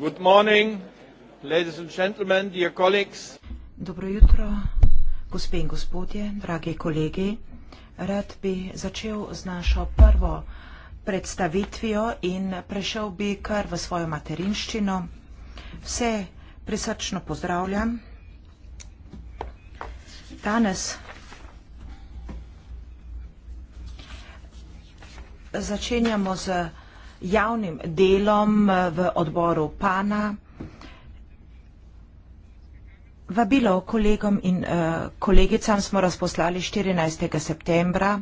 Good morning, ladies and gentlemen, dear colleagues. Dobro jutro, gospe in gospodje, dragi kolegi. Rad bi začel z našo prvo predstavitvijo in prešel bi kar v svojo materinščino. Vse prisrčno pozdravljam. Danes začenjamo z javnim delom eh, v odboru PANA. Vabilo kolegom in eh, kolegicam smo razposlali 14. septembra.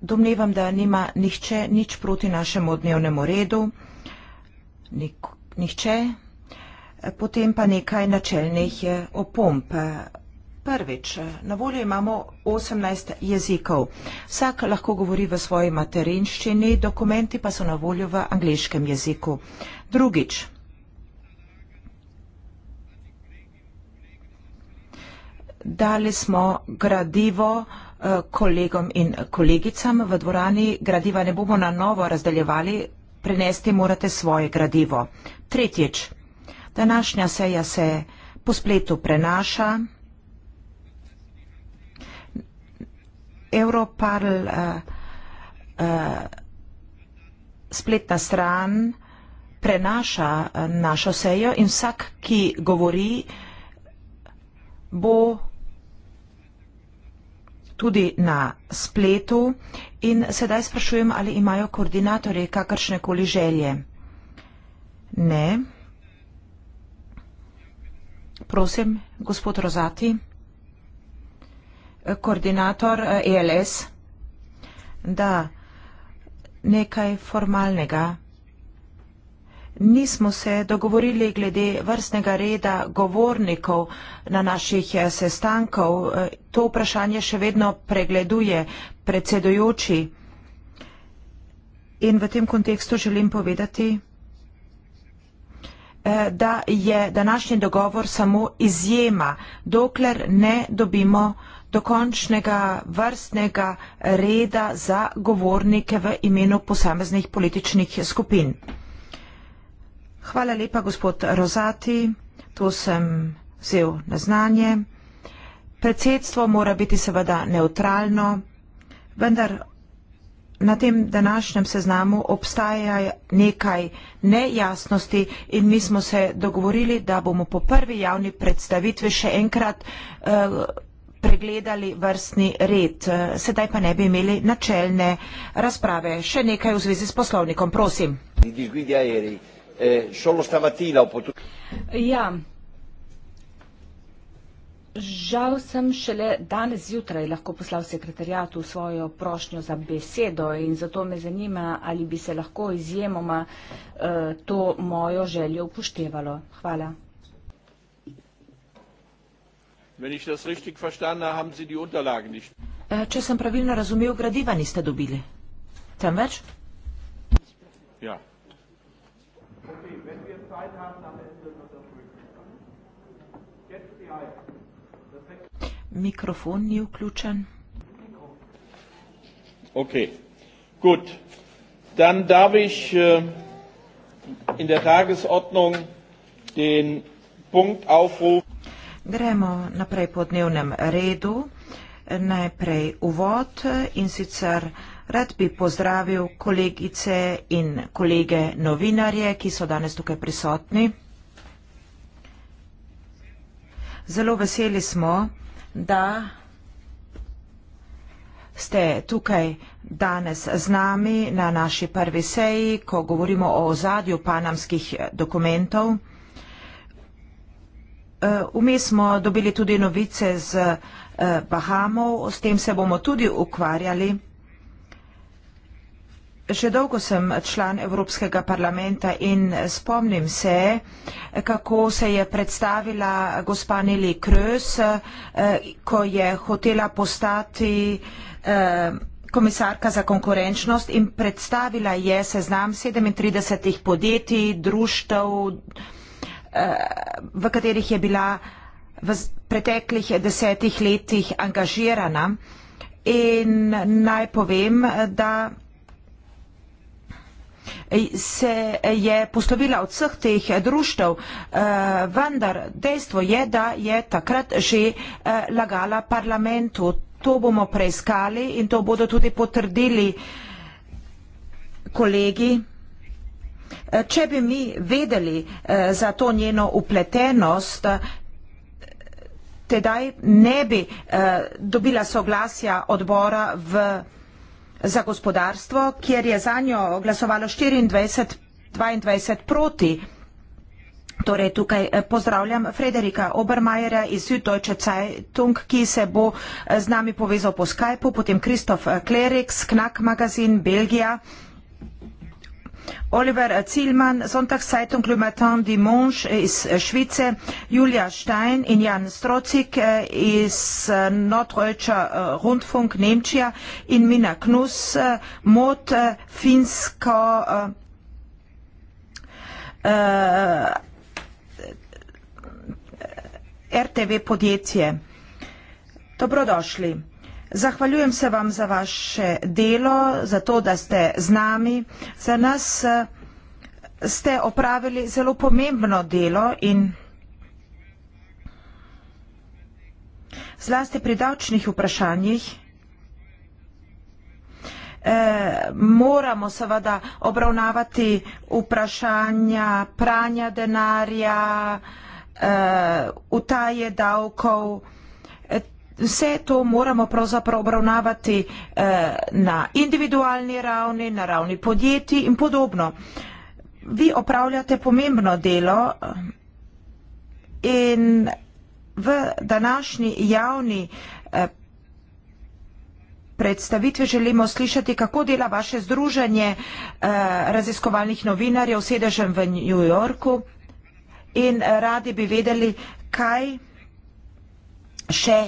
Domnevam, da nima nihče nič proti našemu dnevnemu redu. Nihče. Potem pa nekaj načelnih eh, opomp. Prvič, na voljo imamo 18 jezikov. Vsak lahko govori v svoji materinščini, dokumenti pa so na voljo v angliškem jeziku. Drugič, dali smo gradivo eh, kolegom in kolegicam v dvorani. Gradiva ne bomo na novo razdeljevali, prenesti morate svoje gradivo. Tretjič, današnja seja se po spletu prenaša. Europarl uh, eh, uh, eh, spletna stran prenaša uh, našo sejo in vsak, ki govori, bo tudi na spletu in sedaj sprašujem, ali imajo koordinatorje kakršne koli želje. Ne. Prosim, gospod Rozati koordinator ELS, eh, e da nekaj formalnega. Nismo se dogovorili glede vrstnega reda govornikov na naših eh, sestankov. Eh, to vprašanje še vedno pregleduje predsedujoči. In v tem kontekstu želim povedati, da je današnji dogovor samo izjema, dokler ne dobimo dokončnega vrstnega reda za govornike v imenu posameznih političnih skupin. Hvala lepa, gospod Rozati, to sem vzel na znanje. Predsedstvo mora biti seveda neutralno, vendar na tem današnjem seznamu obstaja nekaj nejasnosti in mi smo se dogovorili, da bomo po prvi javni predstavitvi še enkrat uh, pregledali vrstni red. Eh, sedaj pa ne bi imeli načelne razprave. Še nekaj v zvezi s poslovnikom, prosim. Eh, ja. Žal sem šele danes zjutraj lahko poslal sekretarjatu svojo prošnjo za besedo in zato me zanima, ali bi se lahko izjemoma uh, to mojo željo upoštevalo. Hvala. Eh, če sem pravilno razumel, gradiva niste dobili. Temveč? Ja. Mikrofon ni vključen. Ok, gut. Dan darf ich eh, in der Tagesordnung den Punkt aufrufen. Gremo naprej po dnevnem redu. Najprej uvod in sicer rad bi pozdravil kolegice in kolege novinarje, ki so danes tukaj prisotni. Zelo veseli smo, da ste tukaj danes z nami na naši prvi seji, ko govorimo o ozadju panamskih dokumentov. Eh, vmes smo dobili tudi novice z eh, Bahamov, s tem se bomo tudi ukvarjali. Že dolgo sem član Evropskega parlamenta in spomnim se, kako se je predstavila gospa Nili Krös, eh, ko je hotela postati komisarka za konkurenčnost in predstavila je seznam 37 podjetij, društev, Eh, v katerih je bila v preteklih desetih letih angažirana. In naj povem, da se je poslovila od vseh teh društev, eh, vendar dejstvo je, da je takrat že eh, lagala parlamentu. To bomo preiskali in to bodo tudi potrdili kolegi, Če bi mi vedeli eh, za to njeno upletenost, eh, tedaj ne bi eh, dobila soglasja odbora v, za gospodarstvo, kjer je za njo glasovalo 24, 22 proti. Torej tukaj pozdravljam Frederika Obermajera iz Süddeutsche Zeitung, ki se bo z nami povezal po Skypeu, potem Kristof Kleriks, Knack magazin, Belgija. Oliver Zielmann, Sonntagszeitung Le Matin Dimanche ist äh, Schweizer. Julia Stein in Jan Strozik äh, ist äh, Norddeutscher Rundfunk Nemtschia. In Mina Knus, Mot Finsko äh, RTW Podjetje. Dobrodošli. Zahvaljujem se vam za vaše delo, za to, da ste z nami. Za nas eh, ste opravili zelo pomembno delo in zlasti pri davčnih vprašanjih e, moramo seveda obravnavati vprašanja pranja denarja, e, utaje davkov, Vse to moramo pravzaprav obravnavati eh, na individualni ravni, na ravni podjetij in podobno. Vi opravljate pomembno delo eh, in v današnji javni eh, predstavitvi želimo slišati, kako dela vaše združenje eh, raziskovalnih novinarjev sedežem v New Yorku in radi bi vedeli, kaj še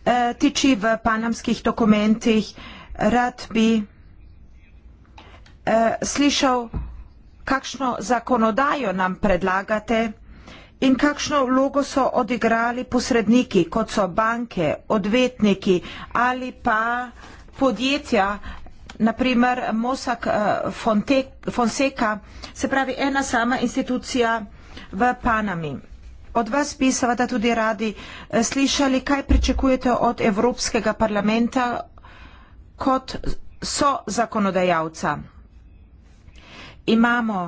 Eh, tiči v panamskih dokumentih. Rad bi eh, slišal, kakšno zakonodajo nam predlagate in kakšno vlogo so odigrali posredniki, kot so banke, odvetniki ali pa podjetja, naprimer Mosak eh, Fonseca, se pravi ena sama institucija v Panami od vas bi seveda tudi radi eh, slišali, kaj pričakujete od Evropskega parlamenta kot so zakonodajalca. Imamo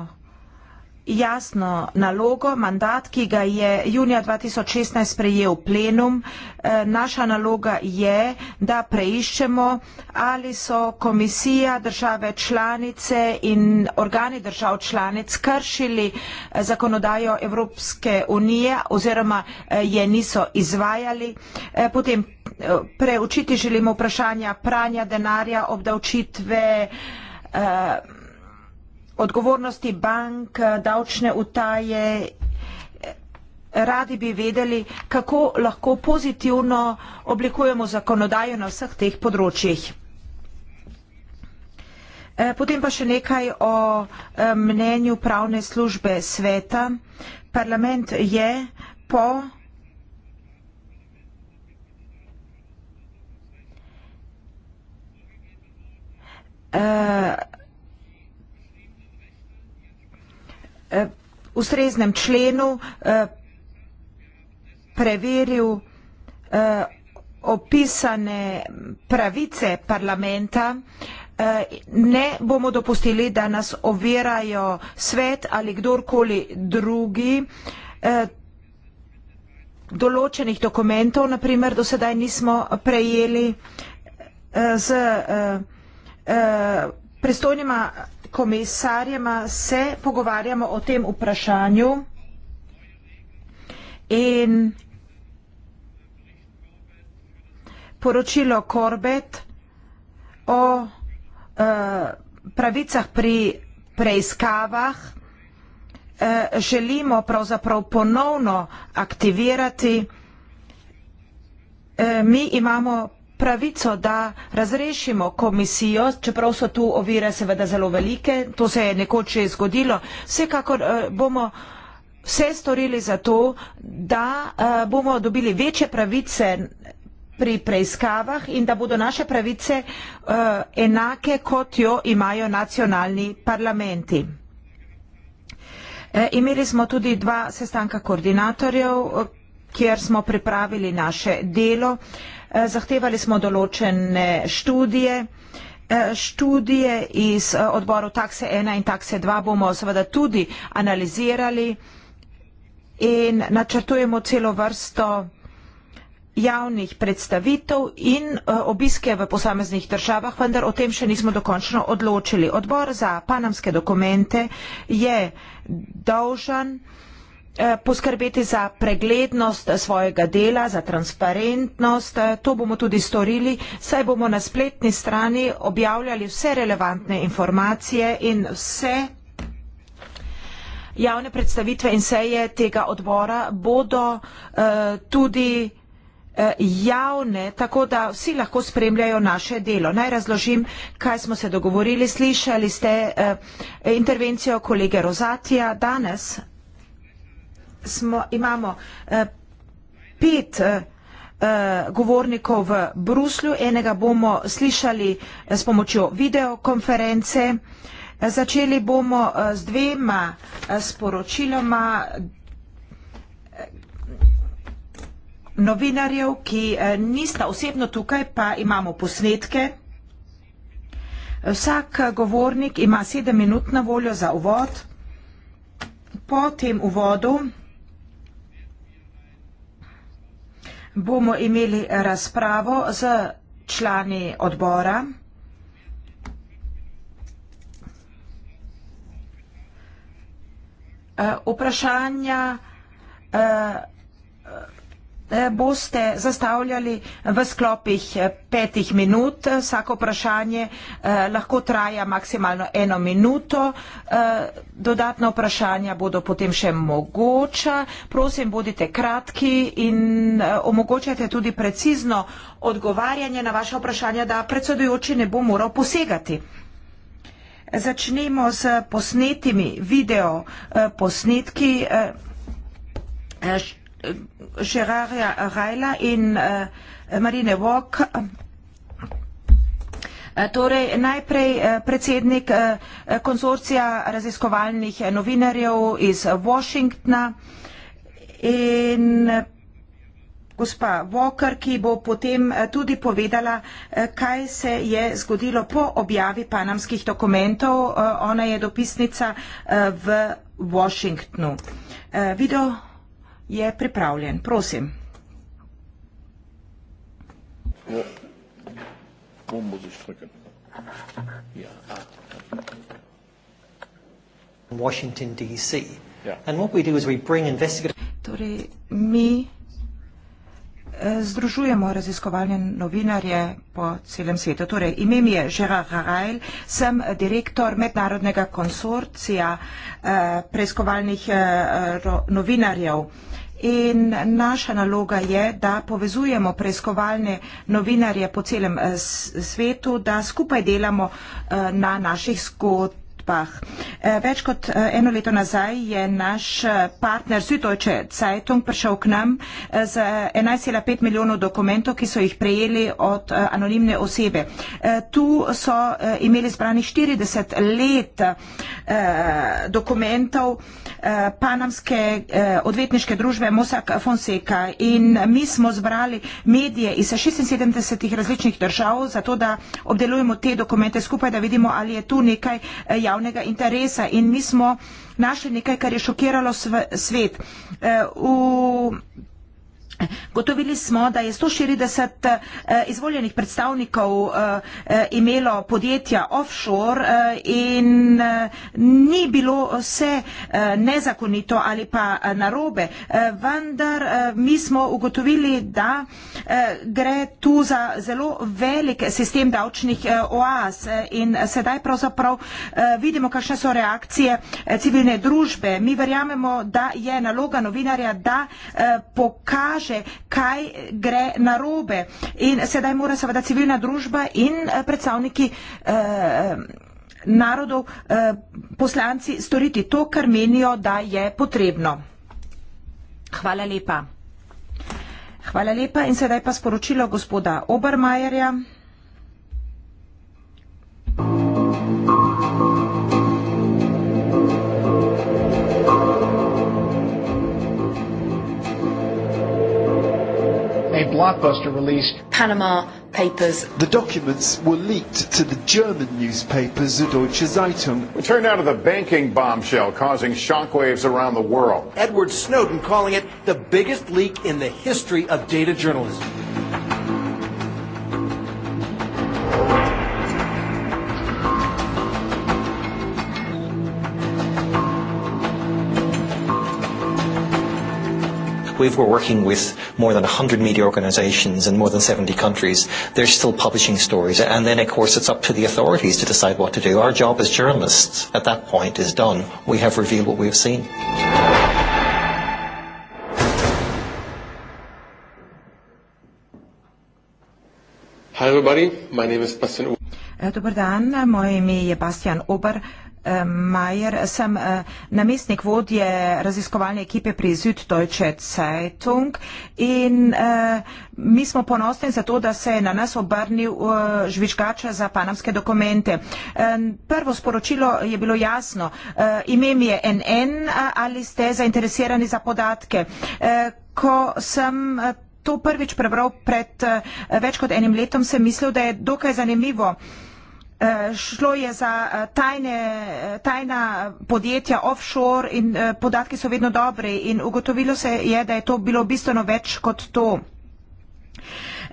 jasno nalogo, mandat, ki ga je junija 2016 prejel plenum. Eh, naša naloga je, da preiščemo, ali so komisija, države članice in organi držav članic kršili eh, zakonodajo Evropske unije oziroma eh, je niso izvajali. Potem preučiti želimo vprašanja pranja denarja, obdavčitve, odgovornosti bank, davčne utaje. Radi bi vedeli, kako lahko pozitivno oblikujemo zakonodajo na vseh teh področjih. Eh, potem pa še nekaj o eh, mnenju pravne službe sveta. Parlament je po uh, ustreznem členu eh, preveril eh, opisane pravice parlamenta, eh, ne bomo dopustili, da nas ovirajo svet ali kdorkoli drugi določenih dokumentov, naprimer do sedaj nismo prejeli z pristojnima komisarjema se pogovarjamo o tem vprašanju in poročilo Korbet o eh, pravicah pri preiskavah eh, želimo pravzaprav ponovno aktivirati. Eh, mi imamo pravico, da razrešimo komisijo, čeprav so tu ovire seveda zelo velike, to se je nekoč že zgodilo. Vsekakor uh, bomo vse storili za to, da uh, bomo dobili večje pravice pri preiskavah in da bodo naše pravice uh, enake, kot jo imajo nacionalni parlamenti. E, imeli smo tudi dva sestanka koordinatorjev, kjer smo pripravili naše delo. Uh, Eh, zahtevali smo določene študije. Eh, študije iz eh, odborov takse 1 in takse 2 bomo seveda tudi analizirali in načrtujemo celo vrsto javnih predstavitev in obiske v posameznih državah, vendar o tem še nismo dokončno odločili. Odbor za panamske dokumente je dolžan Eh, poskrbeti za preglednost svojega dela, za transparentnost. Eh, to bomo tudi storili, saj bomo na spletni strani objavljali vse relevantne informacije in vse javne predstavitve in seje tega odbora bodo eh, tudi eh, javne, tako da vsi lahko spremljajo naše delo. Naj razložim, kaj smo se dogovorili. Slišali ste eh, intervencijo kolege Rozatija danes smo, imamo eh, pet eh, eh, govornikov v Bruslju, enega bomo slišali s pomočjo videokonference. Začeli bomo z dvema sporočiloma novinarjev, ki nista osebno tukaj, pa imamo posnetke. Vsak govornik ima sedem minut na voljo za uvod. Po tem uvodu bomo imeli razpravo z člani odbora. Eh, vprašanja eh, Eh, boste zastavljali v sklopih eh, petih minut. Vsako vprašanje eh, lahko traja maksimalno eno minuto. Dodatna vprašanja bodo potem še mogoča. Prosim, bodite kratki in omogočajte tudi precizno odgovarjanje na vaše vprašanje, da predsedujoči ne bo moral posegati. Začnemo s posnetimi video posnetki. Gerarja Rajla in eh, Marine Vok. Eh, torej, najprej eh, predsednik konzorcija raziskovalnih novinarjev iz Washingtona in gospa Walker, ki bo potem tudi povedala, kaj se je zgodilo po objavi panamskih dokumentov. Ona je dopisnica v Washingtonu. Video je pripravljen. Prosim. Ja. No. Bombo zaštrkan. Ja. Washington DC. Ja. And what we do is we bring investigators. Torej, mi Združujemo raziskovalne novinarje po celem svetu. Torej, ime mi je Gerard Harail, sem direktor mednarodnega konsorcija eh, preiskovalnih eh, novinarjev. In naša naloga je, da povezujemo preiskovalne novinarje po celem eh, svetu, da skupaj delamo eh, na naših zgodb, zgodbah. Eh, več kot eh, eno leto nazaj je naš eh, partner Süddeutsche Zeitung prišel k nam z 11,5 milijonov dokumentov, ki so jih prejeli od anonimne osebe. Tu so imeli zbrani 40 let dokumentov panamske odvetniške družbe Mosak Fonseca in mi smo zbrali medije iz 76 različnih držav, zato da obdelujemo te dokumente skupaj, da vidimo, ali je tu nekaj javnosti javnega interesa in mi smo našli nekaj, kar je šokiralo svet. Eh, v Gotovili smo, da je 140 eh, izvoljenih predstavnikov eh, eh, imelo podjetja offshore in ni bilo vse nezakonito ali pa narobe, vendar mi smo ugotovili, da gre tu za zelo velik sistem davčnih oaz in sedaj pravzaprav vidimo, kakšne so reakcije civilne družbe. Mi verjamemo, da je naloga novinarja, da pokaže, kaže, kaj gre na robe. In sedaj mora seveda civilna družba in eh, predstavniki eh, narodov eh, poslanci storiti to, kar menijo, da je potrebno. Hvala lepa. Hvala lepa in sedaj pa sporočilo gospoda Obermajerja. blockbuster release. Panama Papers. The documents were leaked to the German newspaper Süddeutsche Zeitung. We turned out of the banking bombshell, causing shockwaves around the world. Edward Snowden calling it the biggest leak in the history of data journalism. we've, we're working with more than 100 media organizations in more than 70 countries. They're still publishing stories. And then, of course, it's up to the authorities to decide what to do. Our job as journalists at that point is done. We have revealed what we have seen. Hi, everybody. My name is Bastian Uber. Eh, Dobar dan, moje ime je Bastian Uber. Majer, sem eh, namestnik vodje raziskovalne ekipe pri Süddeutsche Zeitung in eh, mi smo ponosni za to, da se je na nas obrnil eh, žvižgač za panamske dokumente. Prvo sporočilo je bilo jasno. Ime mi je NN, ali ste zainteresirani za podatke? Ko sem to prvič prebral pred več kot enim letom, sem mislil, da je dokaj zanimivo. Eh, šlo je za eh, tajne, eh, tajna podjetja offshore in podatki so vedno dobri in ugotovilo se je, da je to bilo bistveno več kot to.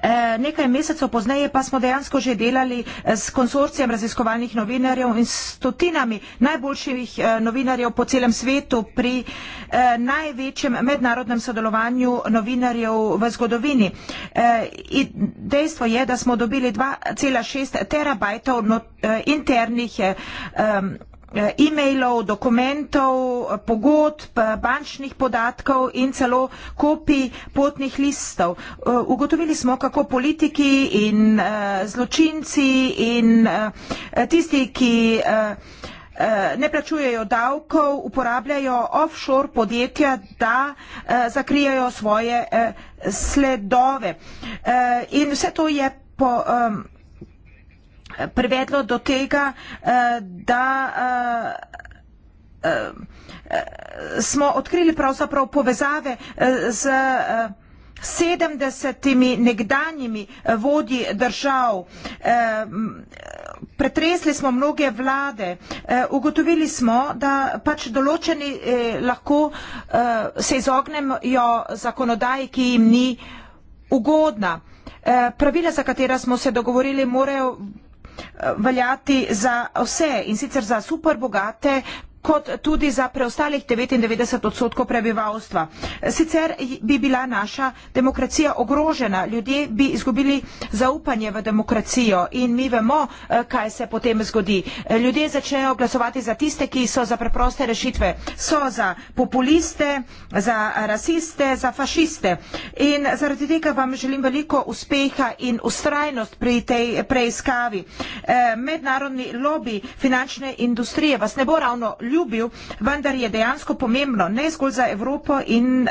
Eh, nekaj mesecev pozneje pa smo dejansko že delali eh, s konsorcijem raziskovalnih novinarjev in stotinami najboljših eh, novinarjev po celem svetu pri največjem mednarodnem sodelovanju novinarjev v zgodovini. Dejstvo je, da smo dobili 2,6 terabajtov internih Eh, e-mailov, dokumentov, pogodb, eh, bančnih podatkov in celo kopij potnih listov. Eh, ugotovili smo, kako politiki in zločinci in tisti, ki ne plačujejo davkov, uporabljajo offshore podjetja, da zakrijajo svoje sledove. In vse to je po ehm, privedlo do tega, eh, da eh, eh, smo odkrili pravzaprav povezave z sedemdesetimi nekdanjimi vodji držav. Pretresli smo mnoge vlade, ugotovili smo, da pač določeni lahko se izognemo zakonodaji, ki jim ni ugodna. Pravila, za katera smo se dogovorili, morajo veljati za vse in sicer za super bogate kot tudi za preostalih 99 odstotkov prebivalstva. Sicer bi bila naša demokracija ogrožena, ljudje bi izgubili zaupanje v demokracijo in mi vemo, eh, kaj se potem zgodi. Ljudje začnejo glasovati za tiste, ki so za preproste rešitve. So za populiste, za rasiste, za fašiste. In zaradi tega vam želim veliko uspeha in ustrajnost pri tej preiskavi. Eh, mednarodni lobby finančne industrije vas ne bo ravno poljubil, vendar je dejansko pomembno ne zgolj za Evropo in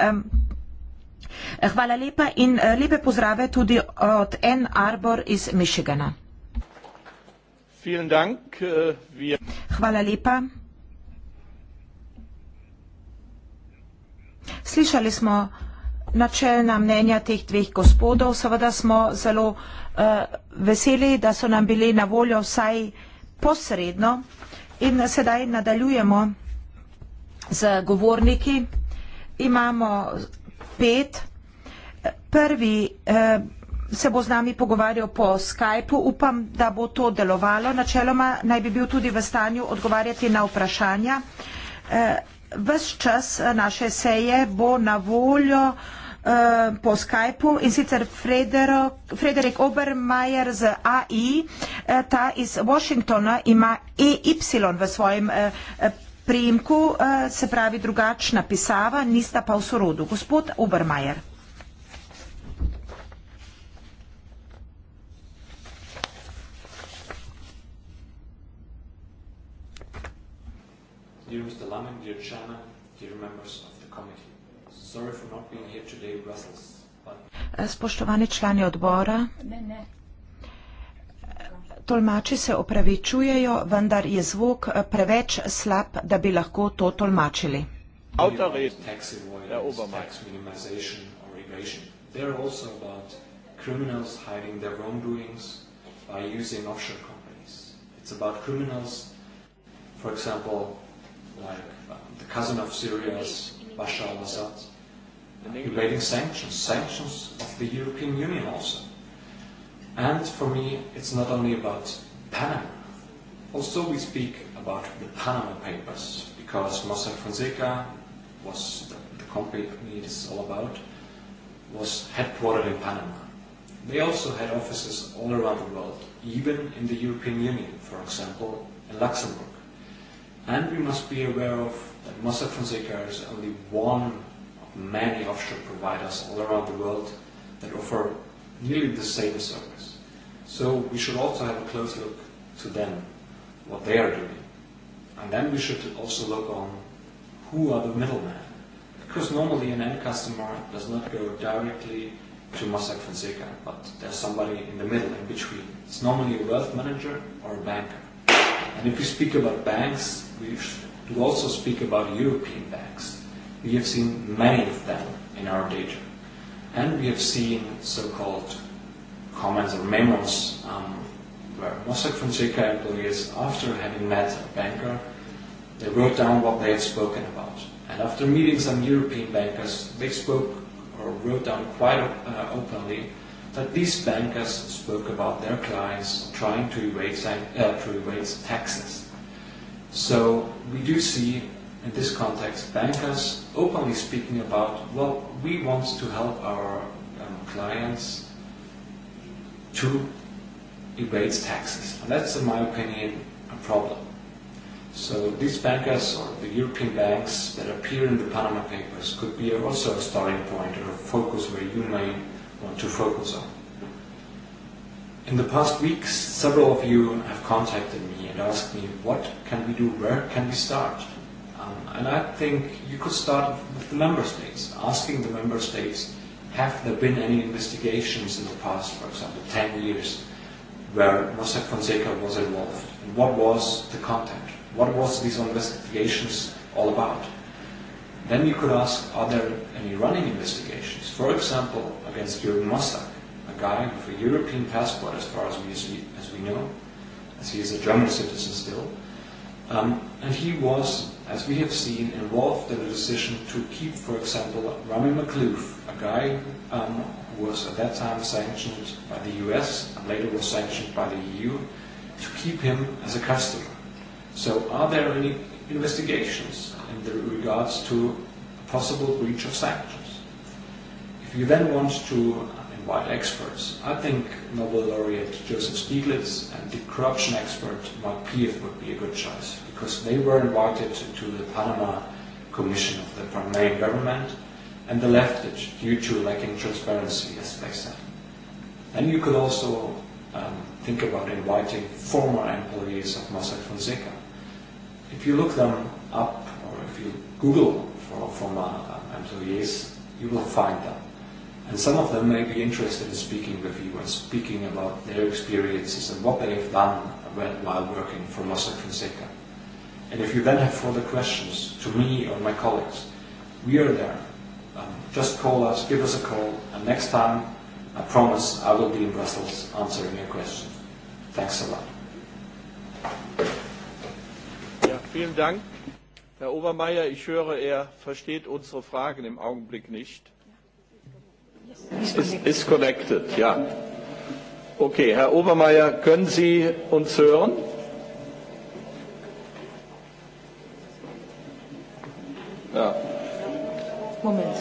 Hvala lepa in eh, lepe pozdrave tudi od Ann Arbor iz Michigana. Eh, hvala lepa. Slišali smo načelna mnenja teh dveh gospodov. Seveda smo zelo uh, veseli, da so nam bili na voljo vsaj posredno. In sedaj nadaljujemo z govorniki. Imamo pet. Prvi eh, se bo z nami pogovarjal po Skypu. Upam, da bo to delovalo. Načeloma naj bi bil tudi v stanju odgovarjati na vprašanja. Eh, ves čas naše seje bo na voljo Eh, po Skypeu in sicer Frederik Obermeier z AI, eh, ta iz Washingtona ima EY v svojem eh, prijemku, se pravi drugačna pisava, nista pa v sorodu. Gospod Obermeier. Dear Mr. Lamin, dear Chairman, dear members of Spoštovani člani odbora, tolmači se opravičujejo, vendar je zvok eh, preveč slab, da bi lahko to tolmačili. For example, like um, the cousin of Syria's Bashar al-Assad regulating sanctions, sanctions of the European Union also. And for me, it's not only about Panama. Also, we speak about the Panama Papers, because Mossack Fonseca was the, the company it is all about, was headquartered in Panama. They also had offices all around the world, even in the European Union, for example, in Luxembourg. And we must be aware of that Mossack Fonseca is only one many offshore providers all around the world that offer nearly the same service. So we should also have a close look to them, what they are doing. And then we should also look on who are the middlemen. Because normally an end customer does not go directly to Mossack Fonseca, but there's somebody in the middle, in between. It's normally a wealth manager or a banker. And if we speak about banks, we should also speak about European banks we have seen many of them in our data. And we have seen so-called comments or memos um, where Mossack Fonseca employees, after having met a banker, they wrote down what they had spoken about. And after meeting some European bankers, they spoke or wrote down quite uh, openly that these bankers spoke about their clients trying to evade, uh, to evade taxes. So we do see in this context, bankers openly speaking about, well, we want to help our um, clients to evade taxes. And that's, in my opinion, a problem. So these bankers or the European banks that appear in the Panama Papers could be also a starting point or a focus where you may want to focus on. In the past weeks, several of you have contacted me and asked me, what can we do? Where can we start? and I think you could start with the member states, asking the member states, have there been any investigations in the past, for example, 10 years, where Mossack Fonseca was involved? And what was the content? What was these investigations all about? Then you could ask, are there any running investigations? For example, against Jürgen Mossack, a guy with a European passport, as far as we, as we know, as he is a German citizen still, um, and he was as we have seen, involved in the decision to keep, for example, Rami McLeod, a guy um, who was at that time sanctioned by the US and later was sanctioned by the EU, to keep him as a customer. So, are there any investigations in the regards to a possible breach of sanctions? If you then want to invite experts, I think Nobel laureate Joseph Stiglitz and the corruption expert Mark Pief would be a good choice because they were invited to, to the Panama Commission of the Panamanian government, and they left it due to lacking transparency, as they said. Then you could also um, think about inviting former employees of Mossack Fonseca. If you look them up, or if you Google for former um, employees, you will find them. And some of them may be interested in speaking with you and speaking about their experiences and what they have done while working for Mossack Fonseca. Um, And if you then have further questions to me or my colleagues, we are there. Um, just call us, give us a call, and next time, I promise I will be in Brussels answering your question. Thanks a lot. Ja, vielen Dank. Herr Obermeier, ich höre, er versteht unsere Fragen im Augenblick nicht. Ist connected. Is, is connected, ja. Okay, Herr Obermeier, können Sie uns hören? Ja. moment.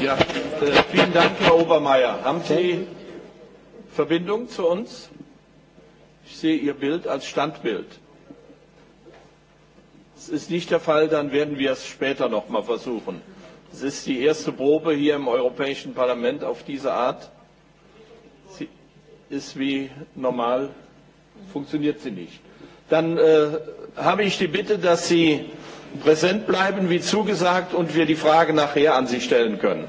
Ja, äh, vielen Dank, Herr Obermeier. Haben Sie Verbindung zu uns? Ich sehe Ihr Bild als Standbild. Es ist nicht der Fall, dann werden wir es später noch mal versuchen. Es ist die erste Probe hier im Europäischen Parlament auf diese Art. Sie ist wie normal, funktioniert sie nicht. Dann äh, habe ich die Bitte, dass Sie präsent bleiben, wie zugesagt, und wir die Frage nachher an Sie stellen können.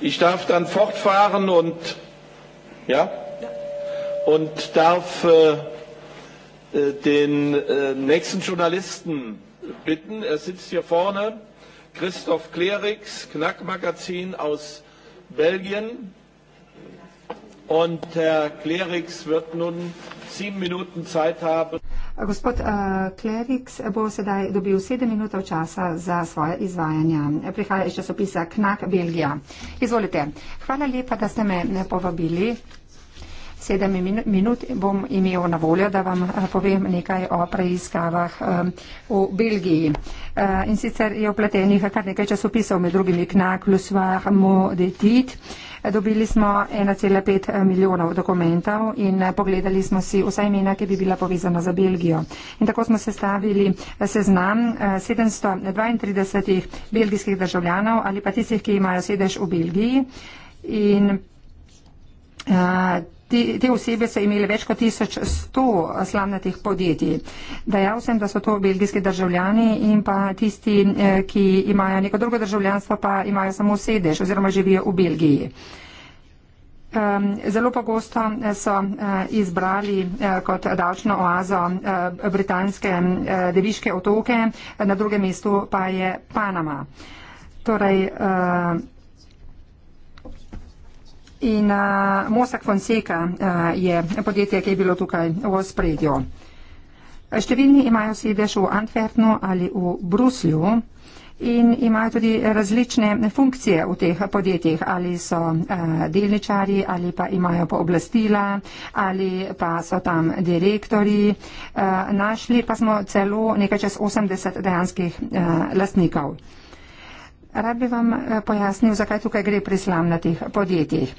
Ich darf dann fortfahren und Ja? Und darf äh, äh, den äh, nächsten Journalisten bitten, er sitzt hier vorne, Christoph Klerix, Knackmagazin aus Belgien. Und Herr Klerix wird nun sieben Minuten Zeit haben. Gospod uh, Kleriks bo sedaj dobil sedem minut časa za svoje izvajanje. Prihaja iz časopisa Knak Belgija. Izvolite. Hvala lepa, da ste me povabili. Sedem minut bom imel na voljo, da vam eh, povem nekaj o preiskavah eh, v Belgiji. In sicer je upletenih kar nekaj časopisov, med drugimi Knak, Lusvah, Modetit. Dobili smo 1,5 eh, milijonov dokumentov in eh, pogledali smo si vsa imena, ki bi bila povezana za Belgijo. In tako smo sestavili eh, seznam 732 belgijskih državljanov ali pa tistih, ki imajo sedež v Belgiji. In, uh, Te, te osebe so imele več kot 1100 slavnatih podjetij. Dejal sem, da so to belgijski državljani in pa tisti, eh, ki imajo neko drugo državljanstvo, pa imajo samo sedež oziroma živijo v Belgiji. Zelo pogosto eh, so eh, izbrali kot davčno oazo britanske deviške otoke, na drugem mestu pa je Panama. Torej, In uh, eh, Mosak Fonseca uh, je podjetje, ki je bilo tukaj v spredju. Številni imajo sedež v Antwerpnu ali v Bruslju in imajo tudi različne funkcije v teh podjetjih, ali so uh, eh, delničari, ali pa imajo pooblastila, ali pa so tam direktori. Uh, našli pa smo celo nekaj čez 80 dejanskih uh, lastnikov. Rad bi vam eh, pojasnil, zakaj tukaj gre pri slamnatih podjetjih.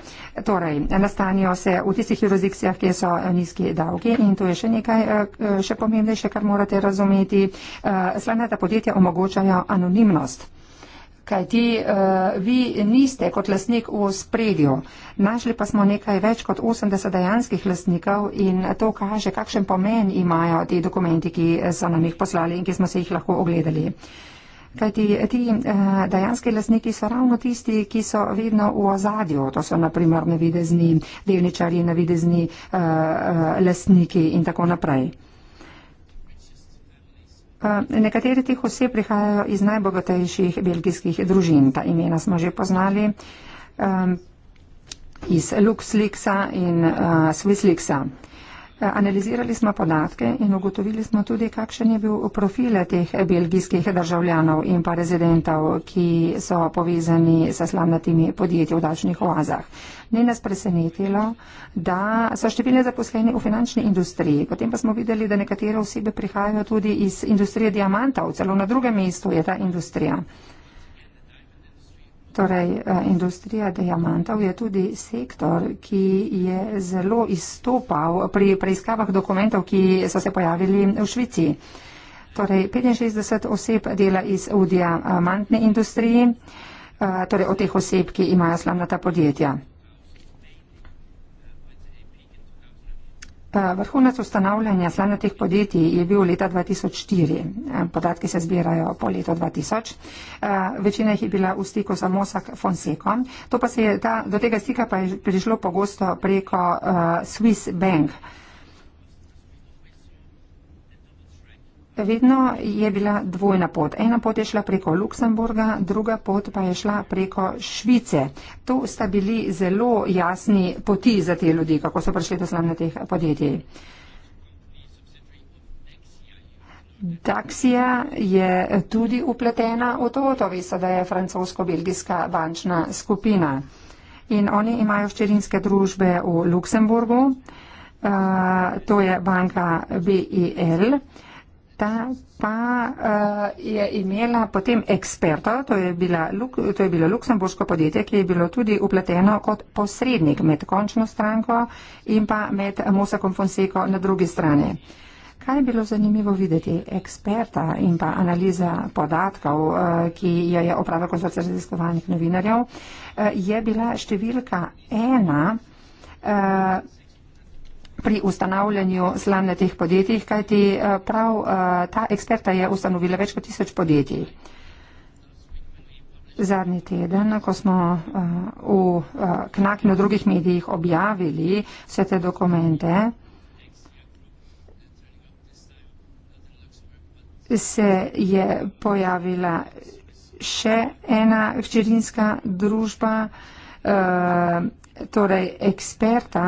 Torej, nastanijo se v tistih jurisdikcijah, kjer so eh, nizki davki in to je še nekaj eh, še pomembnejše, kar morate razumeti. Slamnata podjetja omogočajo anonimnost. Kaj ti, uh, vi niste kot lasnik v spredju. Našli pa smo nekaj več kot 80 dejanskih lasnikov in to kaže, kakšen pomen imajo ti dokumenti, ki so nam jih poslali in ki smo se jih lahko ogledali. Uh, Kajti ti eh, dejanski lasniki so ravno tisti, ki so vedno v ozadju. To so naprimer navidezni delničari, navidezni eh, eh lasniki in tako naprej. Eh, nekateri teh oseb prihajajo iz najbogatejših belgijskih družin. Ta imena smo že poznali um, iz LuxLeaksa in uh, SwissLeaksa. Analizirali smo podatke in ugotovili smo tudi, kakšen je bil profil teh belgijskih državljanov in pa rezidentov, ki so povezani s slamnatimi podjetji v dačnih oazah. Ni nas presenetilo, da so številne zaposlene v finančni industriji. Potem pa smo videli, da nekatere osebe prihajajo tudi iz industrije diamantov, celo na drugem mestu je ta industrija. Torej, eh, industrija diamantov je tudi sektor, ki je zelo izstopal pri preiskavah dokumentov, ki so se pojavili v Švici. Torej, 65 oseb dela iz diamantne industrije, eh, torej od teh oseb, ki imajo slamnata podjetja. Vrhunec ustanavljanja slanatih podjetij je bil leta 2004. Podatki se zbirajo po letu 2000. Eh, večina jih je bila v stiku z Mosak Fonseko. Do tega stika pa je prišlo pogosto preko eh, Swiss Bank. Vedno je bila dvojna pot. Ena pot je šla preko Luksemburga, druga pot pa je šla preko Švice. To sta bili zelo jasni poti za te ljudi, kako so prišli do slavne teh podjetij. Daxia je tudi upletena v to, to veste, da je francosko-belgijska bančna skupina. In oni imajo včerinske družbe v Luksemburgu, uh, to je banka BIL. -E Ta pa uh, je imela potem eksperta, to je, bila, to je bilo luksemburško podjetje, ki je bilo tudi upleteno kot posrednik med končno stranko in pa med Mosakom Fonseko na drugi strani. Kaj je bilo zanimivo videti eksperta in pa analiza podatkov, eh, ki jo je opravil konzorcij raziskovalnih novinarjev, eh, je bila številka ena pri ustanavljanju slamnatih podjetij, kajti eh, prav eh, ta eksperta je ustanovila več kot tisoč podjetij. Zadnji teden, ko smo eh, v knak in v drugih medijih objavili vse te dokumente, se je pojavila še ena hčerinska družba, torej eksperta,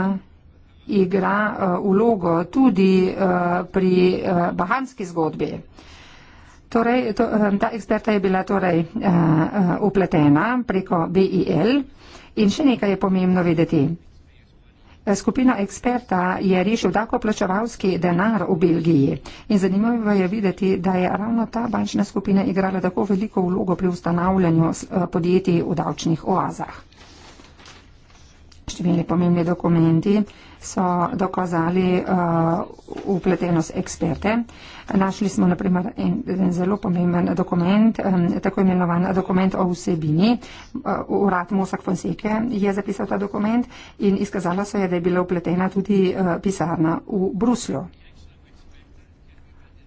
igra eh, vlogo tudi eh, pri eh, bahanski zgodbi. Torej, to, ta eksperta je bila torej upletena preko BIL in še nekaj je pomembno vedeti. Skupina eksperta je rešil dakoplačevalski denar v Belgiji in zanimivo je videti, da je ravno ta bančna skupina igrala tako veliko vlogo pri ustanavljanju podjetij v davčnih oazah. Številni pomembni dokumenti so dokazali uh, upletenost eksperte. Našli smo naprimer en, en zelo pomemben dokument, um, tako imenovan dokument o vsebini. Uh, urad Mosak Fonseke je zapisal ta dokument in izkazalo se je, da je bila upletena tudi uh, pisarna v Bruslju.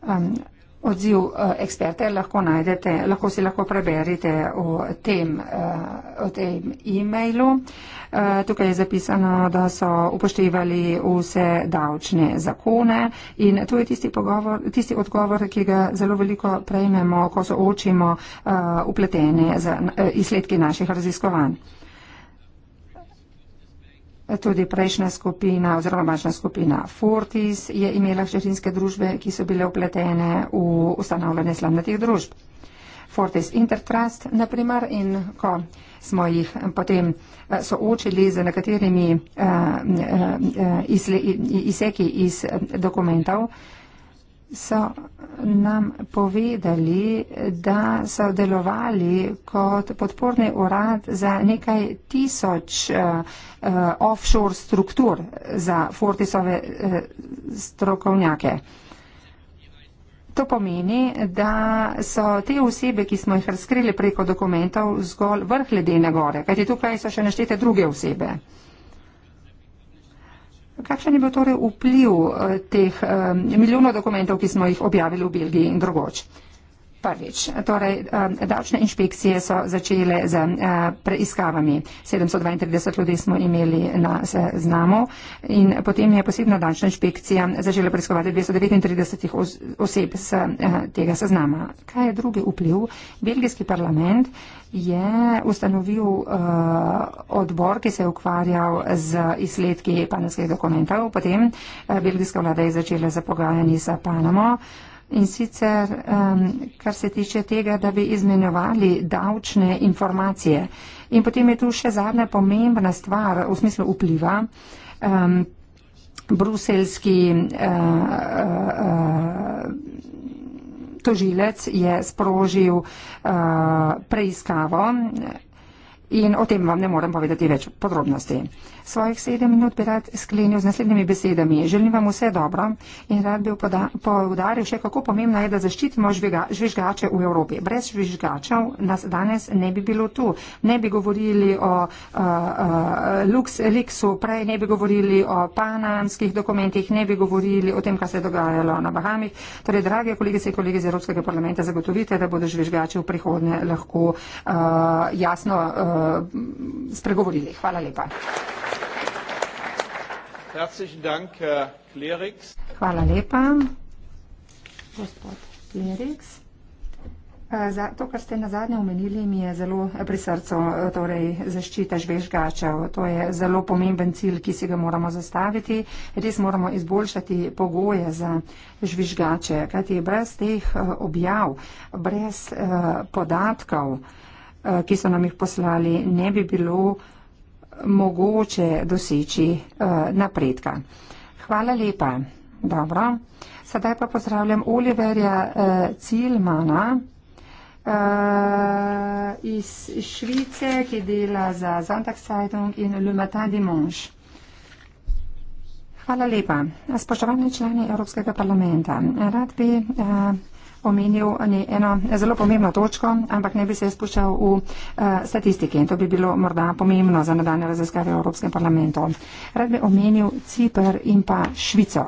Um, Odziv eh, eksperte lahko najdete, lahko si lahko preberite o tem, eh, o tem e-mailu. Eh, tukaj je zapisano, da so upoštevali vse davčne zakone in to je tisti, pogovor, tisti odgovor, ki ga zelo veliko prejmemo, ko soočimo upletene za izsledke naših raziskovanj. Tudi prejšnja skupina oziroma bančna skupina Fortis je imela hčerinske družbe, ki so bile upletene v ustanavljanje slamnatih družb. Fortis Intertrust, na primer, in ko smo jih eh, potem eh, soočili z nekaterimi uh, uh, uh, izseki iz eh, dokumentov, uh, so nam povedali, da so delovali kot podporni urad za nekaj tisoč uh, uh, offshore struktur za Fortisove uh, strokovnjake. To pomeni, da so te osebe, ki smo jih razkrili preko dokumentov, zgolj vrh ledene gore, kajti tukaj so še naštete druge osebe. Kakšen je bil torej vpliv eh, teh eh, milijonov dokumentov, ki smo jih objavili v Belgiji in drugoč? Prvič, torej, eh, davčne inšpekcije so začele z eh, preiskavami. 732 ljudi smo imeli na seznamu in potem je posebna davčna inšpekcija začela preiskovati 239 oseb z eh, tega seznama. Kaj je drugi vpliv? Belgijski parlament je ustanovil uh, odbor, ki se je ukvarjal z izsledki panamskih dokumentov. Potem uh, belgijska vlada je začela z pogajanji z Panamo. Uh, In sicer, um, kar se tiče tega, da bi izmenjovali davčne informacije. In potem je tu še zadnja pomembna stvar v smislu vpliva. Um, bruselski uh, eh, uh, eh, tožilec je sprožil uh, preiskavo in o tem vam ne morem povedati več podrobnosti. Uh, svojih sedem minut bi rad sklenil z naslednjimi besedami. Želim vam vse dobro in rad bi poudaril še, kako pomembno je, da zaščitimo žvižgače v Evropi. Brez žvižgačev nas danes ne bi bilo tu. Ne bi govorili o uh, uh, Luxu, prej ne bi govorili o panamskih dokumentih, ne bi govorili o tem, kar se je dogajalo na Bahamih. Torej, drage kolegice in kolege iz Evropskega parlamenta, zagotovite, da bodo žvižgače v prihodnje lahko uh, jasno uh, spregovorili. Hvala lepa. Thank you. Hvala lepa, gospod Kleriks. Eh, za to, kar ste na zadnje omenili, mi je zelo eh, pri srcu, eh, torej zaščita žvežgačev. To je zelo pomemben cilj, ki si ga moramo zastaviti. Res moramo izboljšati pogoje za žvižgače, kajti brez teh objav, brez podatkov, ki so nam jih poslali, ne bi bilo mogoče doseči eh, napredka. Hvala lepa. Dobro. Sedaj pa pozdravljam Oliverja eh, Cilmana eh, iz Švice, ki dela za Zantak Zeitung in Lumata Dimonš. Hvala lepa. Spoštovani člani Evropskega parlamenta, rad bi. Eh, omenil ni eno zelo pomembno točko, ampak ne bi se spuščal v uh, statistike in to bi bilo morda pomembno za nadaljne raziskave v Evropskem parlamentu. Rad bi omenil Cipr in pa Švico.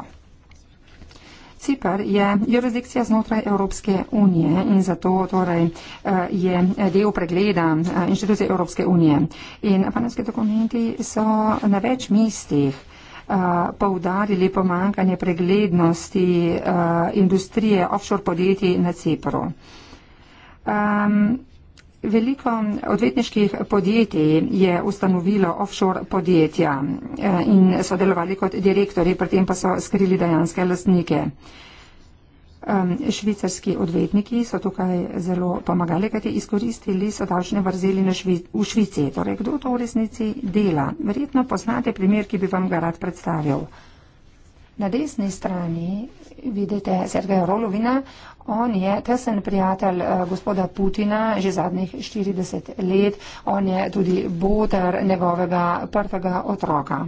Cipr je jurisdikcija znotraj Evropske unije in zato torej, eh, je del pregleda eh, inštitucije Evropske unije. In panamski dokumenti so na več mestih Eh, poudarili pomankanje preglednosti eh, industrije offshore podjetij na Cipru. Veliko odvetniških podjetij je ustanovilo offshore podjetja eh, in sodelovali kot direktori, pri tem pa so skrili dejanske lastnike. Um, švicarski odvetniki so tukaj zelo pomagali, kajti izkoristili so davčne vrzeli švi, v Švici. Torej, kdo to v resnici dela? Verjetno poznate primer, ki bi vam ga rad predstavil. Na desni strani vidite Sergeja Rolovina. On je tesen prijatelj eh, gospoda Putina že zadnjih 40 let. On je tudi boter njegovega prvega otroka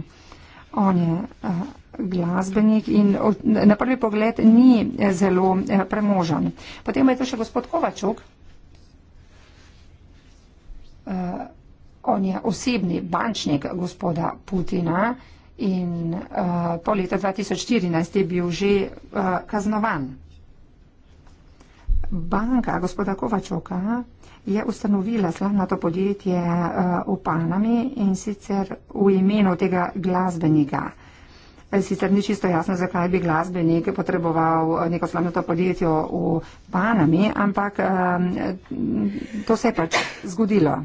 on je uh, glasbenik in od, na prvi pogled ni eh, zelo uh, premožen. Potem je to še gospod Kovačuk. Uh, on je osebni bančnik gospoda Putina in uh, po leta 2014 je bil že uh, kaznovan. Banka gospoda Kovačoka je ustanovila slavnato podjetje v eh, Panami in sicer v imenu tega glasbenika. Eh, sicer ni čisto jasno, zakaj bi glasbenik potreboval eh, neko slavnato podjetje v Panami, ampak to se je pač zgodilo.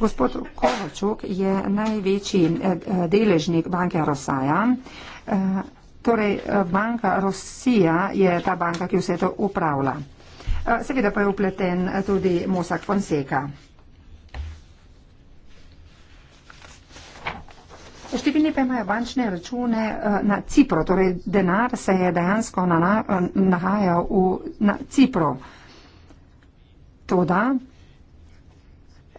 Gospod Kovačuk je največji deležnik banke Rosaja. Torej, banka Rosija je ta banka, ki vse to upravlja. Eh, seveda pa je upleten eh, tudi Mosak Fonseka. Številni pa imajo bančne račune eh, na Cipro, torej denar se je dejansko nahajal na Cipro. Toda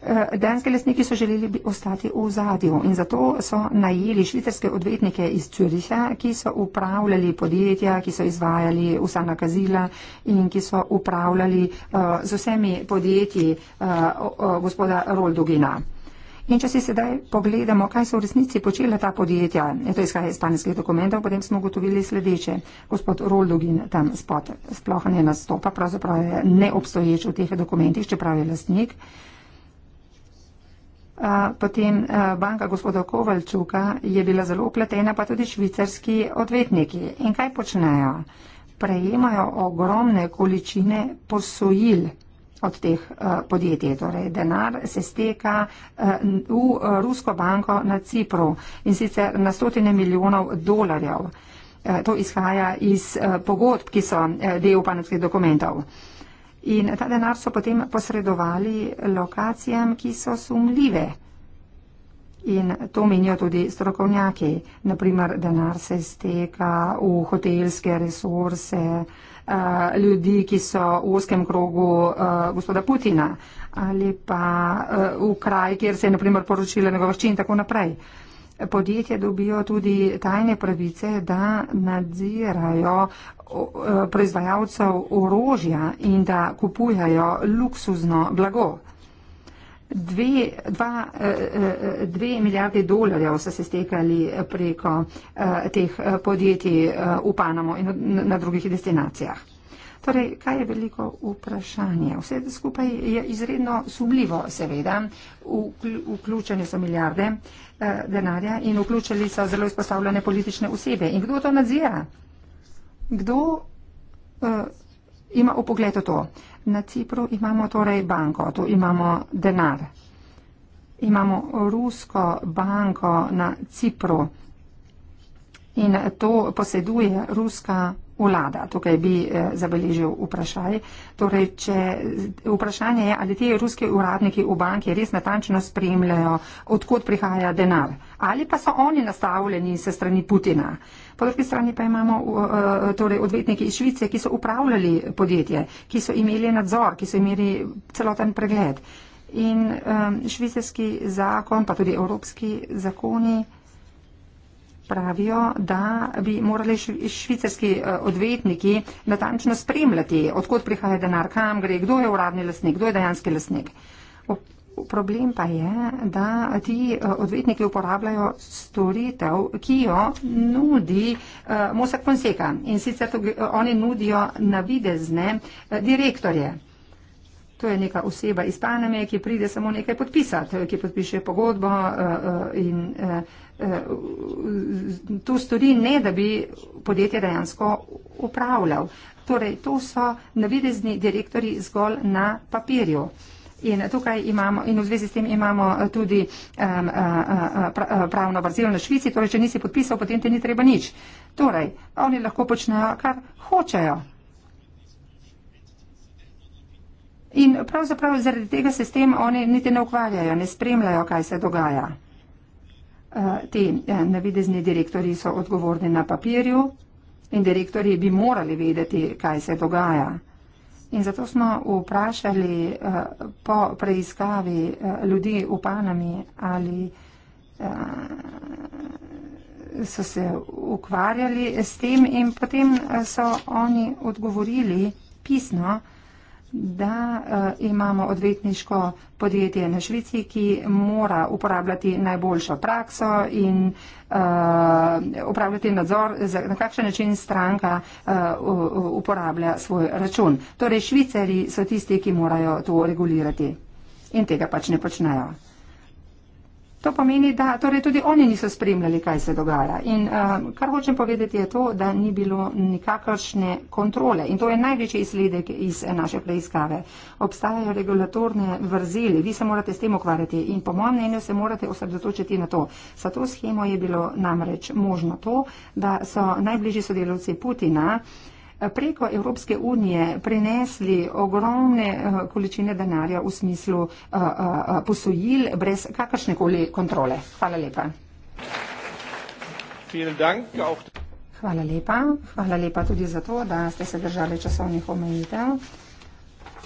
Eh, Denkelesniki so želeli ostati v zadju in zato so najeli švicarske odvetnike iz Curiha, ki so upravljali podjetja, ki so izvajali vsa nakazila in ki so upravljali uh, z vsemi podjetji uh, uh, gospoda Roldogina. In če si sedaj pogledamo, kaj so v resnici počela ta podjetja, to izhaja iz panskih dokumentov, potem smo ugotovili sledeče. Gospod Roldogin tam spot, sploh ne nastopa, pravzaprav je neobstoječ v teh dokumentih, čeprav je lastnik. Uh, potem eh, banka gospoda Kovalčuka je bila zelo upletena, pa tudi švicarski odvetniki. In kaj počnejo? Prejemajo ogromne količine posojil od teh eh, podjetij. Torej, denar se steka eh, v Rusko banko na Cipru in sicer na stotine milijonov dolarjev. To izhaja iz pogodb, ki so del panovskih dokumentov. In ta denar so potem posredovali lokacijam, ki so sumljive. In to menijo tudi strokovnjaki. Naprimer, denar se steka v hotelske resurse uh, ljudi, ki so v oskem krogu uh, gospoda Putina ali pa uh, v kraj, kjer se je naprimer poročila njegova ščin in tako naprej. Uh, podjetja dobijo tudi tajne pravice, da nadzirajo e, proizvajalcev orožja in da kupujajo luksuzno blago. Dve, dva, e, e, dve milijarde dolarjev so se stekali preko teh podjetij v Panamo in na drugih destinacijah. Torej, kaj je veliko vprašanje? Vse skupaj je izredno sumljivo, seveda. Vključene so milijarde eh, denarja in vključili so zelo izpostavljene politične osebe. In kdo to nadzira? Kdo eh, ima v pogledu to? Na Cipru imamo torej banko, tu imamo denar. Imamo rusko banko na Cipru in to poseduje ruska banka vlada. Tukaj bi eh, zabeležil vprašanje. Torej, če vprašanje je, ali te ruske uradniki v banki res natančno spremljajo, odkot prihaja denar, ali pa so oni nastavljeni se strani Putina. Po drugi strani pa imamo eh, torej, odvetniki iz Švice, ki so upravljali podjetje, ki so imeli nadzor, ki so imeli celoten pregled. In eh, švicarski zakon, pa tudi evropski zakoni pravijo, da bi morali švicarski eh, odvetniki natančno spremljati, odkot prihaja denar, kam gre, kdo je uradni lasnik, kdo je dejanski lasnik. Problem pa je, da ti eh, odvetniki uporabljajo storitev, ki jo nudi eh, Mosak Fonseca in sicer to, oni nudijo navidezne direktorje. To je neka oseba iz Paname, ki pride samo nekaj podpisati, ki podpiše pogodbo in. in Eh, to stori, ne da bi podjetje dejansko upravljal. Torej, to so navidezni direktori zgolj na papirju. In tukaj imamo, in v zvezi s tem imamo tudi um, pravno vrzel na Švici, torej, če nisi podpisal, potem ti ni treba nič. Torej, oni lahko počnejo, kar hočejo. In pravzaprav zaradi tega se s tem oni niti ne ukvarjajo, ne spremljajo, kaj se dogaja. Eh, ti eh, navidezni direktori so odgovorni na papirju in direktori bi morali vedeti, kaj se dogaja. In zato smo vprašali eh, po preiskavi ljudi v Panami, ali so se ukvarjali s tem in potem so oni odgovorili pisno, da uh, imamo odvetniško podjetje na Švici, ki mora uporabljati najboljšo prakso in uh, upravljati nadzor, za, na kakšen način stranka uh, uporablja svoj račun. Torej, švicari so tisti, ki morajo to regulirati in tega pač ne počnejo. To pomeni, da torej, tudi oni niso spremljali, kaj se dogaja. In uh, kar hočem povedati je to, da ni bilo nikakršne kontrole. In to je največji izsledek iz eh, naše preiskave. Obstajajo regulatorne vrzeli, vi se morate s tem ukvarjati in po mojem mnenju se morate osredotočiti na to. Za to schemo je bilo namreč možno to, da so najbližji sodelovci Putina preko Evropske unije prinesli ogromne eh, količine denarja v smislu eh, eh, posojil brez kakršnekoli kontrole. Hvala lepa. Hvala lepa. Hvala lepa tudi za to, da ste se držali časovnih omejitev.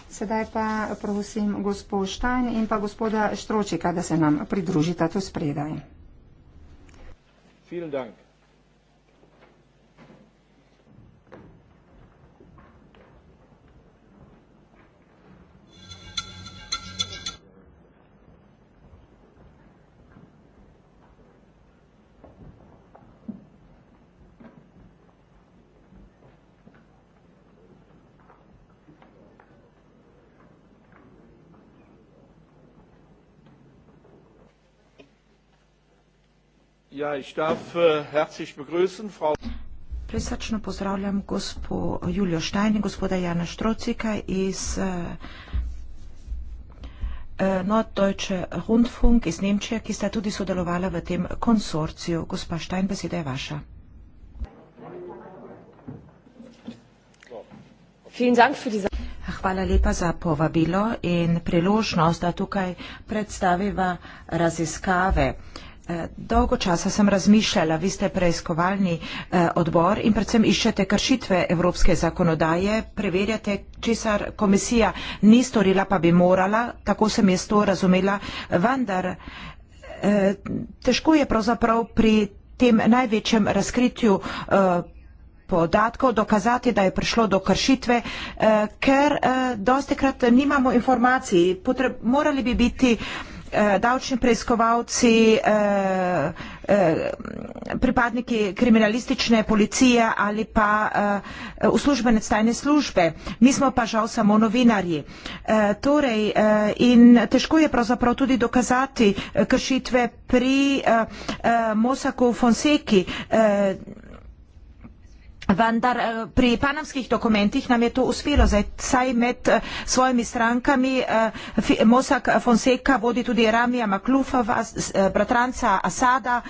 Sedaj pa prosim gospod Štajn in pa gospoda Štročika, da se nam pridružita tu spredaj. Vielen Dank. Ja, ich darf äh, herzlich begrüßen, Frau. Prisrčno pozdravljam gospo Julio Štajn in gospoda Jana Štrocika iz eh, Norddeutsche Rundfunk iz Nemčije, ki sta tudi sodelovala v tem konsorciju. Gospa Štajn, beseda je vaša. Hvala lepa za povabilo in priložnost, da tukaj predstaviva raziskave. Eh, dolgo časa sem razmišljala, vi ste preiskovalni eh, odbor in predvsem iščete kršitve evropske zakonodaje, preverjate, česar komisija ni storila, pa bi morala, tako sem jaz to razumela, vendar eh, težko je pravzaprav pri tem največjem razkritju podatkov dokazati, da je prišlo do kršitve, ker dosti krat nimamo informacij, morali bi biti Eh, davčni preiskovalci, eh, eh, pripadniki kriminalistične policije ali pa uslužbenec tajne službe. Mi smo pa žal samo novinarji. Torej, in težko je pravzaprav tudi dokazati kršitve pri Mosaku Fonseki, Vendar eh, pri panamskih dokumentih nam je to uspelo. Zdaj, saj med eh, svojimi strankami eh, Mosak Fonseka vodi tudi Ramija Maklufova, bratranca Asada,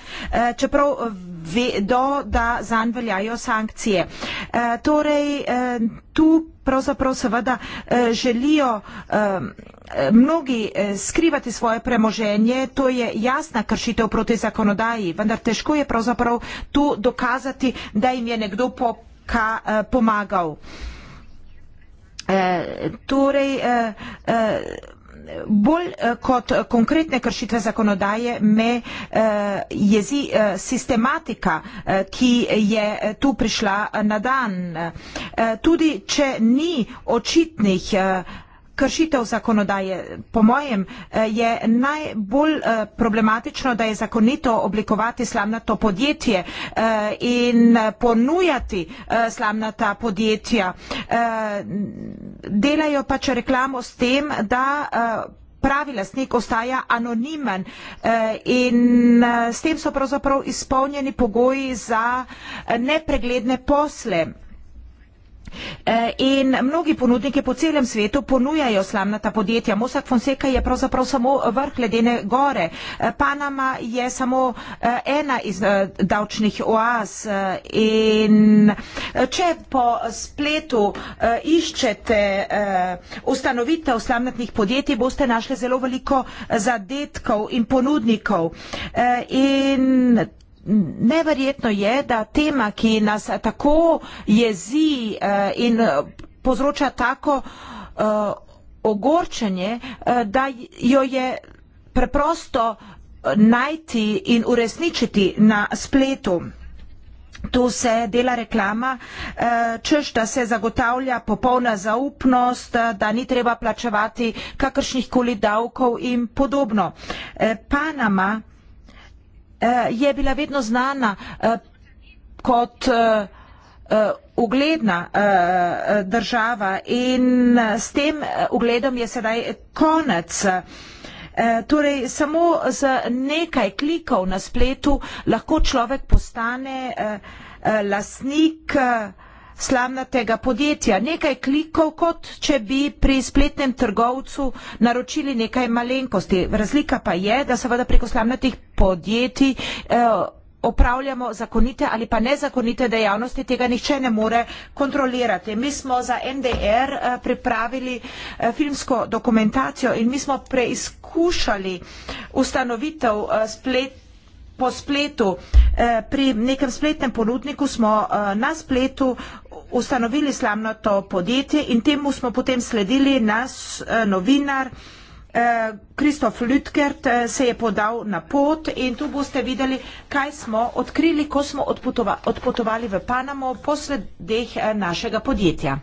čeprav vedo, da zanj veljajo sankcije. Torej, tu pravzaprav seveda eh, želijo eh, mnogi eh, skrivati svoje premoženje, to je jasna kršitev proti zakonodaji, vendar težko je pravzaprav tu dokazati, da jim je nekdo poka, pomagal. Torej, bolj eh, kot eh, konkretne kršitve zakonodaje me eh, jezi sistematika, ki je tu prišla na dan. Tudi, če ni očitnih kršitev zakonodaje. Po mojem eh, je najbolj eh, problematično, da je zakonito oblikovati slamnato podjetje eh, in ponujati slamnata podjetja. Delajo pač reklamo s tem, da pravi lasnik ostaja anonimen in s tem so pravzaprav izpolnjeni pogoji za nepregledne posle. Eh, in mnogi ponudniki po celem svetu ponujajo slamnata podjetja. Mosak Fonseca je pravzaprav samo vrh ledene gore. Eh, Panama je samo eh, ena iz davčnih oaz. In če po spletu iščete ustanovitev slamnatnih podjetij, boste našli zelo veliko zadetkov in ponudnikov. In neverjetno je, da tema, ki nas tako jezi eh, in eh, povzroča tako eh, ogorčenje, da jo je preprosto najti in uresničiti na spletu. Tu se dela reklama, češ, da se zagotavlja popolna zaupnost, da ni treba plačevati kakršnih koli davkov in podobno. Panama eh, je bila vedno znana eh, kot eh, eh ugledna eh, država in eh, s tem eh, ugledom je sedaj konec. Torej, samo z nekaj klikov na spletu lahko človek postane eh, lasnik eh, slamnatega podjetja. Nekaj klikov, kot če bi pri spletnem trgovcu naročili nekaj malenkosti. Razlika pa je, da seveda preko slamnatih podjetij eh, opravljamo zakonite ali pa nezakonite dejavnosti, tega nihče ne more kontrolirati. Mi smo za NDR eh, pripravili eh, filmsko dokumentacijo in mi smo preizkušali ustanovitev spletnega po spletu, eh, pri nekem spletnem ponudniku smo eh, na spletu ustanovili slamnato podjetje in temu smo potem sledili nas eh, novinar. Kristof Lütkert se je podal na pot in tu boste videli, kaj smo odkrili, ko smo odpotova, odpotovali v Panamo posledeh našega podjetja.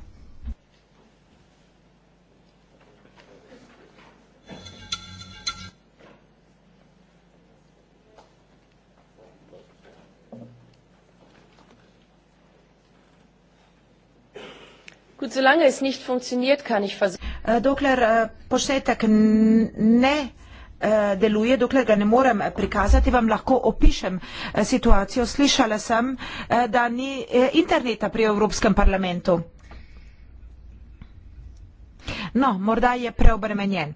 Gut, solange es nicht funktioniert, kann ich versuchen. Eh, eh, eh, deluje, dokler ga ne morem prikazati, vam lahko opišem situacijo. Slišala sem, da ni interneta pri Evropskem parlamentu. No, morda je preobremenjen.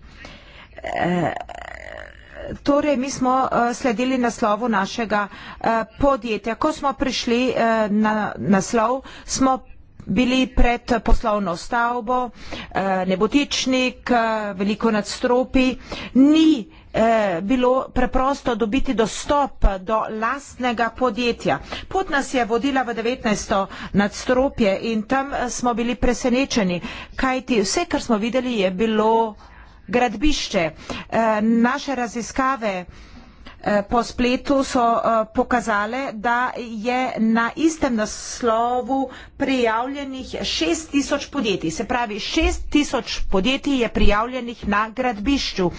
Torej, mi smo sledili naslovu našega podjetja. Ko smo prišli na naslov, smo bili pred poslovno stavbo, eh, nebotičnik, eh, veliko nadstropi, ni eh, bilo preprosto dobiti dostop do lastnega podjetja. Pot nas je vodila v 19. nadstropje in tam smo bili presenečeni, kajti vse, kar smo videli, je bilo gradbišče. Naše raziskave po spletu so eh, pokazale, da je na istem naslovu prijavljenih 6000 podjetij. Se pravi, 6000 podjetij je prijavljenih na gradbišču.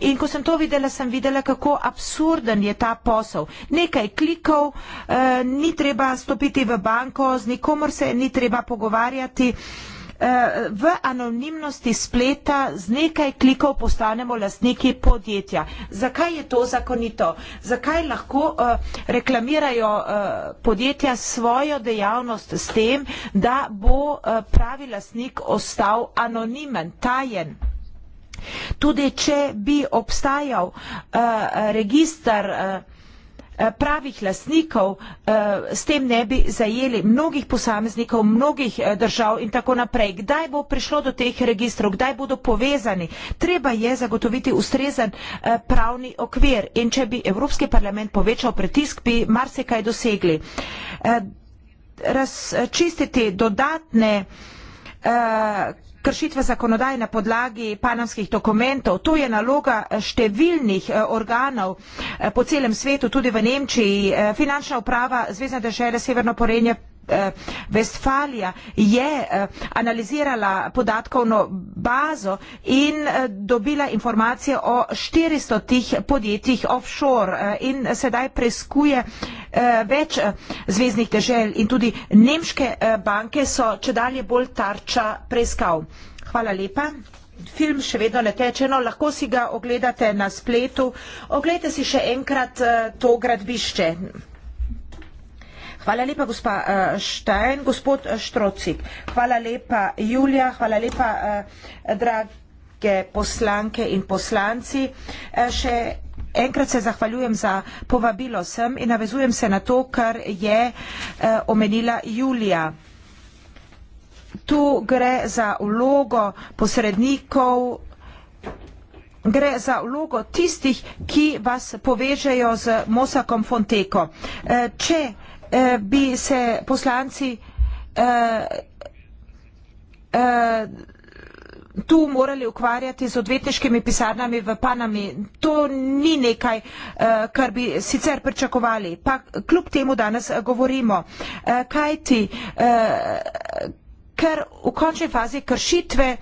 In ko sem to videla, sem videla, kako absurden je ta posel. Nekaj klikov, eh, ni treba stopiti v banko, z nikomor se ni treba pogovarjati. Eh, Eh, v anonimnosti spleta z nekaj klikov postanemo lastniki podjetja. Zakaj je to zakonito? Zakaj lahko uh, reklamirajo uh, podjetja svojo dejavnost s tem, da bo uh, pravi lastnik ostal anonimen, tajen? Tudi če bi obstajal uh, register uh, Eh, pravih lastnikov, eh, s tem ne bi zajeli mnogih posameznikov, mnogih eh, držav in tako naprej. Kdaj bo prišlo do teh registrov, kdaj bodo povezani? Treba je zagotoviti ustrezen pravni okvir in če bi Evropski parlament povečal pritisk, bi marsikaj dosegli. Razčistiti dodatne kršitve zakonodaje na podlagi panamskih dokumentov. To je naloga eh, številnih eh, organov eh, po celem svetu, tudi v Nemčiji. Finančna uprava Zvezdne države Severno Porenje Vestfalija eh, je eh, analizirala podatkovno bazo in eh, dobila informacije o 400 tih podjetjih offshore in sedaj preskuje več zvezdnih dežel in tudi nemške banke so če dalje bolj tarča preiskav. Hvala lepa. Film še vedno ne teče, no lahko si ga ogledate na spletu. Oglejte si še enkrat to gradbišče. Hvala lepa, gospa Štajn. Eh, Gospod eh, Štrocik, hvala lepa, Julija, hvala lepa, eh, drage poslanke in poslanci. Še enkrat se zahvaljujem za povabilo sem in navezujem se na to, kar je omenila Julija. Tu gre za vlogo posrednikov, gre za vlogo tistih, ki vas povežejo z Mosakom Fonteko. Če eh, bi se poslanci eh, eh, tu morali ukvarjati z odvetniškimi pisarnami v Panami. To ni nekaj, eh, kar bi sicer pričakovali. Pa kljub temu danes eh, govorimo. Eh, kaj ti, eh, ker v končni fazi kršitve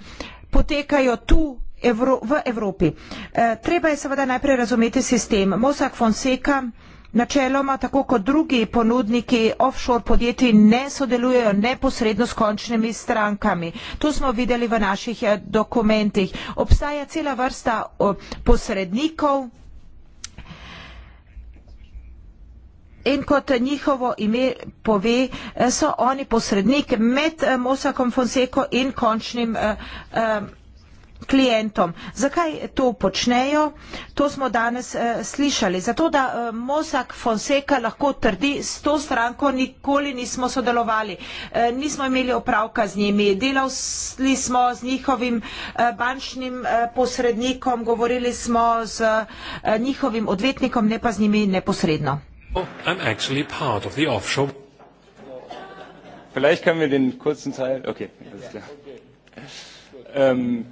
potekajo tu. Evro, v Evropi. Eh, treba je seveda najprej razumeti sistem. Mosak Fonseca eh, Načeloma, tako kot drugi ponudniki offshore podjetij, ne sodelujejo neposredno s končnimi strankami. To smo videli v naših eh, dokumentih. Obstaja cela vrsta posrednikov. In kot njihovo ime pove, eh, so oni posrednik med eh, Mosakom Fonseko in končnim uh, uh, klientom. Zakaj to počnejo? To smo danes eh, slišali. Zato, da eh, Mosak Fonseca lahko trdi, s to stranko nikoli nismo sodelovali, eh, nismo imeli opravka z njimi, delali smo z njihovim eh, bančnim eh, posrednikom, govorili smo z eh, njihovim odvetnikom, ne pa z njimi neposredno. Oh, Vielleicht können wir den kurzen Teil. Okay, alles klar. Ähm,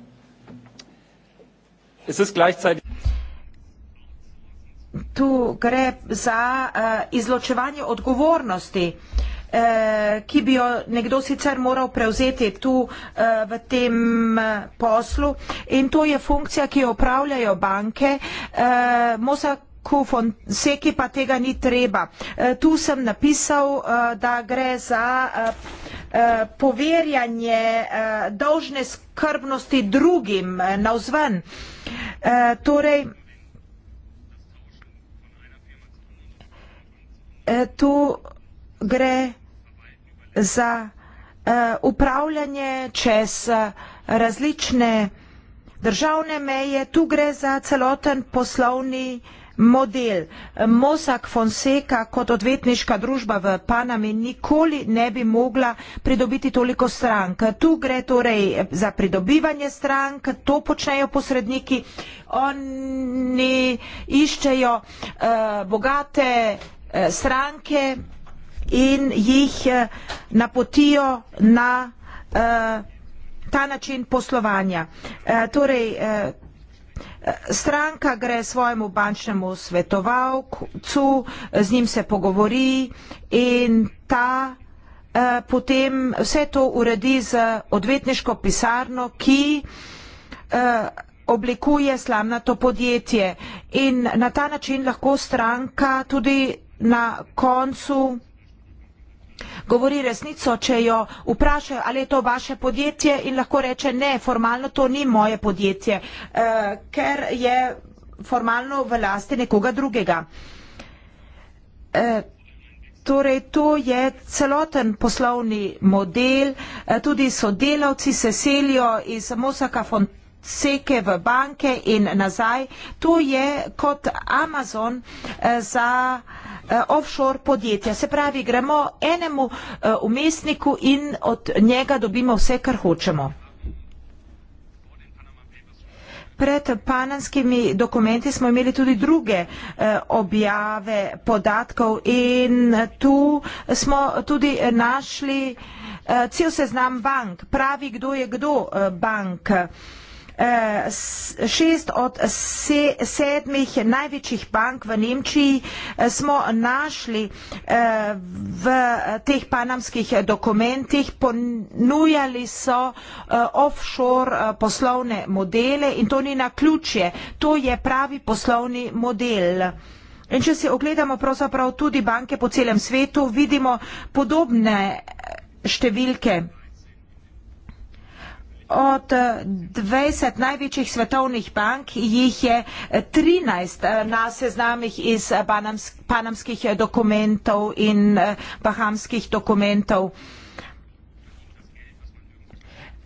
Tu gre za uh, izločevanje odgovornosti, uh, ki bi jo nekdo sicer moral prevzeti tu uh, v tem uh, poslu. In to je funkcija, ki jo upravljajo banke. Uh, Mosak Kufon, seki pa tega ni treba. E, tu sem napisal, e, da gre za e, poverjanje dolžne skrbnosti drugim na vzven. Torej, tu gre za upravljanje čez različne državne meje, tu gre za celoten poslovni model Mosak Fonseca kot odvetniška družba v Panami nikoli ne bi mogla pridobiti toliko strank. Tu gre torej za pridobivanje strank, to počnejo posredniki, oni iščejo uh, bogate uh, stranke in jih uh, napotijo na uh, ta način poslovanja. Uh, torej, uh, Stranka gre svojemu bančnemu svetovalcu, z njim se pogovori in ta eh, potem vse to uredi z odvetniško pisarno, ki eh, oblikuje slamnato podjetje. In na ta način lahko stranka tudi na koncu govori resnico, če jo vprašajo, ali je to vaše podjetje in lahko reče, ne, formalno to ni moje podjetje, uh, ker je formalno v lasti nekoga drugega. E, torej, to je celoten poslovni model. E, tudi sodelavci se selijo iz Mosaka Fontana seke v banke in nazaj. To je kot Amazon eh, za eh, offshore podjetja. Se pravi, gremo enemu eh, umestniku in od njega dobimo vse, kar hočemo. Pred panamskimi dokumenti smo imeli tudi druge objave podatkov in tu smo tudi našli cel seznam bank, pravi kdo je kdo bank. Eh, šest od sedmih največjih bank v Nemčiji eh, smo našli eh, v teh panamskih dokumentih, ponujali so offshore poslovne modele in to ni na ključje, to je pravi poslovni model. In če si ogledamo pravzaprav tudi banke po celem svetu, vidimo podobne številke od 20 največjih svetovnih bank jih je 13 eh, na seznamih iz panamskih dokumentov in eh, bahamskih dokumentov.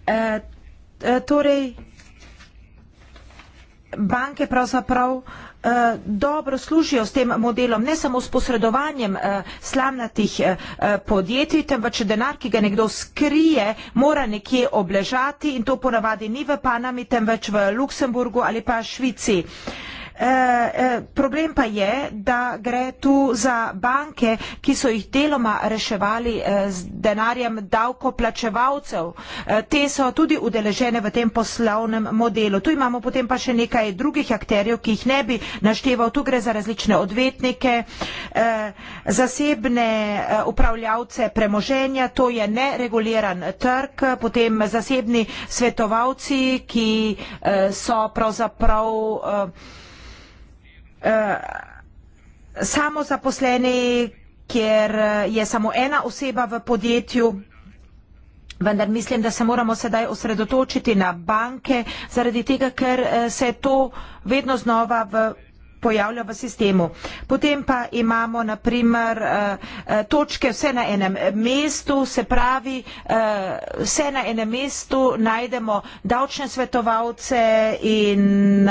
Eh, torej, banke pravzaprav Eh, dobro služijo s tem modelom, ne samo s posredovanjem eh, slamnatih eh, podjetij, temveč denar, ki ga nekdo skrije, mora nekje obležati in to ponavadi ni v Panami, temveč v Luksemburgu ali pa Švici. Eh, eh, problem pa je, da gre tu za banke, ki so jih deloma reševali eh, z denarjem davkoplačevalcev. Te so tudi udeležene v tem poslovnem modelu. Tu imamo potem pa še nekaj drugih akterjev, ki jih ne bi našteval. Tu gre za različne odvetnike, zasebne upravljavce premoženja, to je nereguliran trg, potem zasebni svetovalci, ki so pravzaprav Eh, samo zaposleni, kjer eh, je samo ena oseba v podjetju, vendar mislim, da se moramo sedaj osredotočiti na banke, zaradi tega, ker eh, se to vedno znova v pojavlja v sistemu. Potem pa imamo naprimer točke vse na enem mestu, se pravi, vse na enem mestu najdemo davčne svetovalce in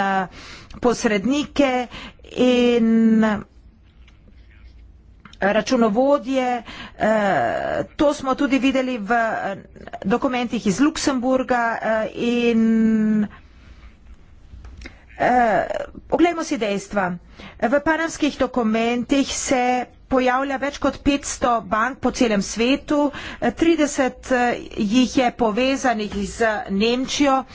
posrednike in eh, računovodje. Eh, to smo tudi videli v eh, dokumentih iz Luksemburga in Poglejmo si dejstva. V panamskih dokumentih se pojavlja več kot 500 bank po celem svetu, 30 jih je povezanih z Nemčijo. Uh,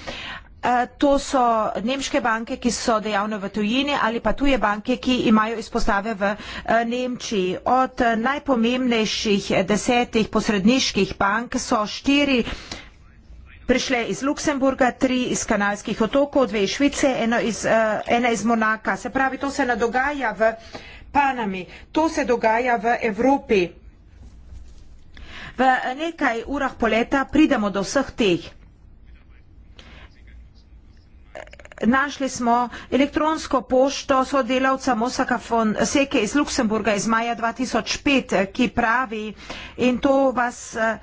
Eh, to so nemške banke, ki so dejavne v tujini ali pa tuje banke, ki imajo izpostave v eh, Nemčiji. Od eh, najpomembnejših desetih posredniških bank so štiri prišle iz Luksemburga, tri iz Kanalskih otokov, dve iz Švice, eno iz, ena iz Monaka. Se pravi, to se ne dogaja v Panami, to se dogaja v Evropi. V nekaj urah poleta pridemo do vseh teh. Našli smo elektronsko pošto sodelavca Mosaka von Seke iz Luksemburga iz maja 2005, ki pravi, in to vas eh,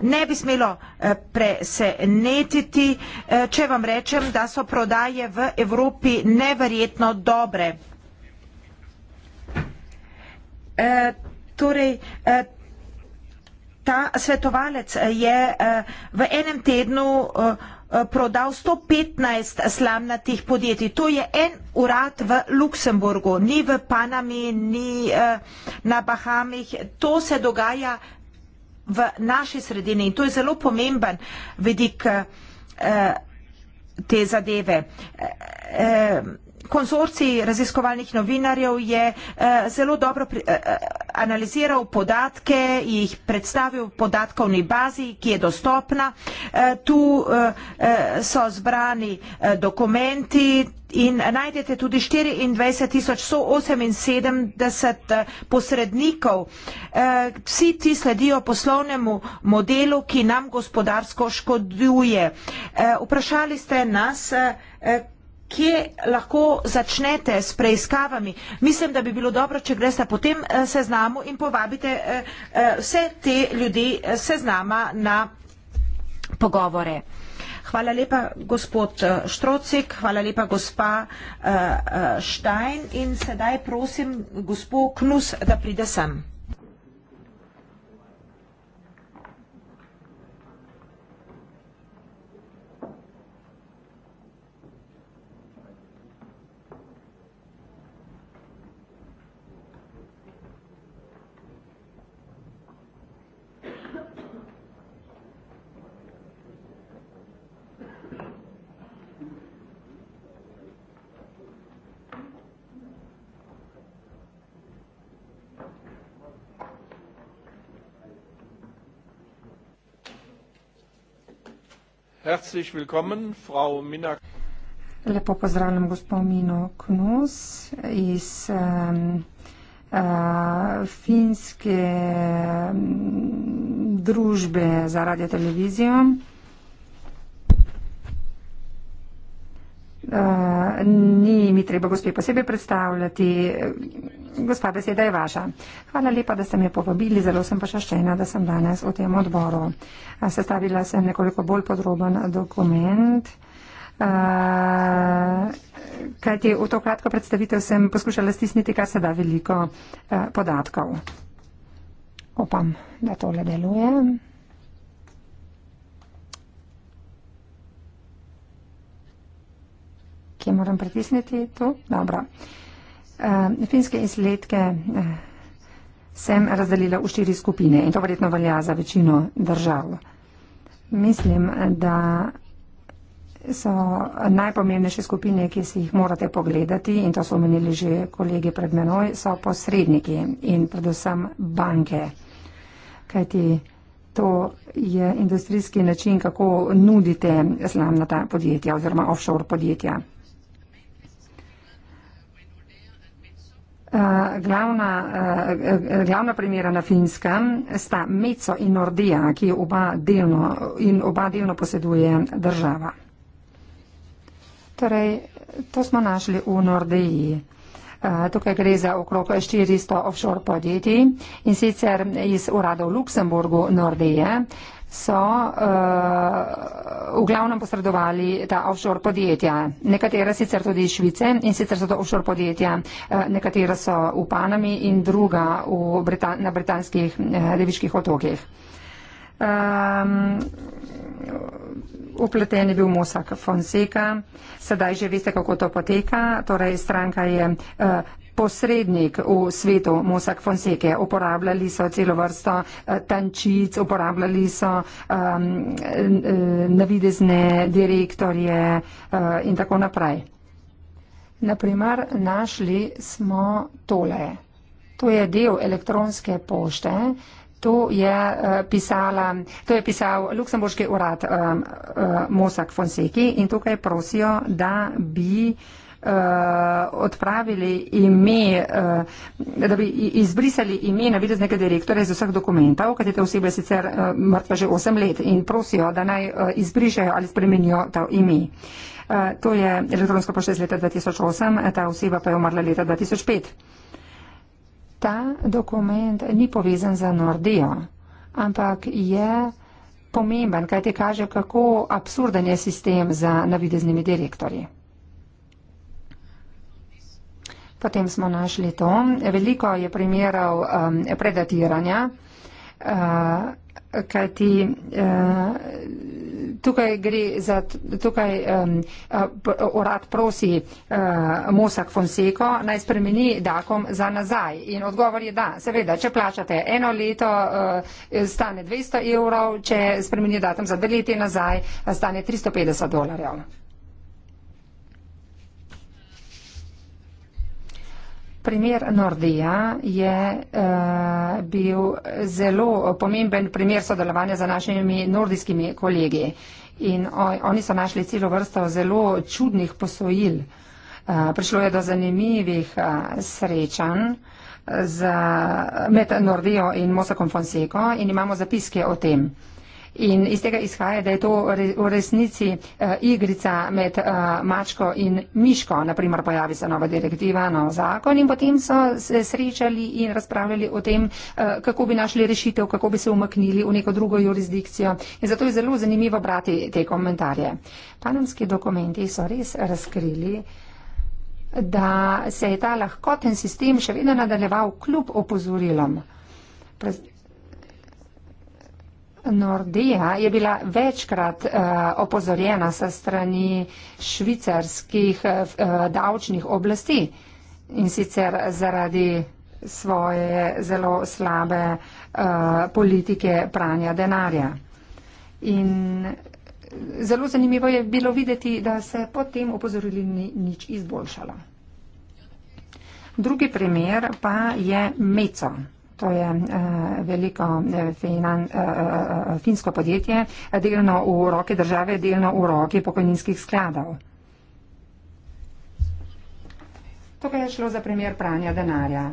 ne bi smelo eh, presenetiti, eh, če vam rečem, da so prodaje v Evropi neverjetno dobre. Torej, ta svetovalec je v enem tednu Eh, prodal 115 slamnatih podjetij. To je en urad v Luksemburgu, ni v Panami, ni eh, na Bahamih. To se dogaja v naši sredini in to je zelo pomemben vidik eh, te zadeve konzorcij raziskovalnih novinarjev je eh, zelo dobro eh, eh, analiziral podatke, jih predstavil v podatkovni bazi, ki je dostopna. Tu so zbrani dokumenti in najdete tudi 24178 posrednikov. Vsi ti sledijo poslovnemu modelu, ki nam gospodarsko škoduje. Vprašali ste nas, kje lahko začnete s preiskavami. Mislim, da bi bilo dobro, če greste potem eh, seznamu in povabite eh, eh, vse te ljudi seznama na pogovore. Hvala lepa gospod Štrocek, hvala lepa gospa Štajn in sedaj prosim gospod Knus, da pride sem. Lepo pozdravljam gospod Mino Knus iz um, uh, finske um, družbe za radio televizijo. Uh, ni mi treba gospe posebej predstavljati gospa, beseda je vaša. Hvala lepa, da ste me povabili, zelo sem pa šaščena, da sem danes v tem odboru. Sestavila sem nekoliko bolj podroben dokument. Uh, kajti v to kratko predstavitev sem poskušala stisniti kar se da veliko uh, podatkov. Upam, da tole deluje. Kje moram pritisniti? Tu? Dobro. Uh, Uh, finske izsledke uh, sem razdelila v štiri skupine in to verjetno velja za večino držav. Mislim, da so najpomembnejše skupine, ki si jih morate pogledati in to so omenili že kolegi pred menoj, so posredniki in predvsem banke. Kajti to je industrijski način, kako nudite slamna ta podjetja oziroma offshore podjetja. Eh, glavna, uh, glavna primera na finskem sta Meco in Nordija, ki oba delno, in oba delno poseduje država. Torej, to smo našli v Nordeji. Eh, tukaj gre za okrog 400 offshore podjetij in sicer iz urada v Luksemburgu Nordeje, so uh, v glavnem posredovali ta offshore podjetja. Nekatera sicer tudi iz Švice in sicer so to offshore podjetja, uh, nekatera so v Panami in druga v Britan na britanskih uh, deviških otokih. Um, ehm, Upleten je bil Mosak Fonseca, sedaj že veste, kako to poteka. Torej, stranka je uh, posrednik v svetu Mosak Fonseke. Uporabljali so celo vrsto eh, tančic, uporabljali so um, navidezne direktorje uh, in tako naprej. Naprimer, našli smo tole. To je del elektronske pošte. To je, uh, pisala, to je pisal luksemburški urad uh, ehm, uh, Mosak Fonseki in tukaj prosijo, da bi uh, uh, odpravili ime, uh, da bi izbrisali ime navideznega direktorja iz vseh dokumentov, kajti te osebe sicer uh, eh, mrtva že 8 let in prosijo, da naj uh, izbrišajo ali spremenijo ta ime. Uh, to je elektronsko pošte iz leta 2008, ta oseba pa je umrla leta 2005. Ta dokument ni povezan za Nordijo, ampak je pomemben, kaj ti kaže, kako absurden je sistem za navideznimi direktorji. Potem smo našli to. Veliko je primerov um, predatiranja, uh, kajti uh, tukaj gre za, tukaj um, urad prosi uh, Mosak Fonseko, naj spremeni dakom za nazaj. In odgovor je da. Seveda, če plačate eno leto, uh, stane 200 evrov, če spremeni datum za dve leti nazaj, stane 350 dolarjev. Primer Nordija je uh, bil zelo pomemben primer sodelovanja z našimi nordijskimi kolegi. In oni so našli celo vrsto zelo čudnih posojil. Eh, prišlo je do zanimivih eh, srečanj med Nordijo in Mosakom Fonseko in imamo zapiske o tem. In iz tega izhaja, da je to v resnici eh, igrica med eh, mačko in miško. Naprimer, pojavi se nova direktiva, nov zakon in potem so se srečali in razpravljali o tem, eh, kako bi našli rešitev, kako bi se umaknili v neko drugo jurisdikcijo. In zato je zelo zanimivo brati te komentarje. Panamski dokumenti so res razkrili da se je ta lahkoten sistem še vedno nadaljeval kljub opozorilom. Nordija je bila večkrat uh, opozorjena sa strani švicarskih uh, davčnih oblasti in sicer zaradi svoje zelo slabe uh, politike pranja denarja. In zelo zanimivo je bilo videti, da se potem opozorili ni nič izboljšalo. Drugi primer pa je meco. To je uh, veliko eh, finan, uh, finsko podjetje, delno v roke države, delno v roke pokojninskih skladov. Tukaj je šlo za primer pranja denarja.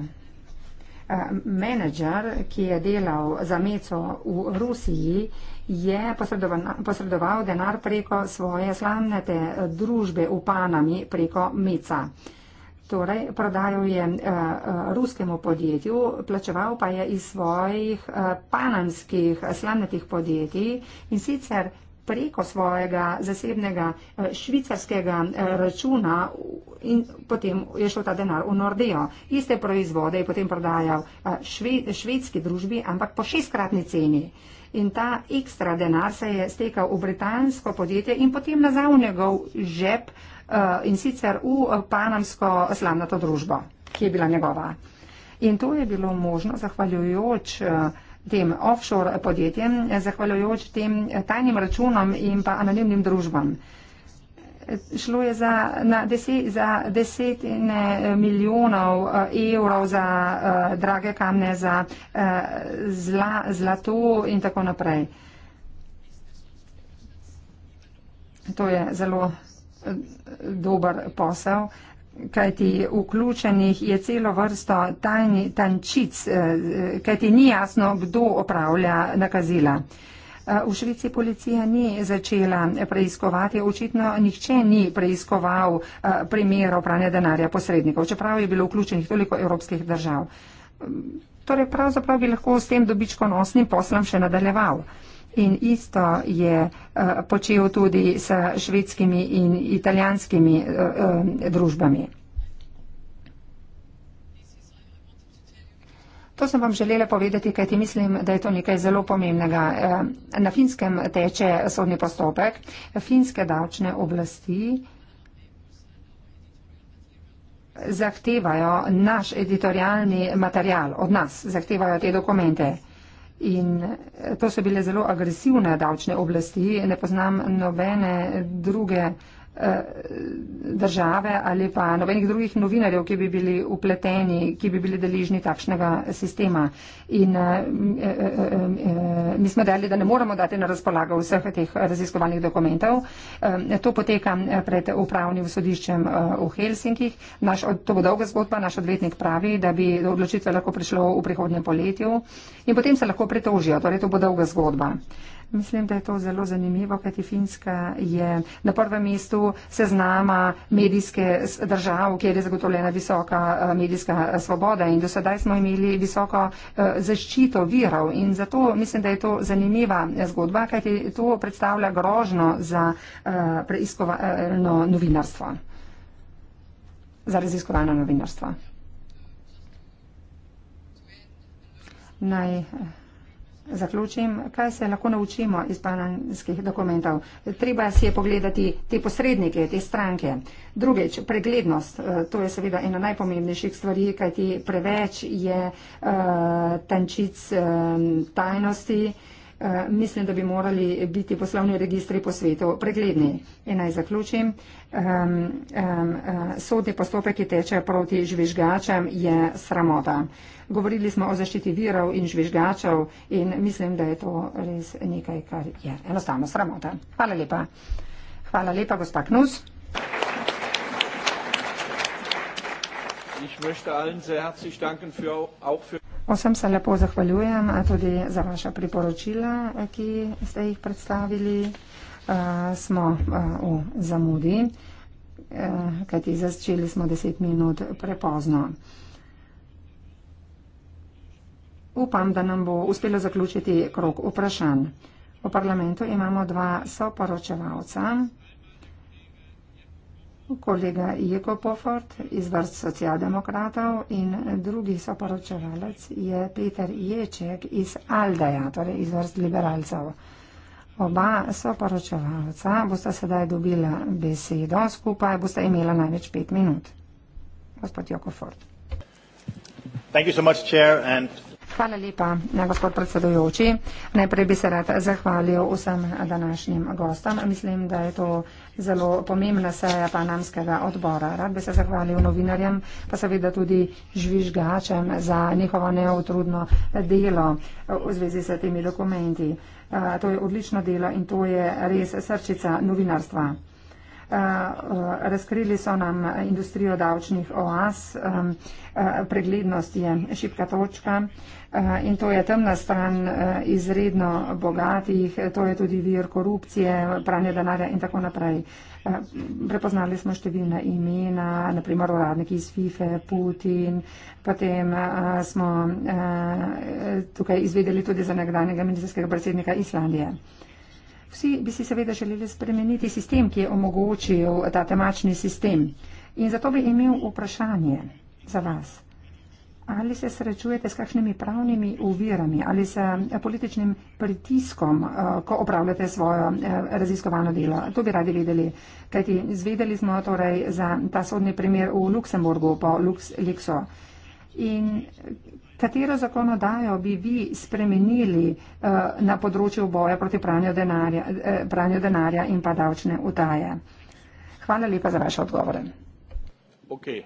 Menedžer, ki je delal za meco v Rusiji, je posredoval denar preko svoje slavnete družbe v Panami preko meca. Torej, prodajal je uh, ruskemu podjetju, plačeval pa je iz svojih uh, panamskih slamnatih podjetij in sicer preko svojega zasebnega švicarskega računa in potem je šel ta denar v Nordejo. Iste proizvode je potem prodajal šve, švedski družbi, ampak po šestkratni ceni. In ta ekstra denar se je stekal v britansko podjetje in potem nazaj v njegov žep. Uh, Eh, in sicer v eh, panamsko slamnato družbo, ki je bila njegova. In to je bilo možno zahvaljujoč eh, tem offshore podjetjem, zahvaljujoč tem tajnim računom in pa anonimnim družbam. Šlo je za, na deset, za desetine milijonov evrov za uh, drage kamne, za uh, zla, zlato in tako naprej. To je zelo dober posel, kajti vključenih je celo vrsto tajni, tančic, eh, kajti ni jasno, kdo opravlja nakazila. Eh, v Švici policija ni začela preiskovati, očitno nihče ni preiskoval eh, primer opranja denarja posrednikov, čeprav je bilo vključenih toliko evropskih držav. Torej pravzaprav bi lahko s tem dobičkonosnim poslom še nadaljeval. In isto je eh, počel tudi s švedskimi in italijanskimi eh, eh, družbami. To sem vam želela povedati, kajti mislim, da je to nekaj zelo pomembnega. Na finskem teče sodni postopek. Finske davčne oblasti zahtevajo naš editorialni material od nas, zahtevajo te dokumente. In eh, to so bile zelo agresivne davčne oblasti. Ne poznam nobene druge Eh, države ali pa nobenih drugih novinarjev, ki bi bili upleteni, ki bi bili deližni takšnega sistema. In eh, eh, mi smo dali, da ne moramo dati na razpolago vseh teh raziskovalnih dokumentov. To poteka pred upravnim sodiščem v Helsinkih. Naš, to bo dolga zgodba. Naš odvetnik pravi, da bi do odločitve lahko prišlo v prihodnjem poletju in potem se lahko pritožijo. Torej, to bo dolga zgodba. Mislim, da je to zelo zanimivo, kajti Finska je na prvem mestu seznama medijske držav, kjer je zagotovljena visoka eh, medijska eh, svoboda in do sedaj smo imeli visoko eh, zaščito virov in zato mislim, da je to zanimiva zgodba, kajti to predstavlja grožno za preiskovalno novinarstvo. Za raziskovalno novinarstvo. Naj zaključim, kaj se lahko naučimo iz panamskih dokumentov. Treba si je pogledati te posrednike, te stranke. Drugič, preglednost. Eh, to je seveda ena najpomembnejših stvari, kajti preveč je uh, tančic um, tajnosti. Uh, mislim, da bi morali biti poslovni registri po svetu pregledni. In naj zaključim, um, um, uh, sodni postopek, ki teče proti žvižgačem, je sramota. Uh, Govorili smo o zaščiti virov in žvižgačev in mislim, da je to res nekaj, kar je enostavno sramota. Hvala lepa. Hvala lepa, gospa Knus. Vsem se lepo zahvaljujem tudi za vaša priporočila, ki ste jih predstavili. Uh, smo uh, v zamudi, uh, kajti začeli smo deset minut prepozno. Upam, da nam bo uspelo zaključiti krok vprašanj. V parlamentu imamo dva soporočevalca. Kolega Jeko Pofort iz vrst socialdemokratov in drugi soporočevalec je Peter Ječek iz Aldeja, torej iz vrst liberalcev. Oba soporočevalca boste sedaj dobila besedo, skupaj boste imela največ pet minut. Gospod Jeko Fort. Thank you so much, Chair, and Hvala lepa, eh, gospod predsedujoči. Najprej bi se rad zahvalil vsem današnjim gostom. Mislim, da je to zelo pomembna seja panamskega odbora. Rad bi se zahvalil novinarjem, pa seveda tudi žvižgačem za njihovo neotrudno delo eh, v zvezi s temi dokumenti. Eh, to je odlično delo in to je res srčica novinarstva. Razkrili so nam industrijo davčnih oas, preglednost je šipka točka. Eh, in to je temna stran eh, izredno bogatih, eh, to je tudi vir korupcije, pranje denarja in tako naprej. Prepoznali smo številna imena, naprimer uradniki iz FIFE, Putin, potem smo tukaj izvedeli tudi za nekdanjega ministerskega predsednika Islandije. Vsi bi si seveda želeli spremeniti sistem, ki je omogočil ta temačni sistem. In zato bi imel vprašanje za vas. Ali se srečujete s kakšnimi pravnimi uvirami ali s eh, političnim pritiskom, eh, ko opravljate svojo eh, raziskovano delo? To bi radi vedeli. Kajti zvedeli smo torej za ta sodni primer v Luksemburgu po Luxo. In katero zakonodajo bi vi spremenili na področju boja proti pranju denarja, pranju denarja in pa davčne utaje? Hvala lepa za vaše odgovore. Okay.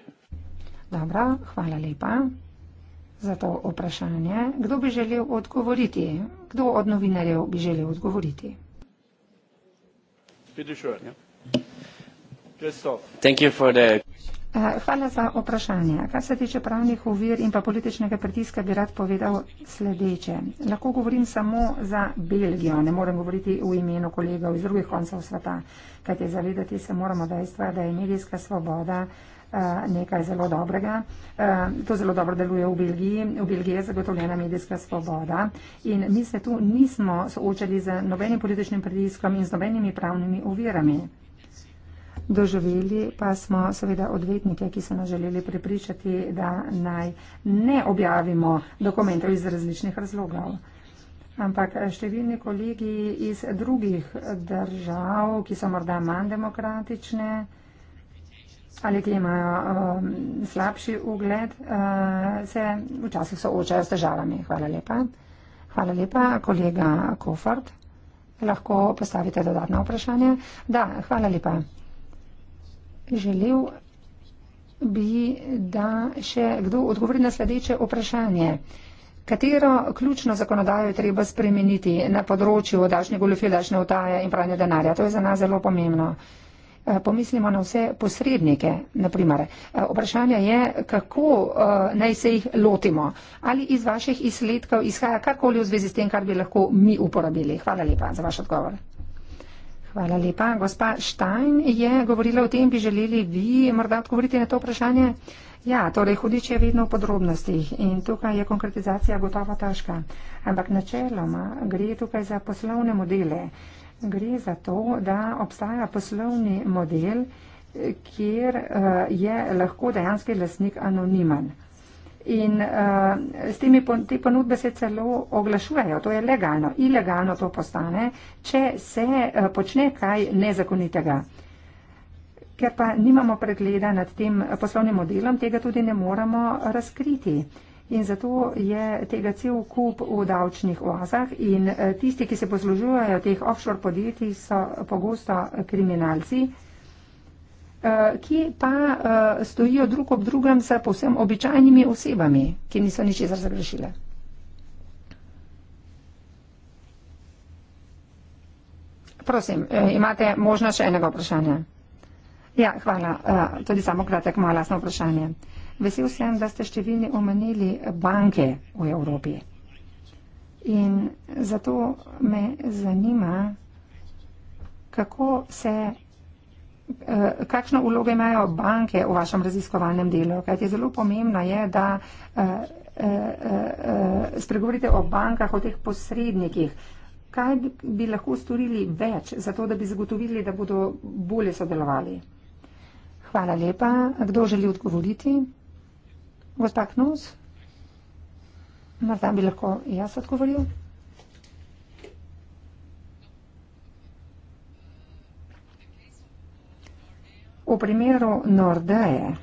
Dobro, hvala lepa za to vprašanje. Kdo bi želel odgovoriti? Kdo od novinarjev bi želel odgovoriti? Ja. Eh, hvala za vprašanje. Kar se tiče pravnih uvir in pa političnega pritiska, bi rad povedal sledeče. Lahko govorim samo za Belgijo, ne morem govoriti v imenu kolegov iz drugih koncev sveta, kajti zavedati se moramo dejstva, da je medijska svoboda Eh, nekaj zelo dobrega. Eh, to zelo dobro deluje v Belgiji. V Belgiji je zagotovljena medijska svoboda in mi se tu nismo soočali z nobenim političnim pritiskom in z nobenimi pravnimi ovirami. Doživeli pa smo seveda odvetnike, ki so nas želeli prepričati, da naj ne objavimo dokumentov iz različnih razlogov. Ampak eh, številni kolegi iz drugih držav, ki so morda manj demokratične, ali ki imajo uh, slabši ugled, uh, se včasih soočajo s težavami. Hvala lepa. Hvala lepa, kolega Kofort. Lahko postavite dodatno vprašanje. Da, hvala lepa. Želel bi, da še kdo odgovori na sledeče vprašanje. Katero ključno zakonodajo je treba spremeniti na področju davčne goljofije, davčne utaje in pranja denarja? To je za nas zelo pomembno. Uh, Eh, pomislimo na vse posrednike, naprimer. Eh, vprašanje je, kako eh, naj se jih lotimo. Ali iz vaših izsledkov izhaja karkoli v zvezi s tem, kar bi lahko mi uporabili? Hvala lepa za vaš odgovor. Hvala lepa. Gospa Štajn je govorila o tem, bi želeli vi morda odgovoriti na to vprašanje. Ja, torej hudič je vedno v podrobnostih in tukaj je konkretizacija gotovo težka. Ampak načeloma gre tukaj za poslovne modele. Gre za to, da obstaja poslovni model, kjer uh, je lahko dejanski lasnik anoniman. In uh, s temi pon te ponudbe se celo oglašujejo, to je legalno. Ilegalno to postane, če se uh, počne kaj nezakonitega. Ker pa nimamo pregleda nad tem poslovnim modelom, tega tudi ne moramo razkriti. Uh, in zato je tega cel kup v davčnih oazah in eh, tisti, ki se poslužujejo teh offshore podjetij, so pogosto kriminalci, eh, ki pa eh, stojijo drug ob drugem s povsem običajnimi osebami, ki niso ničesar zagrešile. Prosim, imate možnost še enega vprašanja? Ja, hvala. Tudi samo kratek, malo lasno vprašanje. Vesel sem, da ste številni omenili banke v Evropi. In zato me zanima, kako se, eh, kakšno vlogo imajo banke v vašem raziskovalnem delu. Kajti zelo pomembno je, da eh, eh, spregovorite o bankah, o teh posrednikih. Kaj bi lahko storili več, zato da bi zagotovili, da bodo bolje sodelovali? Hvala lepa. Kdo želi odgovoriti? Gospa Knus, morda bi lahko jaz odgovoril. V primeru Nordeje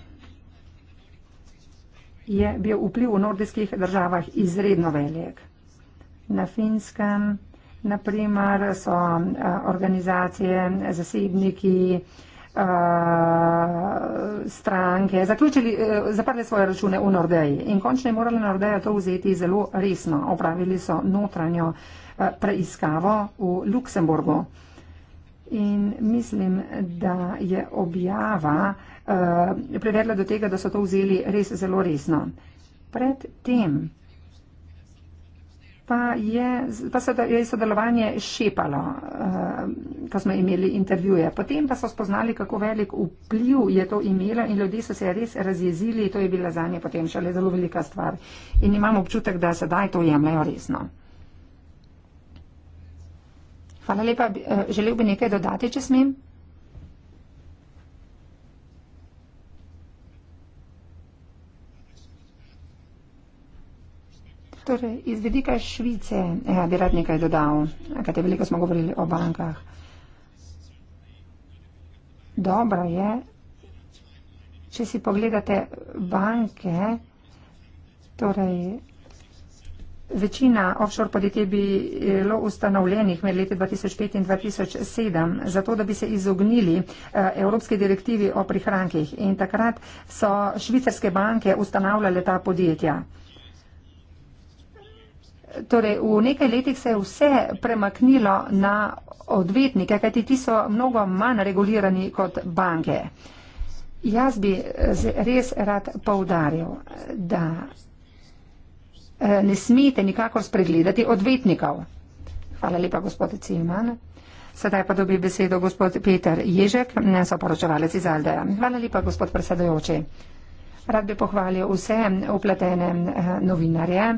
je bil vpliv v nordijskih državah izredno velik. Na finskem, naprimer, so eh, organizacije, zasebniki, stranke zaključili, e, zaprli svoje račune v Nordeji. In končno je morala Nordeja to vzeti zelo resno. Opravili so notranjo e, preiskavo v Luksemburgu. In mislim, da je objava uh, privedla do tega, da so to vzeli res zelo resno. Predtem pa, je, pa se da, je sodelovanje šepalo, uh, ko smo imeli intervjuje. Potem pa so spoznali, kako velik vpliv je to imelo in ljudje so se res razjezili, to je bila za nje potem šele zelo velika stvar. In imamo občutek, da sedaj to jemljajo resno. Hvala lepa, eh, želel bi nekaj dodati, če smem. Torej, iz vidika Švice ja, bi rad nekaj dodal, kajte veliko smo govorili o bankah. Dobro je, če si pogledate banke, torej večina offshore podjetij bi bilo eh, ustanovljenih med leti 2005 in 2007, zato da bi se izognili eh, Evropski direktivi o prihrankih. In takrat so švicarske banke ustanavljale ta podjetja. Torej, v nekaj letih se je vse premaknilo na odvetnike, kajti ti so mnogo manj regulirani kot banke. Jaz bi res rad povdaril, da e, ne smete nikakor spregledati odvetnikov. Hvala lepa, gospod Cilman. Sedaj pa dobi besedo gospod Peter Ježek, soporočevalec iz Aldeja. Hvala lepa, gospod predsedojoči. Rad bi pohvalil vse upletene e, novinarje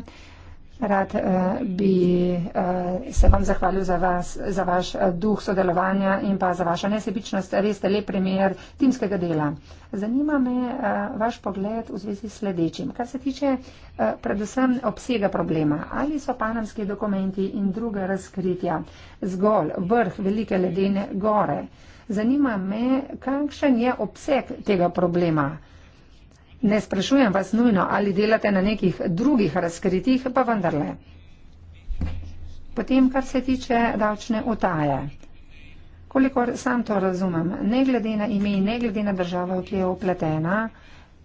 Rad uh, bi uh, se vam zahvalil za, vas, za vaš eh, duh sodelovanja in pa za vašo nesebičnost. Res ste lep primer timskega dela. Zanima me uh, vaš pogled v zvezi s sledečim. Kar se tiče uh, predvsem obsega problema, ali so panamski dokumenti in druga razkritja zgolj vrh velike ledene gore. Zanima me, kakšen je obseg tega problema. Uh, Ne sprašujem vas nujno, ali delate na nekih drugih razkritih, pa vendarle. Potem, kar se tiče davčne utaje. Kolikor sam to razumem, ne glede na ime, ne glede na državo, ki je upletena,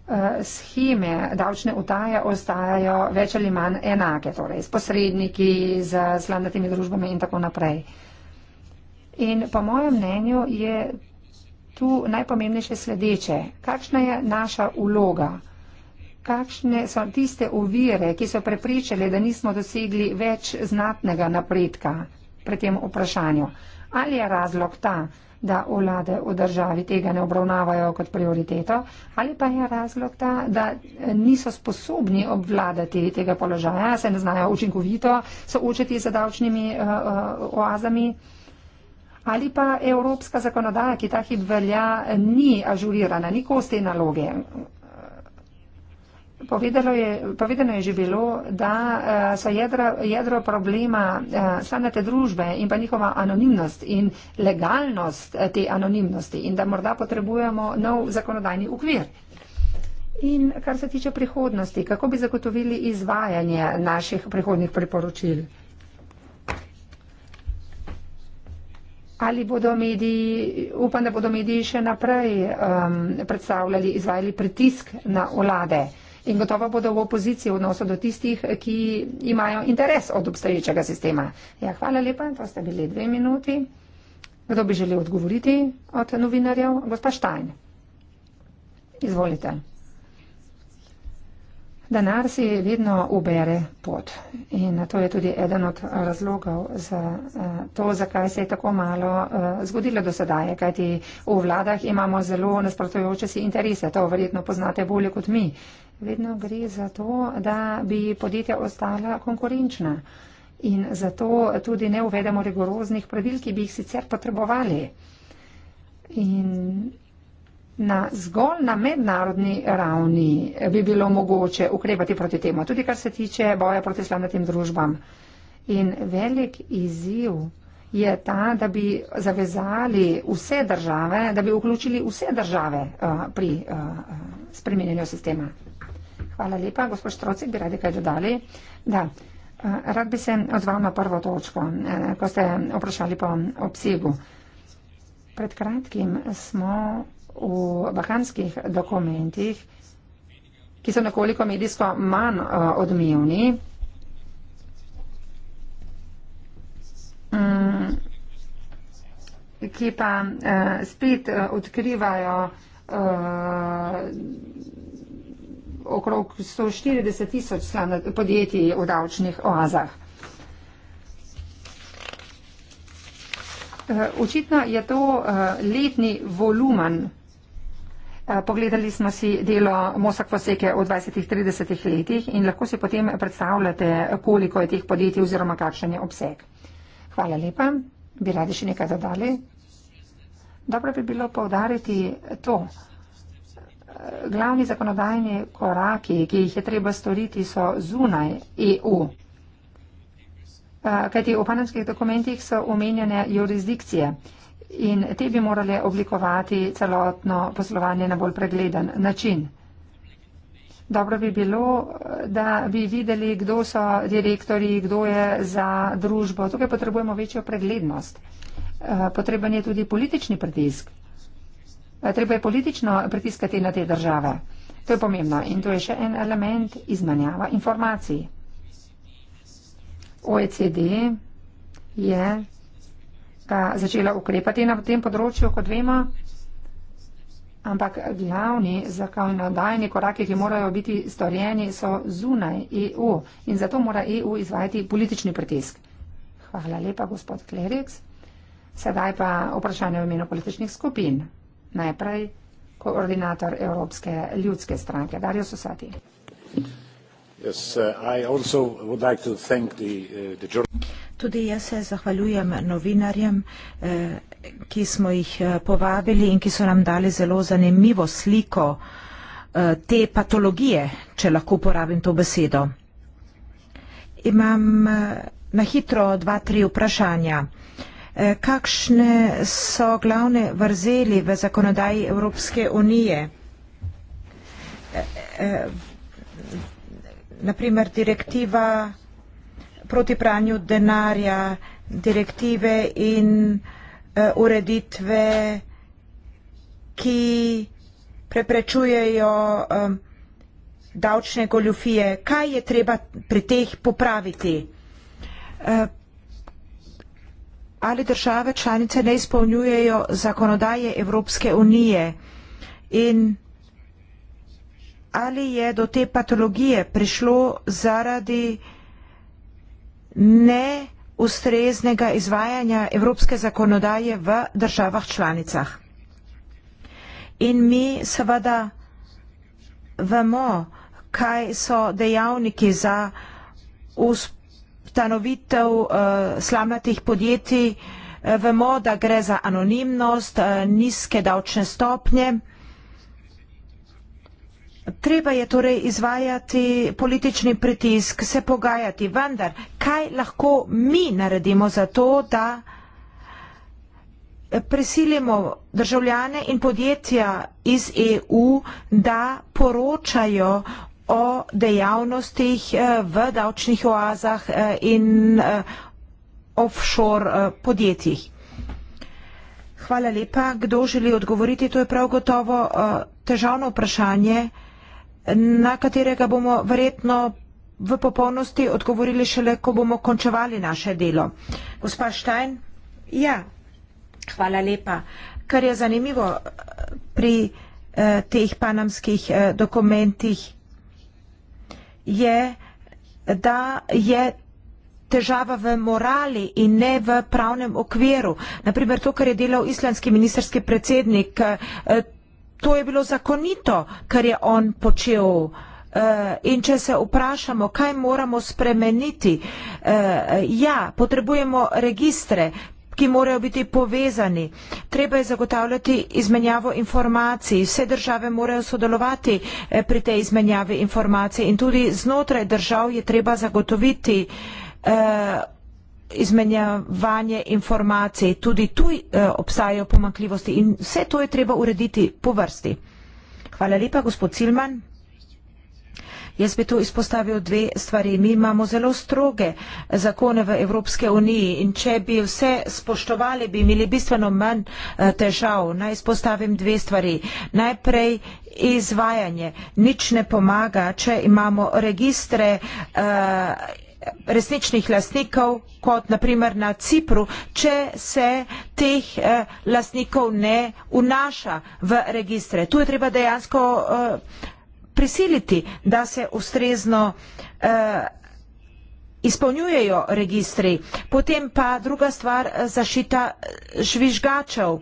eh, scheme davčne utaje ostajajo več ali manj enake, torej s posredniki, z slandatimi družbami in tako naprej. In po mojem mnenju je tu najpomembnejše sledeče. Kakšna je naša uloga? Kakšne so tiste ovire, ki so prepričali, da nismo dosegli več znatnega napredka pri tem vprašanju? Ali je razlog ta, da vlade v državi tega ne obravnavajo kot prioriteto, ali pa je razlog ta, da niso sposobni obvladati tega položaja, se ne znajo učinkovito soočiti z davčnimi uh, oazami? ali pa evropska zakonodaja, ki ta hip velja, ni ažurirana, ni kos te naloge. Je, povedano je že bilo, da eh, so jedra, jedro problema eh, sanete družbe in pa njihova anonimnost in legalnost eh, te anonimnosti in da morda potrebujemo nov zakonodajni ukvir. In kar se tiče prihodnosti, kako bi zagotovili izvajanje naših prihodnih priporočil? Ali bodo mediji, upam, da bodo mediji še naprej um, predstavljali, izvajali pritisk na vlade in gotovo bodo v opoziciji v odnosu do tistih, ki imajo interes od obstoječega sistema. Ja, hvala lepa, to ste bili dve minuti. Kdo bi želel odgovoriti od novinarjev? Gospa Štajn. Izvolite denar si vedno ubere pot. In to je tudi eden od razlogov za eh, to, zakaj se je tako malo eh, zgodilo do sedaj, kajti v vladah imamo zelo nasprotujoče si interese. To verjetno poznate bolje kot mi. Vedno gre za to, da bi podjetja ostala konkurenčna. In zato tudi ne uvedemo rigoroznih pravil, ki bi jih sicer potrebovali. In na zgolj na mednarodni ravni bi bilo mogoče ukrepati proti temu, tudi kar se tiče boja proti slamnatim družbam. In velik izziv je ta, da bi zavezali vse države, da bi vključili vse države uh, pri uh, eh, eh, spremenjenju sistema. Hvala lepa, gospod Štrocek, bi radi kaj dodali. Da, uh, rad bi se odzval na prvo točko, uh, ko ste vprašali po obsegu. Pred kratkim smo v vahanskih dokumentih, ki so nekoliko medijsko manj eh, odmivni. Mm, ki pa eh, spet eh, odkrivajo eh, okrog 140 tisoč podjetij v davčnih oazah. Eh, očitno eh, je to eh, letni volumen Eh, pogledali smo si delo Mosak Foseke v 20-30 letih in lahko si potem predstavljate, koliko je teh podjetij oziroma kakšen je obseg. Hvala lepa. Bi radi še nekaj dodali? Dobro bi bilo povdariti to. Glavni zakonodajni koraki, ki jih je treba storiti, so zunaj EU. Eh, kajti v panamskih dokumentih so omenjene jurisdikcije in te bi morale oblikovati celotno poslovanje na bolj pregleden način. Dobro bi bilo, da bi videli, kdo so direktori, kdo je za družbo. Tukaj potrebujemo večjo preglednost. Eh, potreben je tudi politični pritisk. Eh, treba je politično pritiskati na te države. To je pomembno. In to je še en element izmanjava informacij. OECD je sta začela ukrepati na tem področju, kot vemo. Ampak glavni zakonodajni koraki, ki morajo biti storjeni, so zunaj EU in zato mora EU izvajati politični pritisk. Hvala lepa, gospod Kleriks. Sedaj pa vprašanje v imenu političnih skupin. Najprej koordinator Evropske ljudske stranke, Dario Sosati. Uh, uh, Tudi jaz se zahvaljujem novinarjem, eh, ki smo jih eh, povabili in ki so nam dali zelo zanimivo sliko eh, te patologije, če lahko uporabim to besedo. Imam na hitro dva, tri vprašanja. Kakšne so glavne vrzeli v zakonodaji Evropske unije? na primer direktiva proti pranju denarja, direktive in uh, ureditve, ki preprečujejo um, davčne goljufije. Kaj je treba pri teh popraviti? Uh, ali države članice ne izpolnjujejo zakonodaje Evropske unije in ali je do te patologije prišlo zaradi neustreznega izvajanja evropske zakonodaje v državah članicah. In mi seveda vemo, kaj so dejavniki za ustanovitev uh, slamnatih podjetij, eh, vemo, da gre za anonimnost, uh, nizke davčne stopnje, Treba je torej izvajati politični pritisk, se pogajati, vendar kaj lahko mi naredimo za to, da prisilimo državljane in podjetja iz EU, da poročajo o dejavnostih eh, v davčnih oazah eh, in eh, offshore podjetjih. Hvala lepa. Kdo želi odgovoriti? To je prav gotovo težavno vprašanje na katerega bomo verjetno v popolnosti odgovorili šele, ko bomo končevali naše delo. Gospa Štajn? Ja, hvala lepa. Kar je zanimivo eh, pri eh, teh panamskih eh, dokumentih je, da je težava v morali in ne v pravnem okviru. Naprimer, to, kar je delal islandski ministerski predsednik, eh, to je bilo zakonito, kar je on počel. Eh, in če se vprašamo, kaj moramo spremeniti, eh, ja, potrebujemo registre ki morajo biti povezani. Treba je zagotavljati izmenjavo informacij. Vse države morajo sodelovati eh, pri tej izmenjavi informacij in tudi znotraj držav je treba zagotoviti izmenjevanje informacij, tudi tu uh, eh, obstajajo pomankljivosti in vse to je treba urediti po vrsti. Hvala lepa, gospod Silman. Jaz bi tu izpostavil dve stvari. Mi imamo zelo stroge zakone v Evropske uniji in če bi vse spoštovali, bi imeli bistveno manj eh, težav. Naj izpostavim dve stvari. Najprej izvajanje. Nič ne pomaga, če imamo registre. Uh, resničnih lastnikov, kot naprimer na Cipru, če se teh eh, lastnikov ne unaša v registre. Tu je treba dejansko eh, prisiliti, da se ustrezno eh, izpolnjujejo registri. Potem pa druga stvar eh, zašita eh, žvižgačev.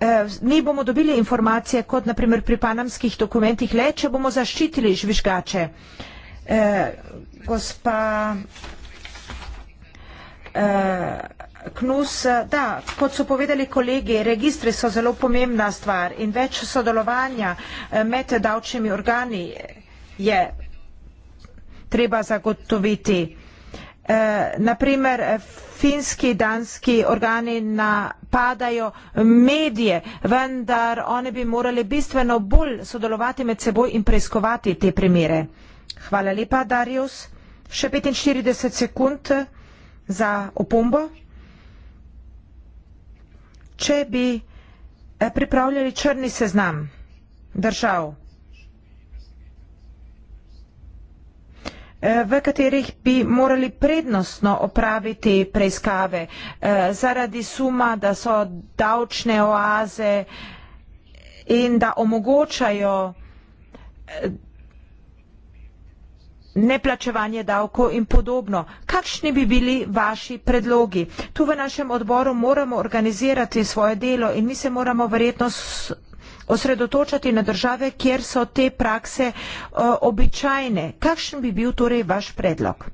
Eh, mi bomo dobili informacije, kot naprimer pri panamskih dokumentih, le če bomo zaščitili žvižgače, eh, gospa eh, Knus, da, kot so povedali kolegi, registri so zelo pomembna stvar in več sodelovanja eh, med davčnimi organi je treba zagotoviti. Eh, naprimer, finski, danski organi napadajo medije, vendar one bi morali bistveno bolj sodelovati med seboj in preiskovati te primere. Hvala lepa, Darius. Še 45 sekund za opombo. Če bi eh, pripravljali črni seznam držav, eh, v katerih bi morali prednostno opraviti preiskave eh, zaradi suma, da so davčne oaze in da omogočajo neplačevanje davkov in podobno. Kakšni bi bili vaši predlogi? Tu v našem odboru moramo organizirati svoje delo in mi se moramo verjetno osredotočati na države, kjer so te prakse uh, običajne. Kakšen bi bil torej vaš predlog?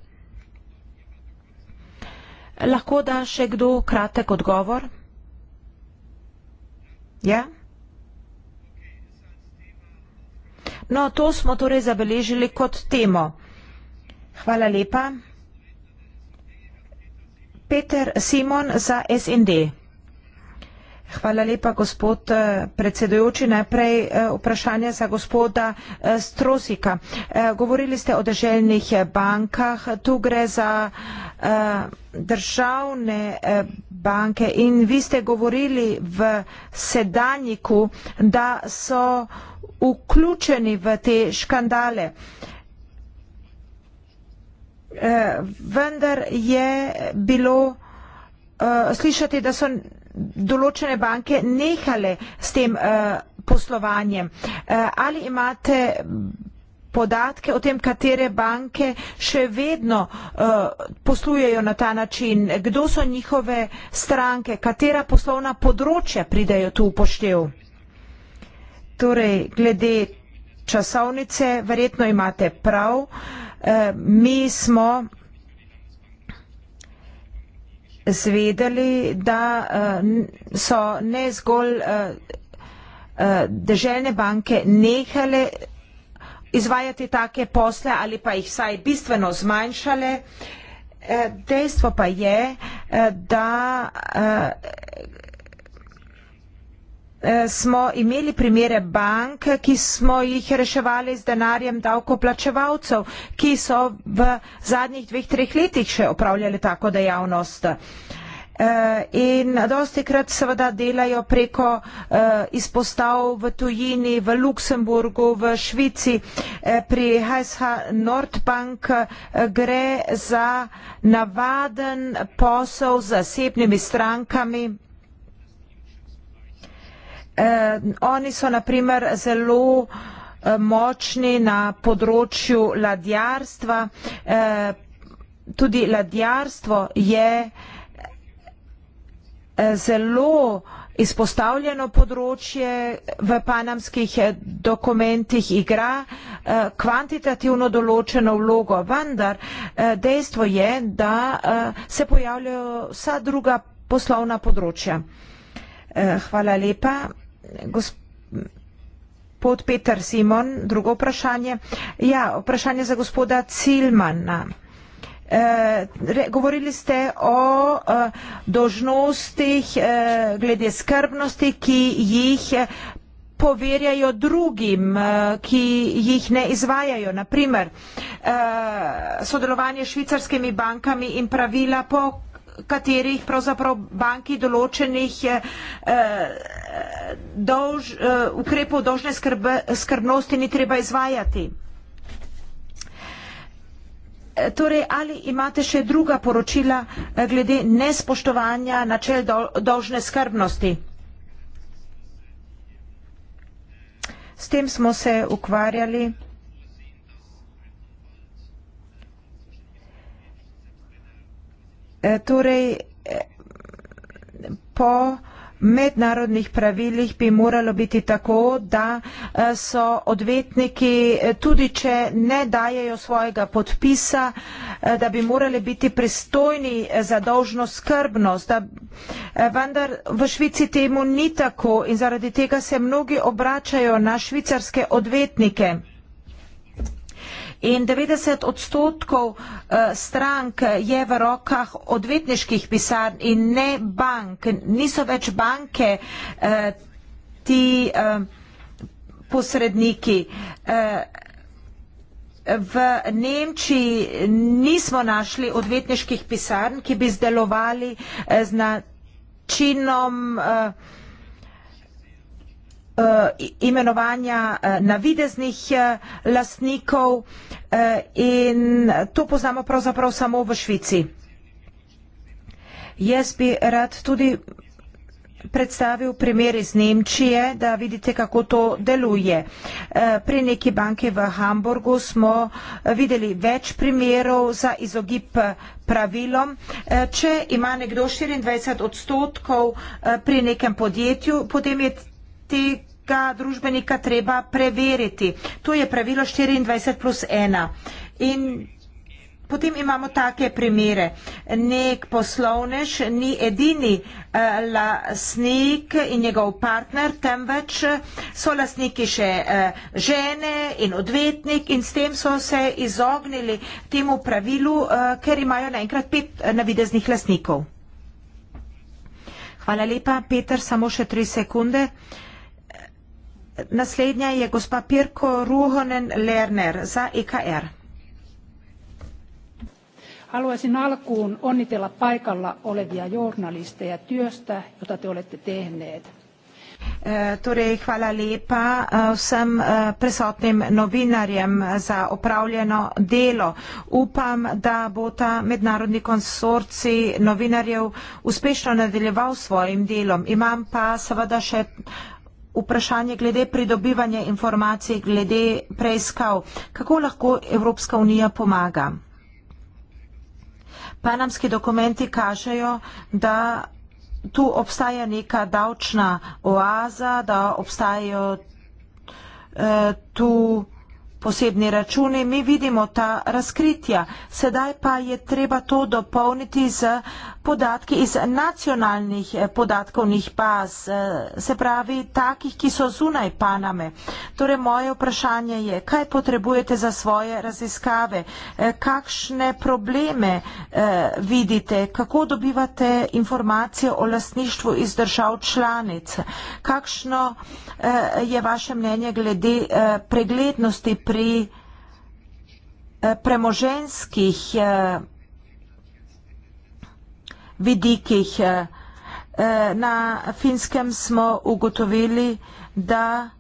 Lahko da še kdo kratek odgovor? Ja? No, to smo torej zabeležili kot temo. Hvala lepa. Peter Simon za SND. Hvala lepa, gospod eh, predsedujoči. Najprej eh, vprašanje za gospoda eh, Strosika. Govorili ste o deželnih bankah. Tu gre za državne banke in vi ste govorili v sedanjiku, da so vključeni v te škandale. Eh, vendar je bilo eh, slišati, da so določene banke nehale s tem eh, poslovanjem. Ali imate podatke o tem, katere banke še vedno poslujejo na ta način, kdo so njihove stranke, katera poslovna področja pridajo tu v poštev? Torej, glede časovnice, verjetno imate prav, mi smo zvedeli, da eh, so ne zgolj eh, eh, državne banke nehale izvajati take posle ali pa jih saj bistveno zmanjšale. Dejstvo pa je, da Eh, smo imeli primere bank, ki smo jih reševali z denarjem davkoplačevalcev, ki so v zadnjih dveh, treh letih še opravljali tako dejavnost. Eh, in dosti krat seveda delajo preko eh, izpostav v tujini, v Luksemburgu, v Švici, pri HSH Nordbank gre za navaden posel z zasebnimi strankami, Eh, oni so naprimer zelo eh, močni na področju ladjarstva. Eh, tudi ladjarstvo je eh, zelo izpostavljeno področje v panamskih eh, dokumentih igra eh, kvantitativno določeno vlogo, vendar eh, dejstvo je, da eh, se pojavljajo vsa druga poslovna področja. Eh, hvala lepa. Gospod Peter Simon, drugo vprašanje. Ja, vprašanje za gospoda Cilmana. E, govorili ste o e, dožnostih e, glede skrbnosti, ki jih e, poverjajo drugim, e, ki jih ne izvajajo. Naprimer, e, sodelovanje švicarskimi bankami in pravila po katerih pravzaprav banki določenih eh, dolž, eh, ukrepov dožne skrb, skrbnosti ni treba izvajati. Eh, torej, ali imate še druga poročila glede nespoštovanja načel dolžne skrbnosti? S tem smo se ukvarjali. E, torej e, po mednarodnih pravilih bi moralo biti tako, da e, so odvetniki, tudi če ne dajejo svojega podpisa, da bi morali biti pristojni za dolžno skrbnost. Da, vendar v Švici temu ni tako in zaradi tega se mnogi obračajo na švicarske odvetnike in 90 odstotkov eh, strank je v rokah odvetniških pisarn in ne bank. Niso več banke eh, ti eh, posredniki. V Nemčiji nismo našli odvetniških pisarn, ki bi zdelovali z načinom odvetniških pisarn Eh, imenovanja eh, navideznih eh, lastnikov in to poznamo pravzaprav samo v Švici. Jaz bi rad tudi predstavil primer iz Nemčije, da vidite, kako to deluje. Pri neki banki v Hamburgu smo videli več primerov za izogib pravilom. Če ima nekdo 24 odstotkov pri nekem podjetju, potem je tega družbenika treba preveriti. To je pravilo 24 plus 1. In potem imamo take primere. Nek poslovnež ni edini eh, lasnik in njegov partner, temveč so lasniki še eh, žene in odvetnik in s tem so se izognili temu pravilu, eh, ker imajo naenkrat pet navideznih lasnikov. Hvala lepa, Peter, samo še tri sekunde. Eh, Naslednja je gospa Pirko Ruhonen Lerner za EKR. Haluaisin alkuun onnitella paikalla olevia journalisteja työstä, jota te olette tehneet. Eh, torej, hvala lepa eh, vsem eh, prisotnim novinarjem za opravljeno delo. Upam, da bo ta mednarodni konsorci novinarjev uspešno nadaljeval svojim delom. Imam pa seveda še vprašanje glede pridobivanja informacij, glede preiskav, kako lahko Evropska unija pomaga. Panamski dokumenti kažejo, da tu obstaja neka davčna oaza, da obstajajo eh, tu posebni računi, mi vidimo ta razkritja. Sedaj pa je treba to dopolniti z podatki iz nacionalnih eh, podatkovnih baz, eh, se pravi takih, ki so zunaj Paname. Torej, moje vprašanje je, kaj potrebujete za svoje raziskave, eh, kakšne probleme vidite, kako dobivate informacije o lasništvu iz držav članic, kakšno je vaše mnenje glede preglednosti pri pri eh, premoženskih eh, vidikih. Eh, na finskem smo ugotovili, da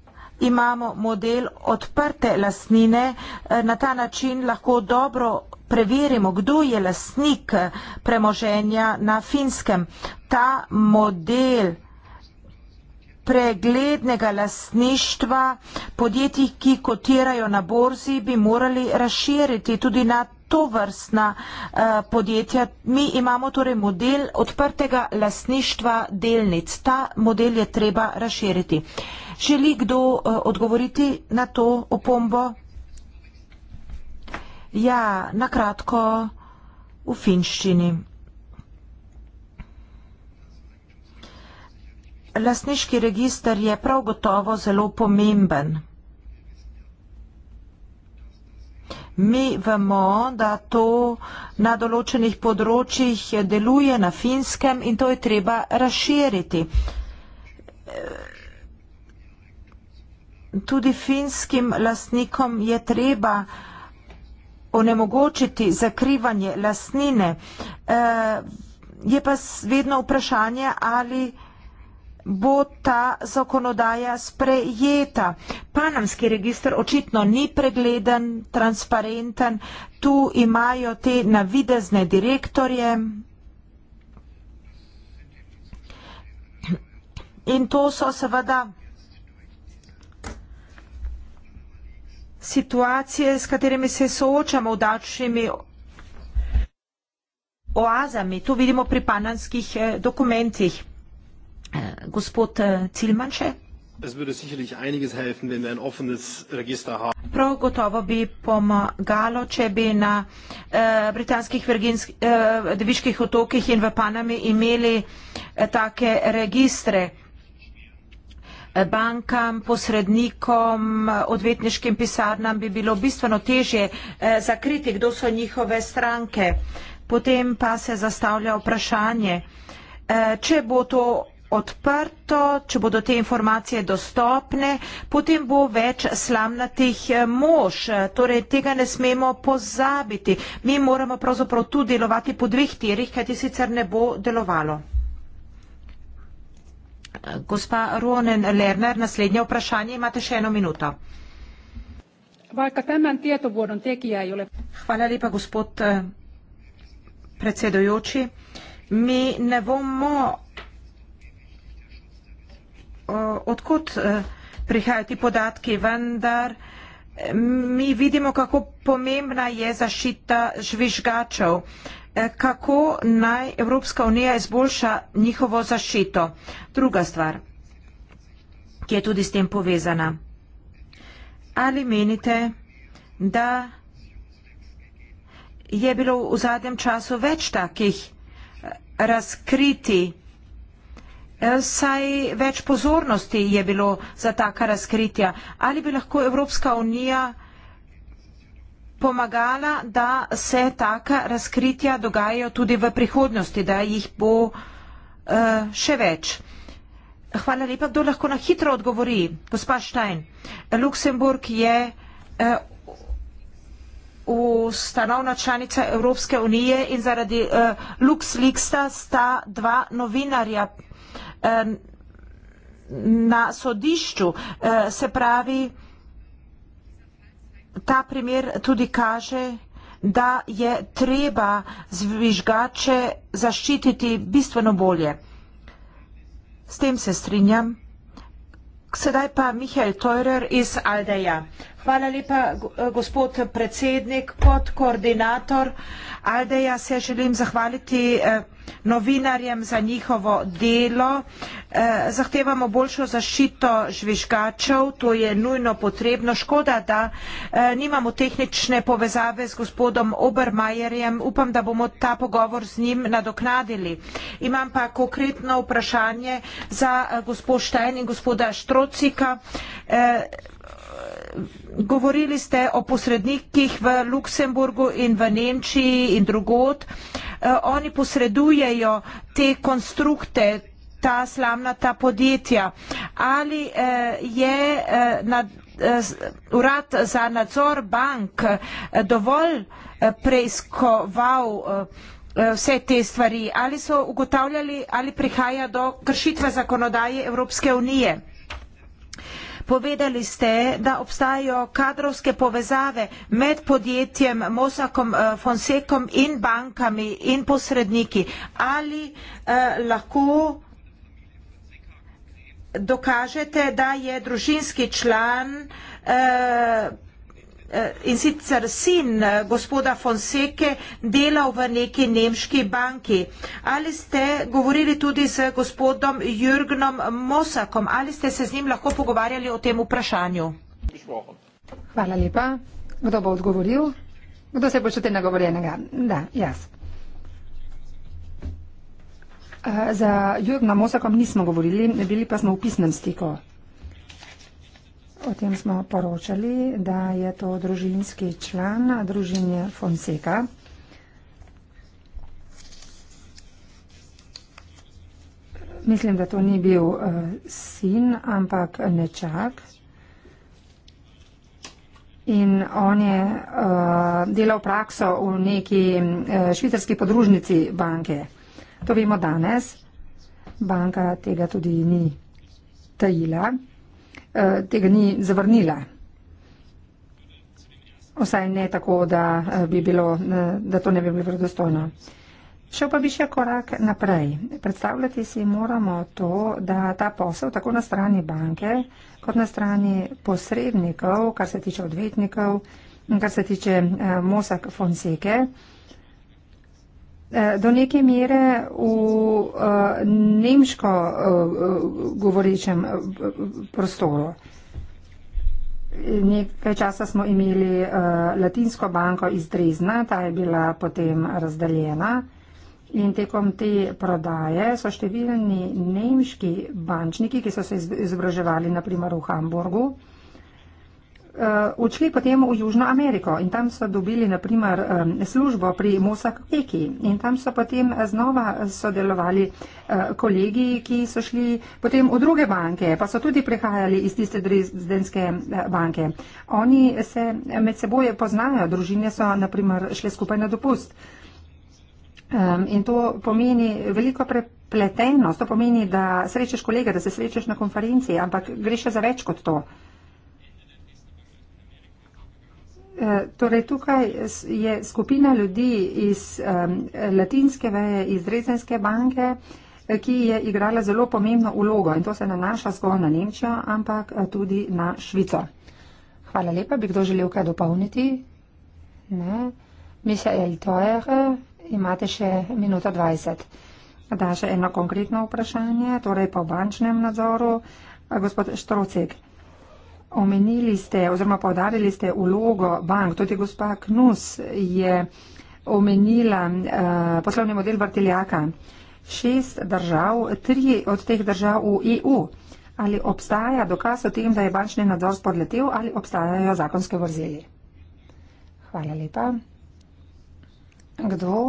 imamo model odprte lasnine. Na ta način lahko dobro preverimo, kdo je lasnik premoženja na finskem. Ta model premoženja preglednega lasništva podjetij, ki kotirajo na borzi, bi morali razširiti tudi na to vrstna eh, podjetja. Mi imamo torej model odprtega lasništva delnic. Ta model je treba razširiti. Želi kdo eh, odgovoriti na to opombo? Ja, na kratko, v finščini. lastniški registr je prav gotovo zelo pomemben. Mi vemo, da to na določenih področjih deluje na finskem in to je treba razširiti. Tudi finskim lastnikom je treba onemogočiti zakrivanje lastnine. Eh, je pa vedno vprašanje, ali bo ta zakonodaja sprejeta. Panamski registr očitno ni pregleden, transparenten, tu imajo te navidezne direktorje. In to so seveda situacije, s katerimi se soočamo v daljšimi oazami. Tu vidimo pri panamskih eh, dokumentih. Äh, gospod Cilmanče? Äh, Prav gotovo bi pomagalo, če bi na uh, britanskih uh, deviških otokih in v Panami imeli uh, take registre bankam, posrednikom, odvetniškim pisarnam bi bilo bistveno težje eh, zakriti, kdo so njihove stranke. Potem pa se zastavlja vprašanje, eh, če bo to odprto, če bodo te informacije dostopne, potem bo več slamnatih eh, mož. Torej, tega ne smemo pozabiti. Mi moramo pravzaprav tu delovati po dveh tirih, kajti sicer ne bo delovalo. Gospa Ruonen Lerner, naslednje vprašanje. Imate še eno minuto. Hvala lepa, gospod eh, predsedujoči. Mi ne bomo odkot e, prihajajo ti podatki, vendar e, mi vidimo, kako pomembna je zašita žvižgačev, e, kako naj Evropska unija izboljša njihovo zašito. Druga stvar, ki je tudi s tem povezana. Ali menite, da je bilo v zadnjem času več takih razkriti, Eh, saj več pozornosti je bilo za taka razkritja. Ali bi lahko Evropska unija pomagala, da se taka razkritja dogajajo tudi v prihodnosti, da jih bo eh, še več? Hvala lepa, kdo lahko na hitro odgovori. Gospa Štajn, Luksemburg je eh, ustanovna članica Evropske unije in zaradi uh, LuxLeaksta sta dva novinarja na sodišču. Eh, se pravi, ta primer tudi kaže, da je treba zvižgače zaščititi bistveno bolje. S tem se strinjam. Sedaj pa Mihael Teurer iz Aldeja. Hvala lepa, eh, gospod predsednik. Kot koordinator Aldeja se želim zahvaliti eh, novinarjem za njihovo delo. Eh, zahtevamo boljšo zaščito žvižgačev, to je nujno potrebno. Škoda, da nimamo tehnične povezave z gospodom Obermajerjem. Upam, da bomo ta pogovor z njim nadoknadili. Imam pa konkretno vprašanje za gospod Štajn in gospoda Štrocika govorili ste o posrednikih v Luksemburgu in v Nemčiji in drugod. E, oni posredujejo te konstrukte, ta slamnata podjetja. Ali e, je e, nad, urad za nadzor bank dovolj preiskoval vse te stvari? Ali so ugotavljali, ali prihaja do kršitve zakonodaje Evropske unije? Povedali ste, da obstajajo kadrovske povezave med podjetjem Mosakom eh, Fonsekom in bankami in posredniki. Ali eh, lahko dokažete, da je družinski član eh, Eh, in sicer sin eh, gospoda Fonseke delal v neki nemški banki. Ali ste govorili tudi z gospodom Jürgenom Mosakom? Ali ste se z njim lahko pogovarjali o tem vprašanju? Hvala lepa. Kdo bo odgovoril? Kdo se počuti nagovorjenega? Da, jaz. Eh, za Jürgena Mosakom nismo govorili, bili pa smo v pisnem stiku. O tem smo poročali, da je to družinski član družine Fonseca. Mislim, da to ni bil uh, sin, ampak nečak. In on je uh, delal prakso v neki uh, švicarski podružnici banke. To vemo danes. Banka tega tudi ni tajila. Eh, tega ni zavrnila. Vsaj ne tako, da, eh, bi bilo, da to ne bi bilo vredostojno. Šel pa bi še korak naprej. Predstavljati si moramo to, da ta posel tako na strani banke, kot na strani posrednikov, kar se tiče odvetnikov, kar se tiče eh, Mosak Fonseke, eh, Eh, do neke mere v eh, nemško eh, govorečem prostoru. Nekaj časa smo imeli Latinsko banko iz Drezna, ta je bila potem razdeljena. In tekom te prodaje so številni nemški bančniki, ki so se izobraževali naprimer v Hamburgu, uh, eh, odšli potem v Južno Ameriko in tam so dobili naprimer um, službo pri Mosak Peki in tam so potem znova sodelovali uh, kolegi, ki so šli potem v druge banke, pa so tudi prihajali iz tiste drezdenske eh, banke. Oni se med seboj poznajo, družine so naprimer šle skupaj na dopust. Um, in to pomeni veliko prepletenost, to pomeni, da srečeš kolega, da se srečeš na konferenci, ampak gre še za več kot to. Uh, Eh, torej tukaj je skupina ljudi iz um, latinske veje, iz Rezenske banke, eh, ki je igrala zelo pomembno ulogo in to se nanaša zgolj na Nemčijo, ampak eh, tudi na Švico. Hvala lepa, bi kdo želel kaj dopolniti? Ne. Misja El Toer, imate še minuto 20. Da, še eno konkretno vprašanje, torej po bančnem nadzoru. Gospod Štrocek. Omenili ste oziroma povdarili ste vlogo bank. Tudi gospa Knus je omenila uh, poslovni model Vrteljaka. Šest držav, tri od teh držav v EU. Ali obstaja dokaz o tem, da je bančni nadzor spodletel ali obstajajo zakonske vrzeli? Hvala lepa. Kdo?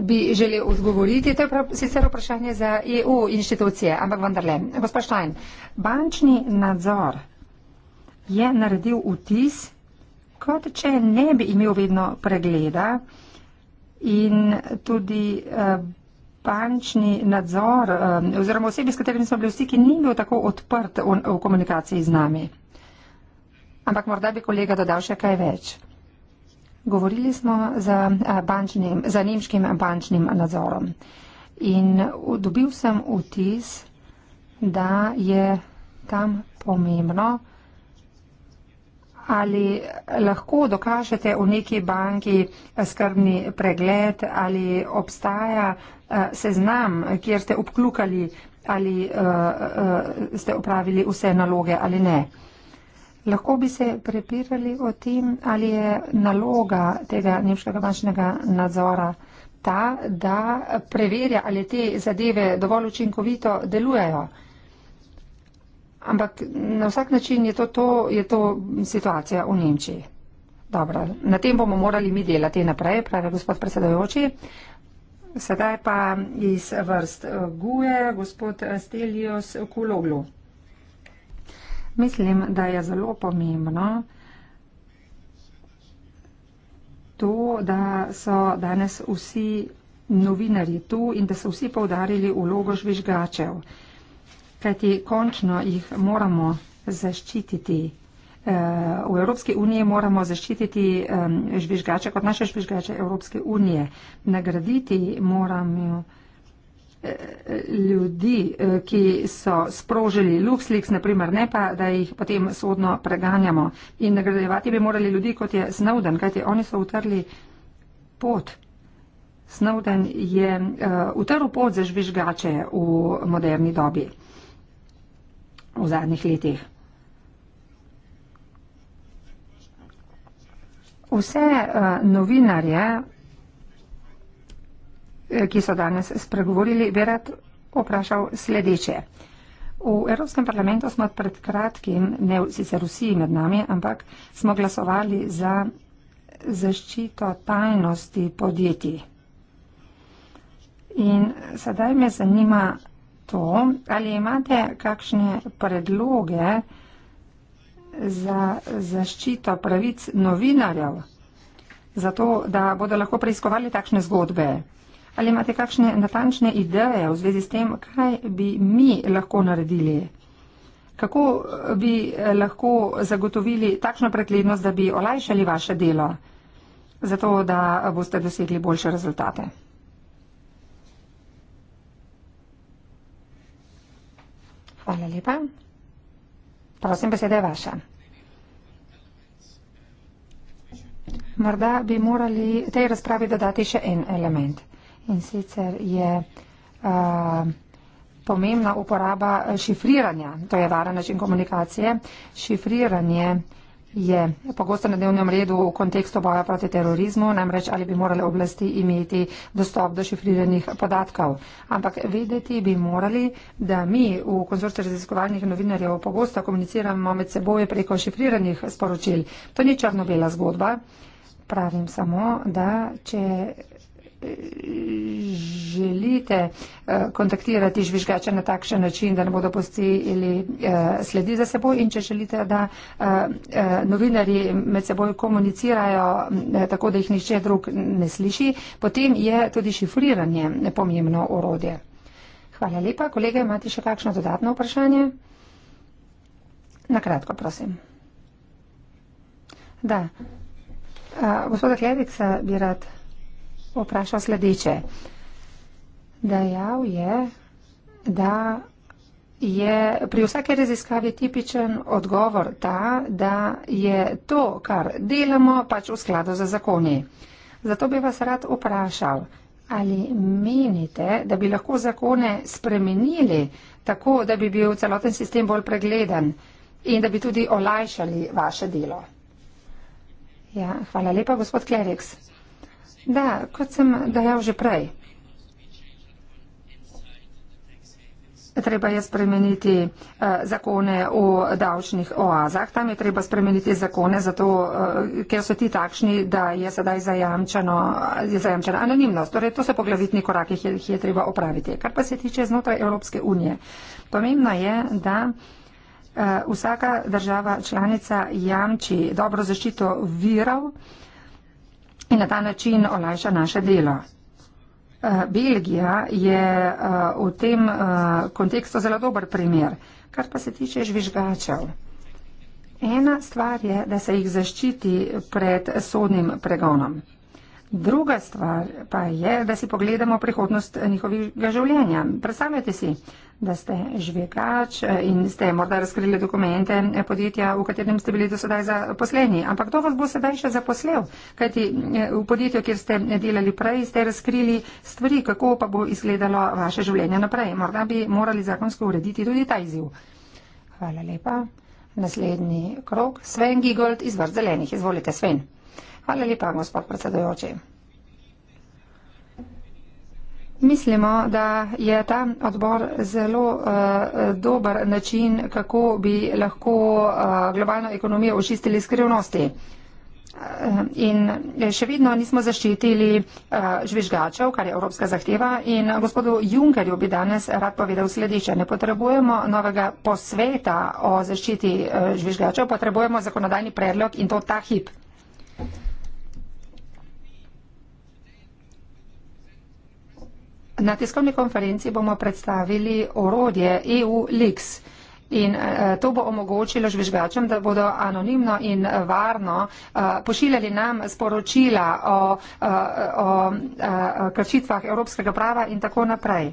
bi želel odgovoriti, to je sicer vprašanje za EU inštitucije, ampak vendarle. Gospod Štajn, bančni nadzor je naredil vtis, kot če ne bi imel vedno pregleda in tudi eh, bančni nadzor eh, oziroma osebi, s katerimi smo bili vsi, ki ni bil tako odprt v komunikaciji z nami. Ampak morda bi kolega dodal še kaj več. Govorili smo za, eh, bančnim, za nemškim bančnim nadzorom in dobil sem vtis, da je tam pomembno, ali lahko dokažete v neki banki eh, skrbni pregled, ali obstaja eh, seznam, kjer ste obklukali, ali ste upravili vse naloge ali ne. Lahko bi se prepirali o tem, ali je naloga tega nemškega bančnega nadzora ta, da preverja, ali te zadeve dovolj učinkovito delujejo. Ampak na vsak način je to, to, je to situacija v Nemčiji. Dobro, na tem bomo morali mi delati naprej, pravi gospod predsedojoči. Sedaj pa iz vrst eh, Guje, gospod Stelios Kuloglu. Mislim, da je zelo pomembno to, da so danes vsi novinarji tu in da so vsi povdarili vlogo žvižgačev. Kajti končno jih moramo zaščititi. Eh, v Evropski uniji moramo zaščititi eh, žvižgače kot naše žvižgače Evropske unije. Nagraditi moramo ljudi, eh, ki so sprožili Luxlix, naprimer, ne pa, da jih potem sodno preganjamo. In nagradevati bi morali ljudi, kot je Snowden, kajti oni so utrli pot. Snowden je uh, utrl pot za žvižgače v moderni dobi, v zadnjih letih. Vse uh, novinarje Eh, ki so danes spregovorili, Berat vprašal sledeče. V Evropskem parlamentu smo pred kratkim, ne sicer vsi med nami, ampak smo glasovali za zaščito tajnosti podjetij. In sedaj me zanima to, ali imate kakšne predloge za zaščito pravic novinarjev, zato da bodo lahko preiskovali takšne zgodbe. Ali imate kakšne natančne ideje v zvezi s tem, kaj bi mi lahko naredili? Kako eh, bi eh, lahko zagotovili takšno preglednost, da bi olajšali vaše delo, zato da boste dosegli boljše rezultate? Hvala lepa. Prosim, beseda je vaša. Morda bi morali tej razpravi dodati še en element in sicer je uh, pomembna uporaba šifriranja, to je varen način komunikacije. Šifriranje je pogosto na dnevnem redu v kontekstu boja proti terorizmu, namreč ali bi morali oblasti imeti dostop do šifriranih podatkov. Ampak vedeti bi morali, da mi v konzorciju raziskovalnih novinarjev pogosto komuniciramo med seboj preko šifriranih sporočil. To ni črno-bela zgodba. Pravim samo, da če želite eh, kontaktirati žvižgače na takšen način, da ne bodo postili eh, sledi za seboj in če želite, da eh, novinari med seboj komunicirajo tako, da jih nišče drug ne sliši, potem je tudi šifriranje pomembno orodje. Hvala lepa. Kolega, imate še kakšno dodatno vprašanje? Nakratko, prosim. Da. Gospoda Klerica bi rad vprašal sledeče. Dejal je, da je pri vsake raziskavi tipičen odgovor ta, da je to, kar delamo, pač v skladu za zakoni. Zato bi vas rad vprašal, ali menite, da bi lahko zakone spremenili tako, da bi bil celoten sistem bolj pregleden in da bi tudi olajšali vaše delo? Ja, hvala lepa, gospod Kleriks. Da, kot sem dejal že prej, treba je spremeniti uh, zakone o davčnih oazah, tam je treba spremeniti zakone, zato, uh, ker so ti takšni, da je sedaj zajamčeno, je zajamčena anonimnost. Torej, to so poglavitni koraki, ki jih je treba opraviti. Kar pa se tiče znotraj Evropske unije, pomembno je, da. Uh, vsaka država članica jamči dobro zaščito virov uh, in na ta način olajša naše delo. Eh, Belgija je eh, v tem eh, kontekstu zelo dober primer. Kar pa se tiče žvižgačev. Ena stvar je, da se jih zaščiti pred sodnim pregonom. Druga stvar pa je, da si pogledamo prihodnost njihovega življenja. Predstavljajte si, da ste žvekač eh, in ste morda razkrili dokumente eh, podjetja, v katerem ste bili do sedaj zaposleni. Ampak kdo vas bo sedaj še zaposlel? Kajti eh, v podjetju, kjer ste delali prej, ste razkrili stvari, kako pa bo izgledalo vaše življenje naprej. Morda bi morali zakonsko urediti tudi ta izziv. Hvala lepa. Naslednji krok. Sven Gigold iz Vrzelenih. Izvolite, Sven. Hvala lepa, gospod predsedojoči. Mislimo, da je ta odbor zelo uh, dober način, kako bi lahko uh, globalno ekonomijo očistili skrivnosti. Eh, in še vedno nismo zaščitili žvižgačev, kar je evropska zahteva. In gospodu Junkerju bi danes rad povedal sledeče. Ne potrebujemo novega posveta o zaščiti žvižgačev, potrebujemo zakonodajni predlog in to ta hip. Na tiskovni konferenci bomo predstavili orodje EU Lix in eh, to bo omogočilo žvižgačem, da bodo anonimno in eh, varno eh, pošiljali nam sporočila o, o, o kršitvah evropskega prava in tako naprej.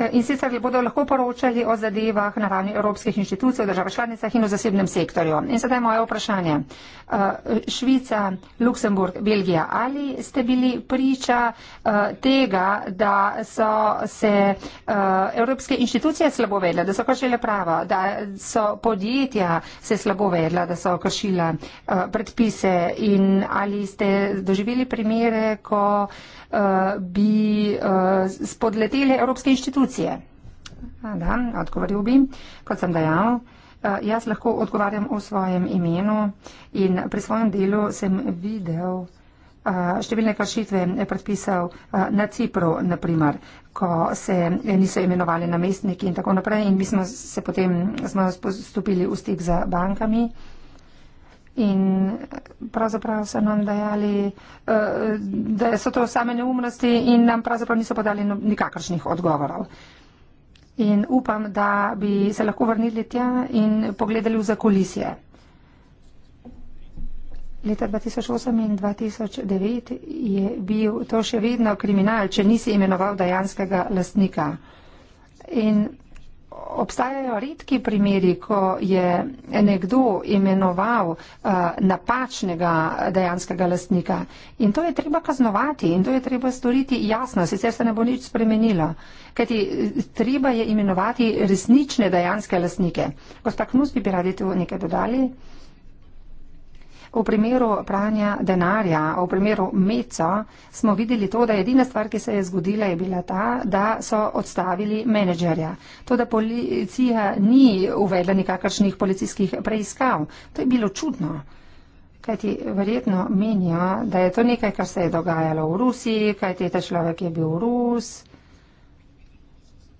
Eh, in sicer li bodo lahko poročali o zadevah na ravni evropskih inštitucij, država članicah in v zasebnem sektorju. In sedaj moje vprašanje. Eh, Švica, Luksemburg, Belgija, ali ste bili priča eh, tega, da so se evropske inštitucije slabo vedle, da so kršile prava, da so podjetja se slabo vedla, da so kršila predpise in ali ste doživeli primere, ko Eh, bi eh, spodletele evropske institucije. Da, odgovoril bi, kot sem dejal, eh, jaz lahko odgovarjam o svojem imenu in pri svojem delu sem videl številne kršitve predpisal na Cipru, naprimer, ko se niso imenovali namestniki in tako naprej in mi smo se potem smo stopili v stik z bankami in pravzaprav so nam dajali, eh, da so to same neumnosti in nam pravzaprav niso podali no-, nikakršnih odgovorov. In upam, da bi se lahko vrnili tja in pogledali v zakulisje. Leta 2008 in 2009 je bil to še vedno kriminal, če nisi imenoval dejanskega lastnika. In obstajajo redki primeri, ko je nekdo imenoval eh, napačnega dejanskega lastnika. In to je treba kaznovati in to je treba storiti jasno, sicer se ne bo nič spremenilo. Kajti eh, treba je imenovati resnične dejanske lastnike. Gospod Knus, bi radi tu nekaj dodali? V primeru pranja denarja, v primeru Meca, smo videli to, da edina stvar, ki se je zgodila, je bila ta, da so odstavili menedžerja. To, da policija ni uvedla nikakršnih policijskih preiskav, to je bilo čudno. Kajti verjetno menijo, da je to nekaj, kar se je dogajalo v Rusiji, kajti ta človek je bil Rus.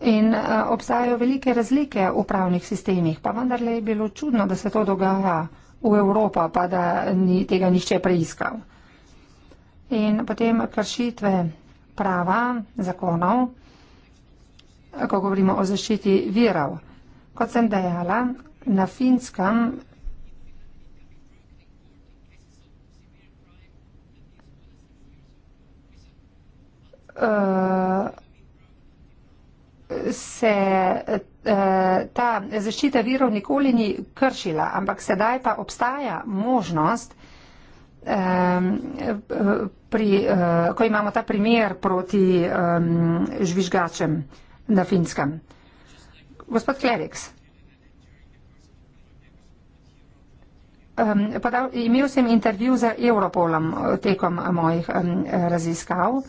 In uh, obstajajo velike razlike v pravnih sistemih, pa vendarle je bilo čudno, da se to dogaja v Evropo, pa da ni, tega nišče preiskal. In potem kršitve prava, zakonov, ko govorimo o zaščiti virov. Kot sem dejala, na finskem. Uh, se Eh, ta zaščita virov nikoli ni kršila, ampak sedaj pa obstaja možnost, pri, eh, ko imamo ta primer proti žvižgačem na finskem. Gospod Kleriks. Podal, imel sem intervju z Europolom eh, tekom mojih raziskav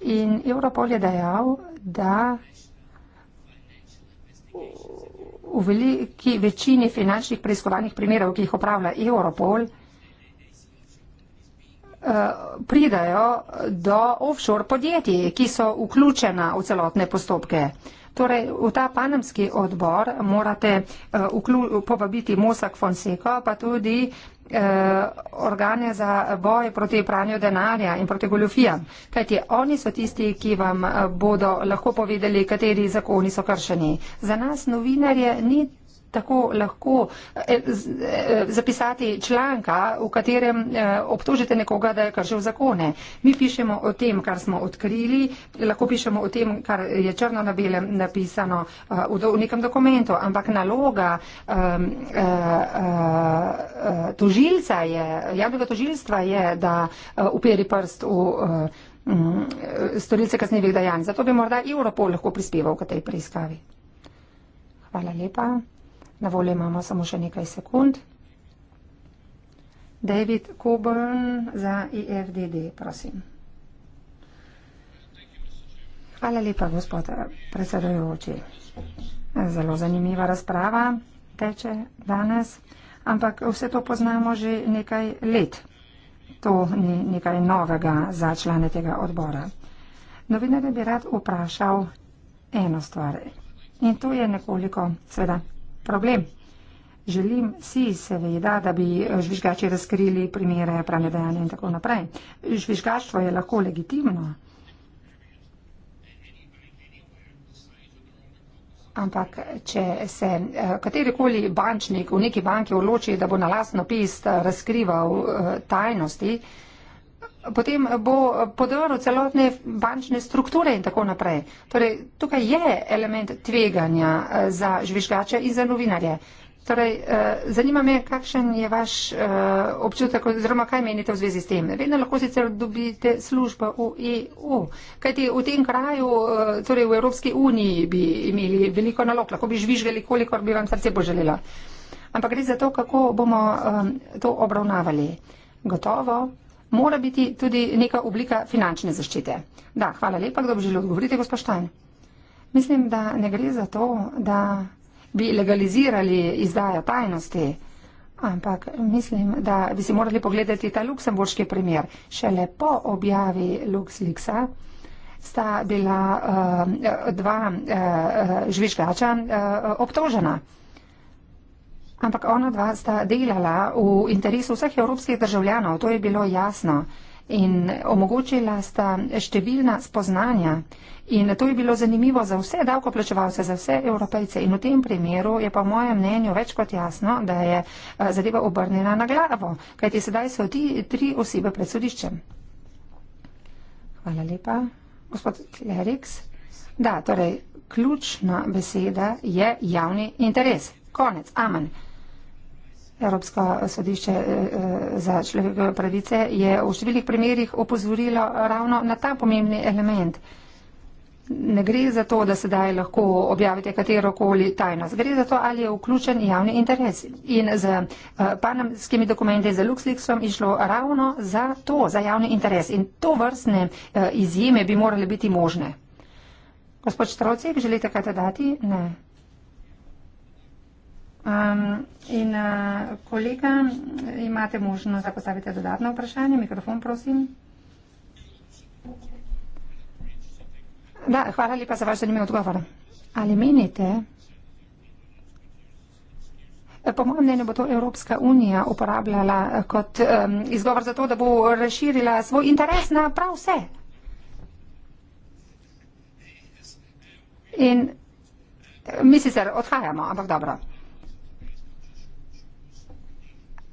in Europol je dejal, da v veliki večini finančnih preiskovanih primerov, ki jih opravlja Europol, eh, pridajo do offshore podjetij, ki so vključena v celotne postopke. Torej, v ta panamski odbor morate uh, vklju, povabiti Mosak Fonseko, pa tudi uh, Eh, organe za boj proti pranju denarja in proti goljofijam, kajti oni so tisti, ki vam eh, bodo lahko povedali, kateri zakoni so kršeni. Za nas novinarje ni tako lahko eh, eh, zapisati članka, v katerem eh, obtožite nekoga, da je kršil zakone. Mi pišemo o tem, kar smo odkrili, lahko pišemo o tem, kar je črno na belem napisano v nekem dokumentu, ampak naloga ehm, tožilca je, javnega tožilstva je, da uperi prst v mm, storilce kaznevih dejanj. Zato bi morda Europol lahko prispeval k tej preiskavi. Hvala lepa. Na voljo imamo samo še nekaj sekund. David Coburn za EFDD, prosim. Hvala lepa, gospod predsedujoči. Zelo zanimiva razprava teče danes, ampak vse to poznamo že nekaj let. To ni nekaj novega za člane tega odbora. Novinar bi rad vprašal eno stvar. In to je nekoliko, seveda, problem. Želim si seveda, da bi žvižgači razkrili primere pranja dejanja in tako naprej. Žvižgaštvo je lahko legitimno, ampak če se eh, katerikoli bančnik v neki banki odloči, da bo na lastno pist razkrival eh, tajnosti, potem bo podoro celotne bančne strukture in tako naprej. Torej, tukaj je element tveganja eh, za žvižgače in za novinarje. Torej, eh, zanima me, kakšen je vaš eh, občutek oziroma kaj menite v zvezi s tem. Vedno lahko sicer dobite službo v EU, kajti v tem kraju, torej v Evropski uniji, bi imeli veliko nalog, lahko bi žvižgali, kolikor bi vam srce poželjelo. Ampak gre za to, kako bomo to obravnavali. Gotovo mora biti tudi neka oblika finančne zaščite. Da, hvala lepa, kdo bi želel odgovoriti, gospod Štajn. Mislim, da ne gre za to, da bi legalizirali izdajo tajnosti, ampak mislim, da bi si morali pogledati ta luksemburški primer. Šele po objavi LuxLixa sta bila uh, dva uh, žvižgača uh, obtožena. Ampak ona dva sta delala v interesu vseh evropskih državljanov, to je bilo jasno. In omogočila sta številna spoznanja. In to je bilo zanimivo za vse davkoplačevalce, za vse evropejce. In v tem primeru je po mojem mnenju več kot jasno, da je eh, zadeva obrnjena na glavo, kajti sedaj so ti tri osebe pred sodiščem. Hvala lepa, gospod Kleriks. Da, torej, ključna beseda je javni interes. Konec. Amen. Evropsko sodišče eh, eh, za človekove pravice je v številnih primerjih opozorilo ravno na ta pomembni element. Ne gre za to, da sedaj lahko objavite katerokoli tajnost. Gre za to, ali je vključen javni interes. In z eh, panamskimi dokumenti, z Luxleaksom, je šlo ravno za to, za javni interes. In to vrstne izjeme bi morale biti možne. Gospod Štrocek, želite kaj dodati? Ne. Um, in uh, kolega, imate možnost, da postavite dodatno vprašanje. Mikrofon, prosim. Da, hvala lepa za vaš zanimiv odgovor. Ali menite, po mojem mnenju bo to Evropska unija uporabljala kot um, izgovor za to, da bo razširila svoj interes na prav vse? In eh, mi sicer odhajamo, ampak dobro.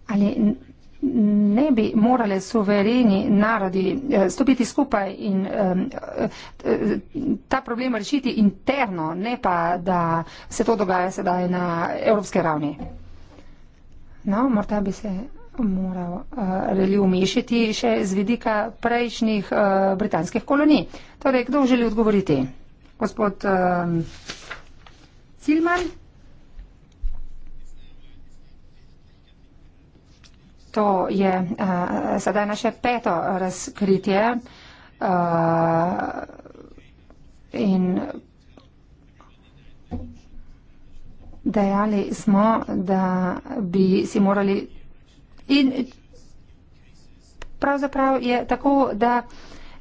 ali ne bi morali suvereni narodi eh, stopiti skupaj in eh, ta problem rešiti interno, ne pa, da se to dogaja sedaj na evropske ravni. No, morda bi se moral eh, reli umišiti še z vidika prejšnjih britanskih kolonij. Torej, kdo želi odgovoriti? Gospod Silman? Um, to je uh, sedaj naše peto razkritje uh, in dejali smo, da bi si morali in pravzaprav je tako, da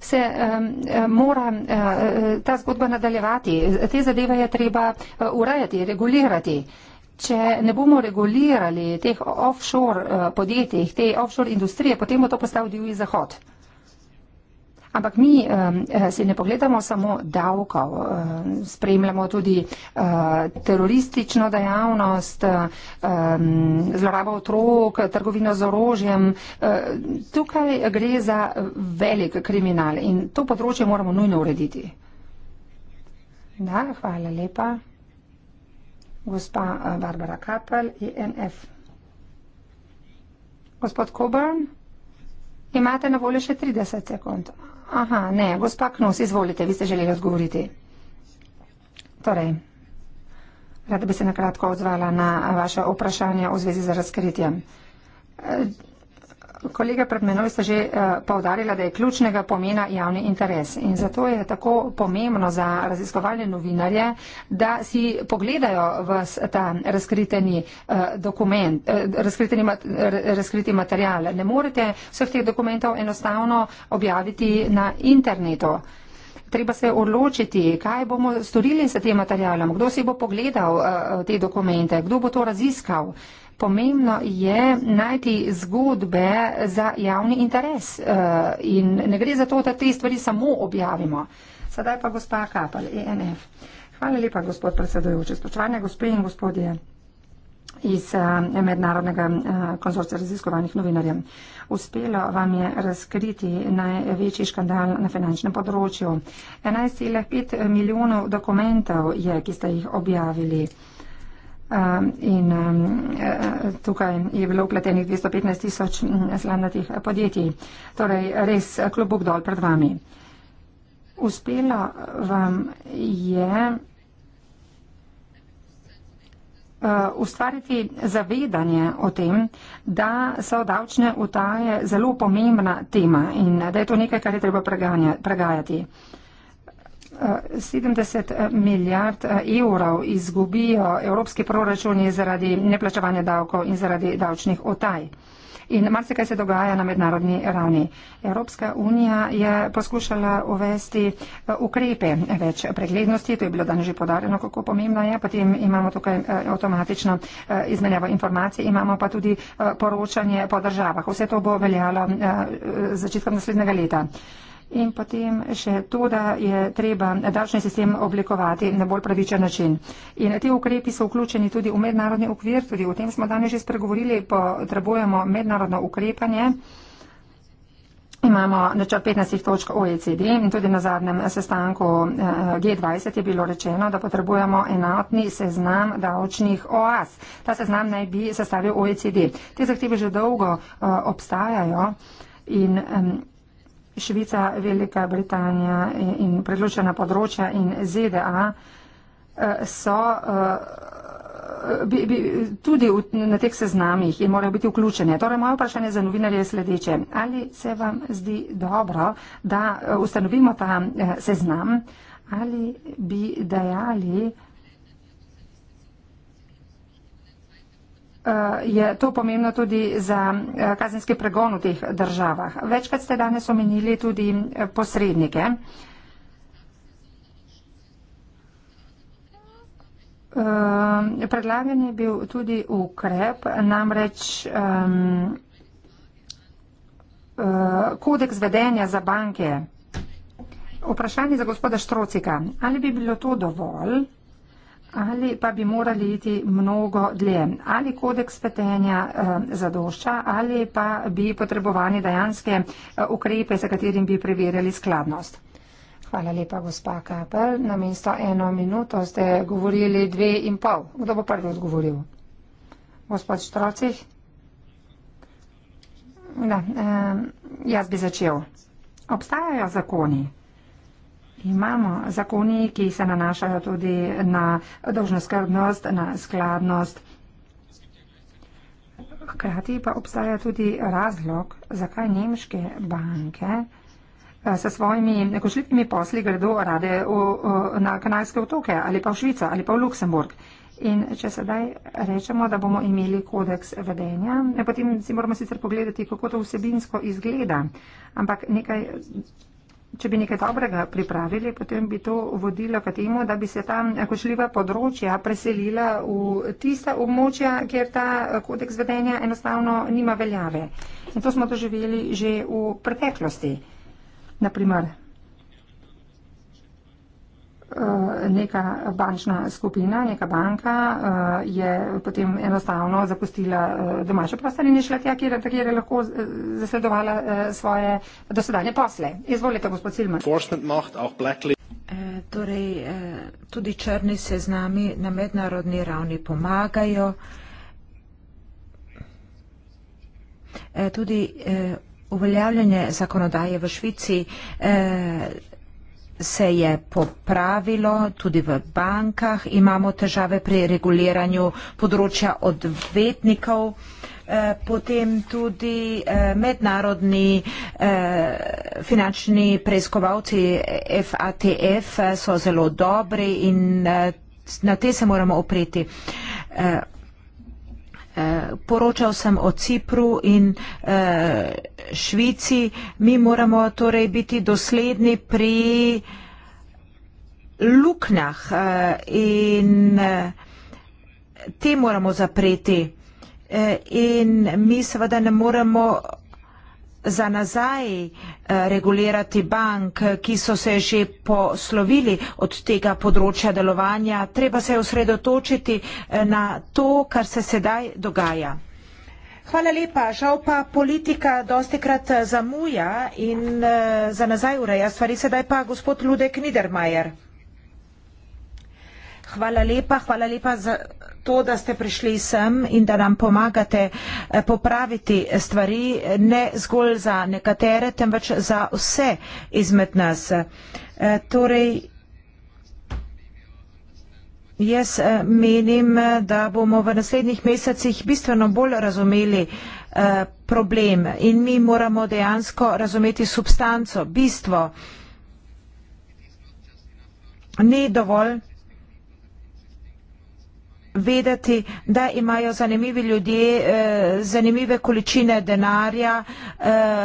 se um, mora uh, ta zgodba nadaljevati. Te zadeve je treba urejati, regulirati. Uh, če ne bomo regulirali teh offshore eh, podjetij, te offshore industrije, potem bo to postal divji zahod. Ampak mi um, si ne pogledamo samo davkov, um, spremljamo tudi uh, teroristično dejavnost, um, zlorabo otrok, trgovino z orožjem. Uh, tukaj gre za velik kriminal in to področje moramo nujno urediti. Da, hvala lepa gospa eh, Barbara Kapel in e NF. Gospod Coburn, imate na voljo še 30 sekund. Aha, ne, gospa Knus, izvolite, vi ste želeli odgovoriti. Torej, rada bi se nakratko odzvala na vaše vprašanje v zvezi z razkritjem. Eh, kolega pred menoj sta že eh, povdarjala, da je ključnega pomena javni interes. In zato je tako pomembno za raziskovalne novinarje, da si pogledajo v ta razkriteni eh, dokument, eh, razkriteni, razkriti material. Ne morete vseh teh dokumentov enostavno objaviti na internetu. Treba se odločiti, kaj bomo storili s tem materialom, kdo si bo pogledal te dokumente, kdo bo to raziskal. Pomembno je najti zgodbe za javni interes eh, in ne gre za to, da te stvari samo objavimo. Sedaj pa gospa Kapal, ENF. Hvala lepa, gospod predsedojoči. Spoštovane gospe in gospodje iz eh, Mednarodnega eh, konzorcija raziskovanih novinarjev. Uspelo vam je razkriti največji škandal na finančnem področju. 11,5 milijonov dokumentov je, ki ste jih objavili. Um, in um, eh, tukaj je bilo upletenih 215 tisoč mm, slandatih podjetij. Torej, res eh, klobuk dol pred vami. Uspelo vam je eh, ustvariti zavedanje o tem, da so davčne utaje zelo pomembna tema in da je to nekaj, kar je treba pregajati. 70 eh, milijard eh, evrov izgubijo evropski proračuni zaradi neplačevanja davkov in zaradi davčnih otaj. In marsikaj se dogaja na mednarodni ravni. Evropska unija je poskušala uvesti eh, ukrepe več preglednosti, to je bilo danes že podarjeno, kako pomembno je. Potem imamo tukaj avtomatično izmenjavo informacij, imamo pa tudi poročanje po državah. Vse to bo veljalo začetkom naslednjega leta. In potem še to, da je treba davčni sistem oblikovati na bolj pravičen način. In te ukrepi so vključeni tudi v mednarodni okvir, tudi o tem smo danes že spregovorili, potrebujemo mednarodno ukrepanje. Imamo načrt 15 točk OECD in tudi na zadnjem sestanku eh, G20 je bilo rečeno, da potrebujemo enotni seznam davčnih oaz. Ta seznam naj bi sestavil OECD. Te zahteve že dolgo eh, obstajajo in Švica, Velika Britanija in predločena področja in ZDA eh, so eh, bi, bi, tudi v, na teh seznamih in morajo biti vključene. Torej, moje vprašanje za novinarje je sledeče. Ali se vam zdi dobro, da eh, ustanovimo ta seznam ali bi dajali Eh, je to pomembno tudi za eh, kazenski pregon v teh državah. Večkrat ste danes omenili tudi eh, posrednike. Predlagan je bil tudi ukrep, namreč um, kodeks vedenja za banke. Vprašanje za gospoda Štrocika. Ali bi bilo to dovolj? ali pa bi morali iti mnogo dlje. Ali kodeks petenja eh, zadošča ali pa bi potrebovali dejanske eh, ukrepe, za katerim bi preverjali skladnost. Hvala lepa, gospa Kapel. Na mesto eno minuto ste govorili dve in pol. Kdo bo prvi odgovoril? Gospod Štrocih? Da, eh, jaz bi začel. Obstajajo zakoni, Imamo zakoni, ki se nanašajo tudi na dolžno skrbnost, na skladnost. Hkrati pa obstaja tudi razlog, zakaj nemške banke eh, s svojimi nekošljivimi posli gredo rade v, na Kanalske otoke ali pa v Švico ali pa v Luksemburg. In če sedaj rečemo, da bomo imeli kodeks vedenja, eh, potem si moramo sicer pogledati, kako to vsebinsko izgleda. Ampak nekaj če bi nekaj dobrega pripravili, potem bi to vodilo k temu, da bi se ta košljiva področja preselila v tista območja, kjer ta kodeks vedenja enostavno nima veljave. In to smo doživeli že v preteklosti. Naprimer, Eh, neka bančna skupina, neka banka eh, je potem enostavno zapustila eh, domače prostore in je šla tja, kjer, kjer je lahko zasledovala svoje dosedanje posle. Izvolite, gospod Silman. Torej, tudi črni se z nami na mednarodni ravni pomagajo. Tudi uveljavljanje zakonodaje v Švici se je popravilo, tudi v bankah imamo težave pri reguliranju področja odvetnikov, eh, potem tudi eh, mednarodni eh, finančni preiskovalci FATF so zelo dobri in na te se moramo opreti poročal sem o Cipru in eh, Švici. Mi moramo torej biti dosledni pri luknjah eh, in eh, te moramo zapreti. In mi seveda ne moremo za nazaj eh, regulirati bank, ki so se že poslovili od tega področja delovanja. Treba se osredotočiti eh, na to, kar se sedaj dogaja. Hvala lepa. Žal pa politika dosti krat eh, zamuja in za nazaj ureja stvari. Sedaj pa gospod Ludek Niedermayer. Hvala lepa, hvala lepa za, to, da ste prišli sem in da nam pomagate eh, popraviti stvari ne zgolj za nekatere, temveč za vse izmed nas. Eh, torej, jaz eh, menim, da bomo v naslednjih mesecih bistveno bolj razumeli problem in mi moramo dejansko razumeti substanco, bistvo. Ni dovolj vedeti, da imajo zanimivi ljudje eh, zanimive količine denarja eh,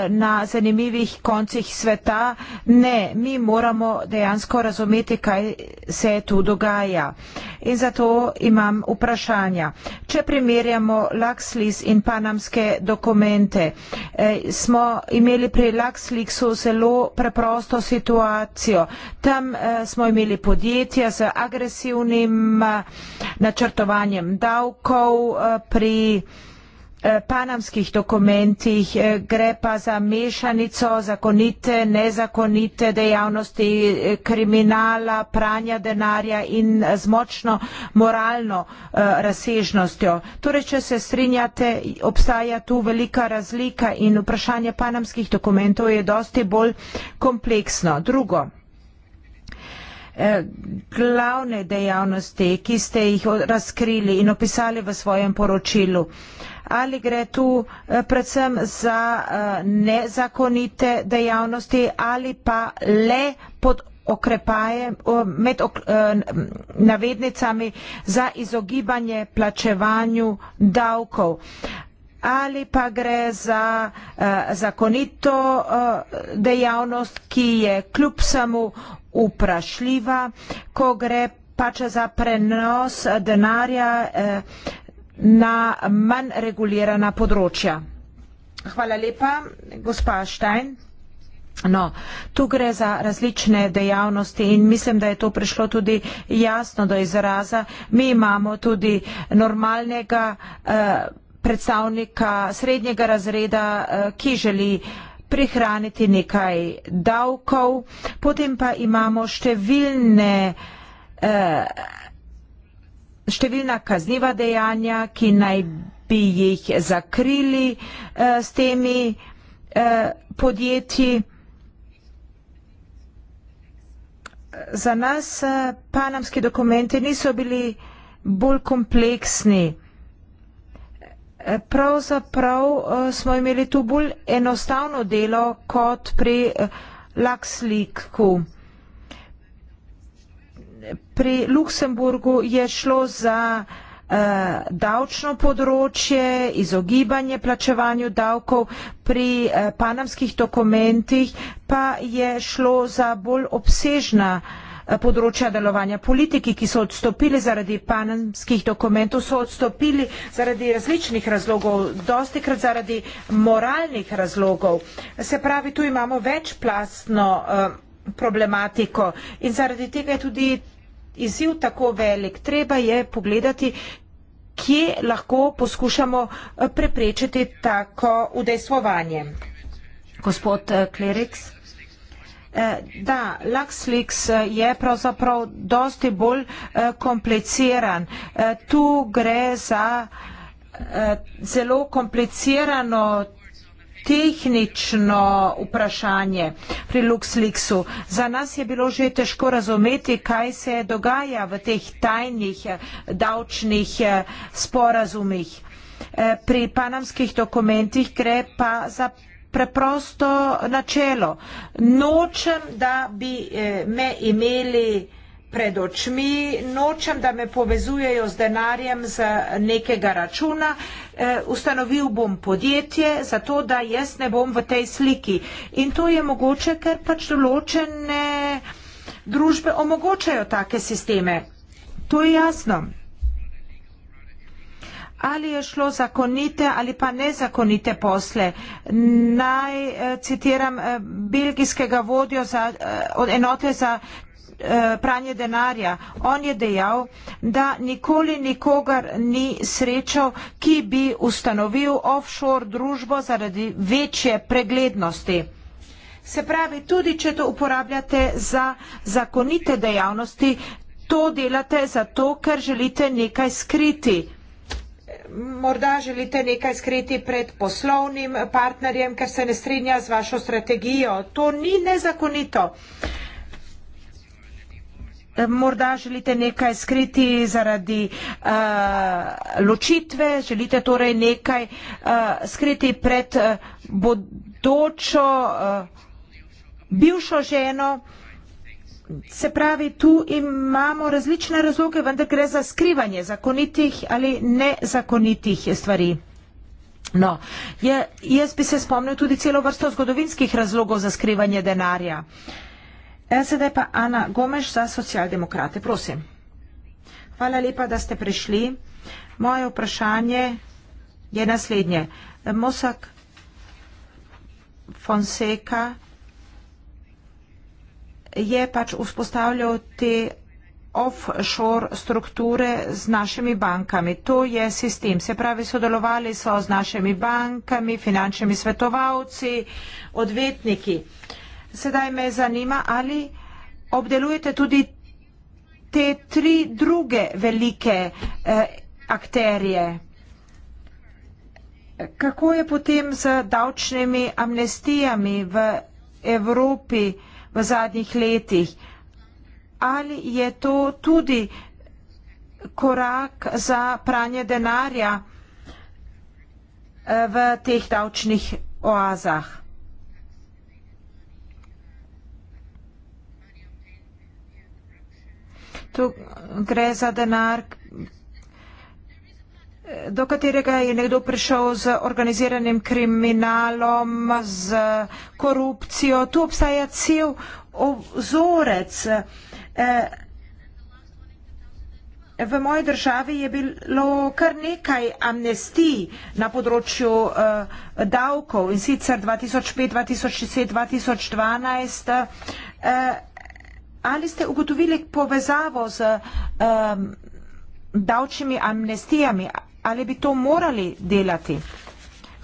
na zanimivih koncih sveta. Ne, mi moramo dejansko razumeti, kaj se tu dogaja. In zato imam vprašanja. Če primerjamo LaxLis in panamske dokumente, eh, smo imeli pri LaxLixu zelo preprosto situacijo. Tam eh, smo imeli podjetja z agresivnim eh, načrtom poštovanjem davkov eh, pri eh, panamskih dokumentih. Eh, gre pa za mešanico zakonite, nezakonite dejavnosti kriminala, pranja denarja in z močno moralno razsežnostjo. Torej, če se strinjate, obstaja tu velika razlika in vprašanje panamskih dokumentov je dosti bolj kompleksno. Drugo. Eh, glavne dejavnosti, ki ste jih razkrili in opisali v svojem poročilu. Ali gre tu eh, predvsem za eh, nezakonite dejavnosti ali pa le pod okrepajem, med ok, navednicami za izogibanje plačevanju davkov ali pa gre za uh, zakonito uh, dejavnost, ki je kljub samo uprašljiva, ko gre pač za prenos denarja uh, na manj regulirana področja. Hvala lepa, gospa Štajn. No, tu gre za različne dejavnosti in mislim, da je to prišlo tudi jasno do izraza. Mi imamo tudi normalnega. Uh, predstavnika srednjega razreda, eh, ki želi prihraniti nekaj davkov, potem pa imamo številne eh, številna kazniva dejanja, ki naj bi jih zakrili eh, s temi podjetji. Za nas panamski dokumenti niso bili bolj kompleksni pravzaprav eh, smo imeli tu bolj enostavno delo kot pri eh, Luxleaku. Pri Luksemburgu je šlo za eh, davčno področje, izogibanje plačevanju davkov, pri panamskih dokumentih pa je šlo za bolj obsežna področja delovanja. Politiki, ki so odstopili zaradi panamskih dokumentov, so odstopili zaradi različnih razlogov, dostikrat zaradi moralnih razlogov. Se pravi, tu imamo večplastno eh, problematiko in zaradi tega je tudi izziv tako velik. Treba je pogledati, kje lahko poskušamo eh, preprečiti tako udejstvovanje. Gospod eh, Kleriks. Eh, da, LuxLeaks eh, je pravzaprav dosti bolj eh, kompliciran. Tu gre za zelo komplicirano tehnično vprašanje pri LuxLeaksu. Za nas je bilo že težko razumeti, kaj se dogaja v teh tajnih davčnih sporazumih. Pri panamskih dokumentih gre pa za preprosto načelo. Nočem, da bi eh, me imeli pred očmi, nočem, da me povezujejo z denarjem z nekega računa. Eh, ustanovil bom podjetje, zato da jaz ne bom v tej sliki. In to je mogoče, ker pač določene družbe omogočajo take sisteme. To je jasno ali je šlo zakonite ali pa nezakonite posle. Naj eh, citiram eh, belgijskega vodjo za, eh, od enote za eh, pranje denarja. On je dejal, da nikoli nikogar ni srečal, ki bi ustanovil offshore družbo zaradi večje preglednosti. Se pravi, tudi če to uporabljate za zakonite dejavnosti, to delate zato, ker želite nekaj skriti morda želite nekaj skriti pred poslovnim partnerjem, ker se ne strinja z vašo strategijo. To ni nezakonito. Morda želite nekaj skriti zaradi uh, ločitve, želite torej nekaj uh, skriti pred uh, bodočo, uh, bivšo ženo. Uh, Se pravi, tu imamo različne razloge, vendar gre za skrivanje zakonitih ali nezakonitih stvari. No, je, jaz bi se spomnil tudi celo vrsto zgodovinskih razlogov za skrivanje denarja. E, sedaj pa Ana Gomeš za socialdemokrate, prosim. Hvala lepa, da ste prišli. Moje vprašanje je naslednje. Mosak Fonseca je pač vzpostavljal te offshore strukture z našimi bankami. To je sistem. Se pravi, sodelovali so z našimi bankami, finančnimi svetovalci, odvetniki. Sedaj me zanima, ali obdelujete tudi te tri druge velike eh, akterije. Kako je potem z davčnimi amnestijami v Evropi? v zadnjih letih. Ali je to tudi korak za pranje denarja eh, v teh davčnih oazah? Tu gre za denar, do katerega je nekdo prišel z organiziranim kriminalom, z korupcijo. Tu obstaja cel ozorec. E, v moji državi je bilo kar nekaj amnestij na področju uh, davkov in sicer 2005, 2006, 2012. Uh, ali ste ugotovili povezavo z um, davčnimi amnestijami ali bi to morali delati?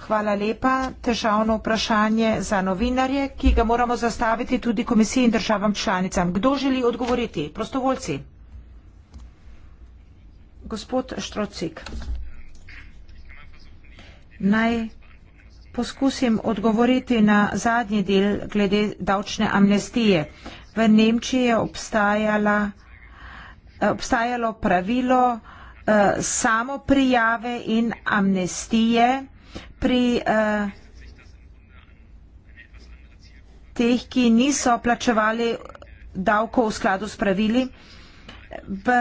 Hvala lepa. Težavno vprašanje za novinarje, ki ga moramo zastaviti tudi komisiji in državam članicam. Kdo želi odgovoriti? Prostovoljci. Gospod Štrocik. Naj poskusim odgovoriti na zadnji del glede davčne amnestije. V Nemčiji je obstajala, obstajalo pravilo, Eh, samo prijave in amnestije pri uh, teh, ki niso plačevali davko v skladu s pravili v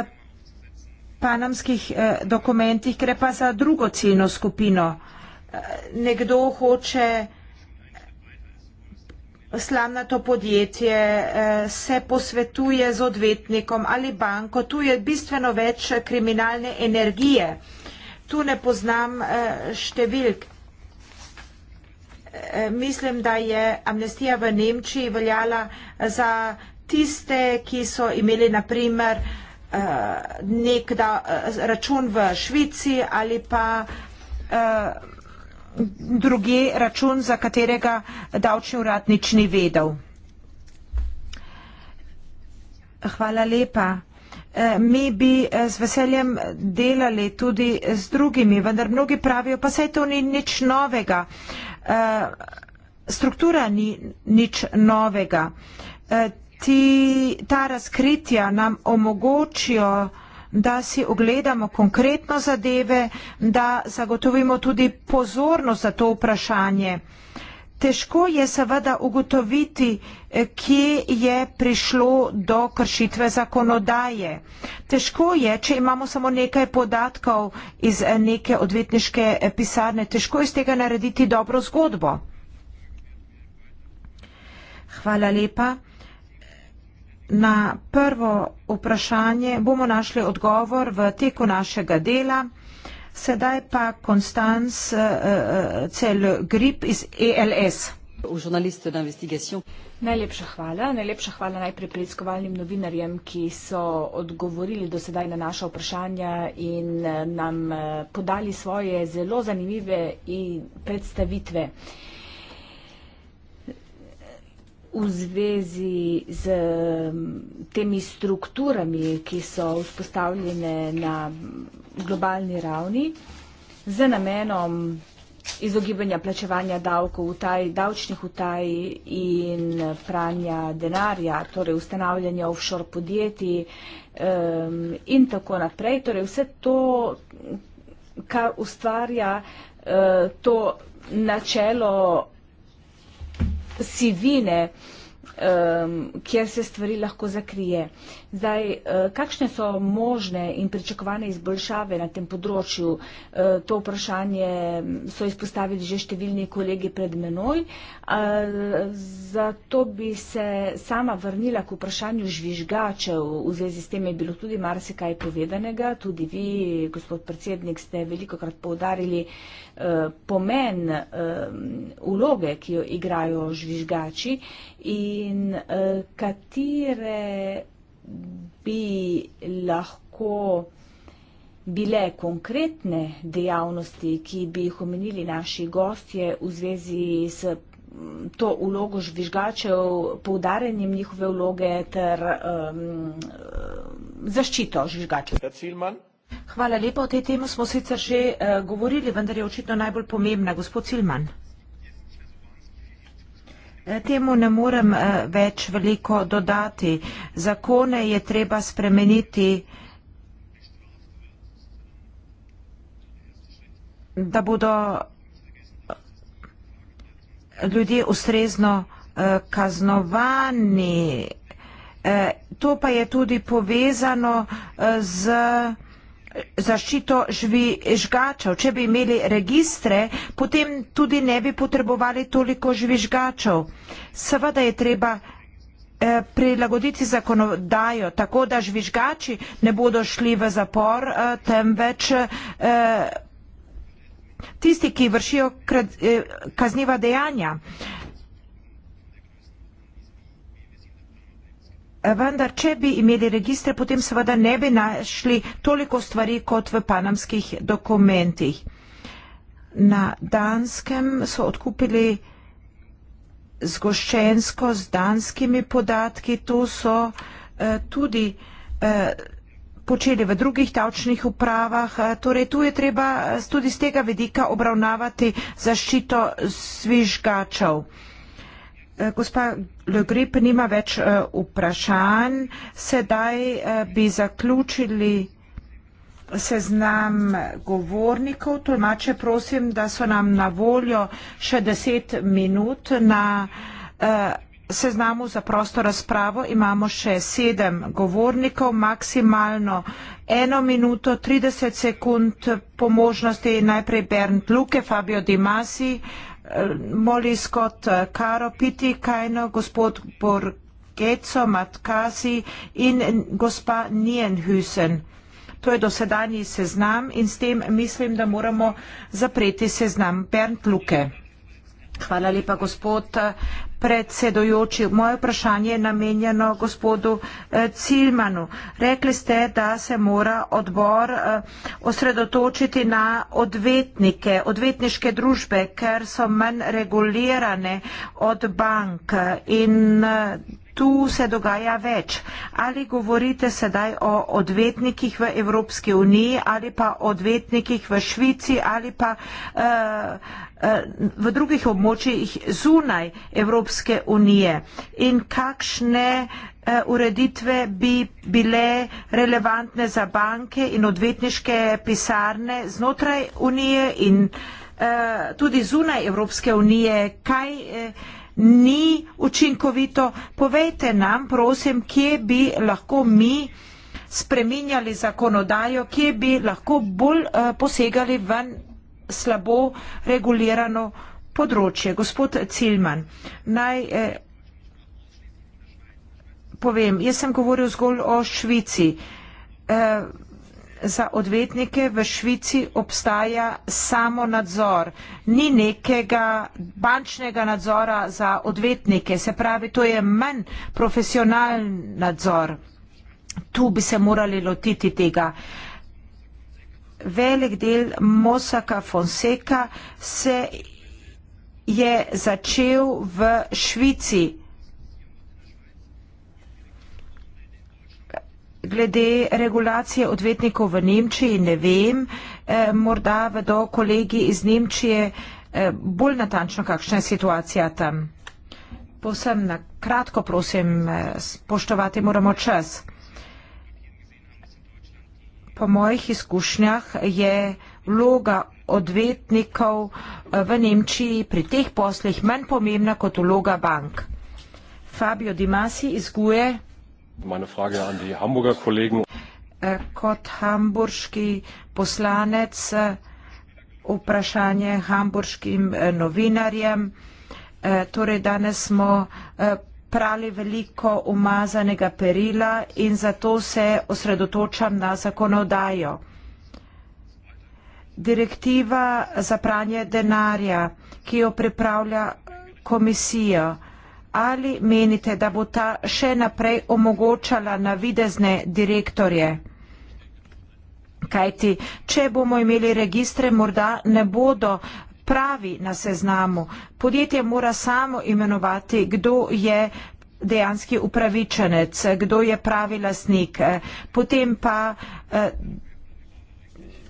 panamskih uh, dokumentih, gre pa za drugo ciljno skupino. Uh, nekdo hoče uh, slamnato podjetje, eh, se posvetuje z odvetnikom ali banko, tu je bistveno več kriminalne energije. Tu ne poznam eh, številk. Eh, mislim, da je amnestija v Nemčiji veljala za tiste, ki so imeli naprimer nek da, račun v Švici ali pa druge račun, za katerega davčni urad nič ni vedel. Hvala lepa. E, mi bi e, z veseljem delali tudi z drugimi, vendar mnogi pravijo, pa saj to ni nič novega. E, struktura ni nič novega. Ti, ta razkritja nam omogočijo, da si ogledamo konkretno zadeve, da zagotovimo tudi pozornost za to vprašanje. Težko je seveda ugotoviti, eh, kje je prišlo do kršitve zakonodaje. Težko je, če imamo samo nekaj podatkov iz eh, neke odvetniške eh, pisarne, težko je iz tega narediti dobro zgodbo. Hvala lepa. Na prvo vprašanje bomo našli odgovor v teku našega dela. Sedaj pa Konstanc uh, Cel Grip iz ELS. Najlepša hvala. Najlepša hvala najprej preiskovalnim novinarjem, ki so odgovorili do sedaj na naša vprašanja in eh, nam podali svoje zelo zanimive predstavitve. Uh, v zvezi z temi strukturami, ki so vzpostavljene na globalni ravni z namenom izogibanja plačevanja davkov v taj, davčnih utaj in pranja denarja, torej ustanavljanja offshore podjetij um, in tako naprej. Torej vse to, kar ustvarja uh, to načelo sivine, um, kjer se stvari lahko zakrije. Zdaj, eh, kakšne so možne in pričakovane izboljšave na tem področju? Eh, to vprašanje mm, so izpostavili že številni kolegi pred menoj. Eh, zato bi se sama vrnila k vprašanju žvižgačev. V zvezi s tem je bilo tudi marsikaj povedanega. Tudi vi, gospod predsednik, ste veliko krat povdarili pomen uloge, ki jo igrajo žvižgači in katere bi lahko bile konkretne dejavnosti, ki bi jih omenili naši gostje v zvezi s mm, to vlogo žvižgačev, poudarjanjem njihove vloge ter um, zaščito žvižgačev. Hvala lepa, o tej temi smo sicer že uh, govorili, vendar je očitno najbolj pomembna. Gospod Silman. Temu ne morem eh, več veliko dodati. Zakone je treba spremeniti, da bodo eh, ljudje ustrezno eh, kaznovani. To pa je tudi povezano z zaščito žvi, žgačev. Če bi imeli registre, potem tudi ne bi potrebovali toliko žvižgačev. Seveda je treba eh, prilagoditi zakonodajo tako, da žvižgači ne bodo šli v zapor, eh, temveč eh, tisti, ki vršijo eh, kazniva dejanja. Eh, Vendar, če bi imeli registre, potem seveda ne bi našli toliko stvari kot v panamskih dokumentih. Na Danskem so odkupili zgoščensko z danskimi podatki, to so eh, tudi eh, počeli v drugih davčnih upravah. Eh, torej, tu je treba eh, tudi z tega vedika obravnavati zaščito svižgačev. Eh, gospa Legrip nima več eh, vprašanj. Sedaj eh, bi zaključili seznam govornikov. Tolmače prosim, da so nam na voljo še deset minut na seznamu za prosto razpravo. Imamo še sedem govornikov, maksimalno eno minuto, 30 sekund po možnosti. Najprej Bernd Luke, Fabio Di Masi. Molly Scott Caro Piti Kaino, gospod Borgeco Matkazi in gospa Nienhusen. To je dosedanji seznam in s tem mislim, da moramo zapreti seznam Bernd Luke. Hvala lepa, gospod predsedujoči. Moje vprašanje je namenjeno gospodu eh, Ciljmanu. Rekli ste, da se mora odbor eh, osredotočiti na odvetnike, odvetniške družbe, ker so manj regulirane od bank in eh, tu se dogaja več. Ali govorite sedaj o odvetnikih v Evropski uniji ali pa odvetnikih v Švici ali pa uh, uh, v drugih območjih zunaj Evropske unije in kakšne uh, ureditve bi bile relevantne za banke in odvetniške pisarne znotraj unije in uh, tudi zunaj Evropske unije. Kaj, uh, ni učinkovito. Povejte nam, prosim, kje bi lahko mi spreminjali zakonodajo, kje bi lahko bolj uh, posegali v slabo regulirano področje. Gospod Cilman, naj eh, povem, jaz sem govoril zgolj o Švici. Eh, za odvetnike v Švici obstaja samo nadzor. Ni nekega bančnega nadzora za odvetnike, se pravi, to je manj profesionalen nadzor. Tu bi se morali lotiti tega. Velik del Mosaka Fonseka se je začel v Švici. glede regulacije odvetnikov v Nemčiji ne vem. Eh, morda vedo kolegi iz Nemčije eh, bolj natančno, kakšna je situacija tam. Povsem na kratko, prosim, eh, spoštovati moramo čas. Po mojih izkušnjah je vloga odvetnikov v Nemčiji pri teh poslih manj pomembna kot vloga bank. Fabio Di Masi iz GUE. Eh, kot hamburški poslanec, eh, vprašanje hamburškim eh, novinarjem. Torej danes smo prali veliko umazanega perila in zato se osredotočam na zakonodajo. Direktiva za pranje denarja, ki jo pripravlja komisija, ali menite, da bo ta še naprej omogočala navidezne direktorje? Kajti, če bomo imeli registre, morda ne bodo pravi na seznamu. Podjetje mora samo imenovati, kdo je dejanski upravičenec, kdo je pravi lasnik. Eh, potem pa eh,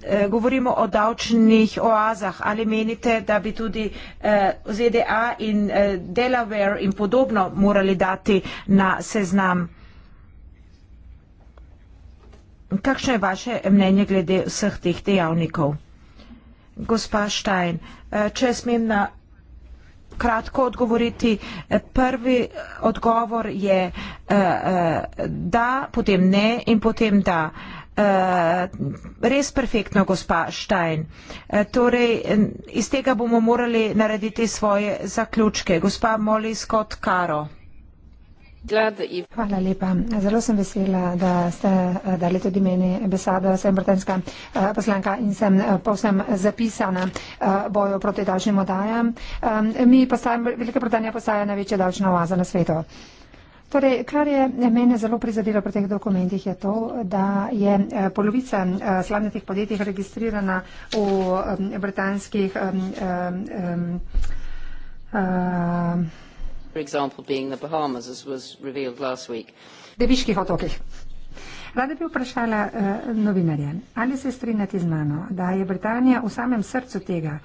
Eh, govorimo o davčnih oazah. Ali menite, da bi tudi eh, ZDA in eh, Delaware in podobno morali dati na seznam? Kakšno je vaše mnenje glede vseh teh dejavnikov? Gospa Štajn, če smem na kratko odgovoriti, prvi odgovor je da, potem ne in potem da. Eh, res perfektno, gospa Štajn. Eh, torej, iz tega bomo morali narediti svoje zaključke. Gospa Moli Scott Karo. Hvala lepa. Zelo sem vesela, da ste eh, dali tudi meni besedo. Sem britanska poslanka in sem povsem zapisana bojo proti davčnim odajam. Mi postajamo, Velika Britanija postaja največja davčna oaza na svetu. Torej, kar je mene zelo prizadelo pri teh dokumentih, je to, da je eh, polovica eh, slavnih podjetij registrirana v eh, britanskih. Um, um, um, Deviških otokih. Rada bi vprašala uh, novinarje, ali se strinjate z mano, da je Britanija v samem srcu tega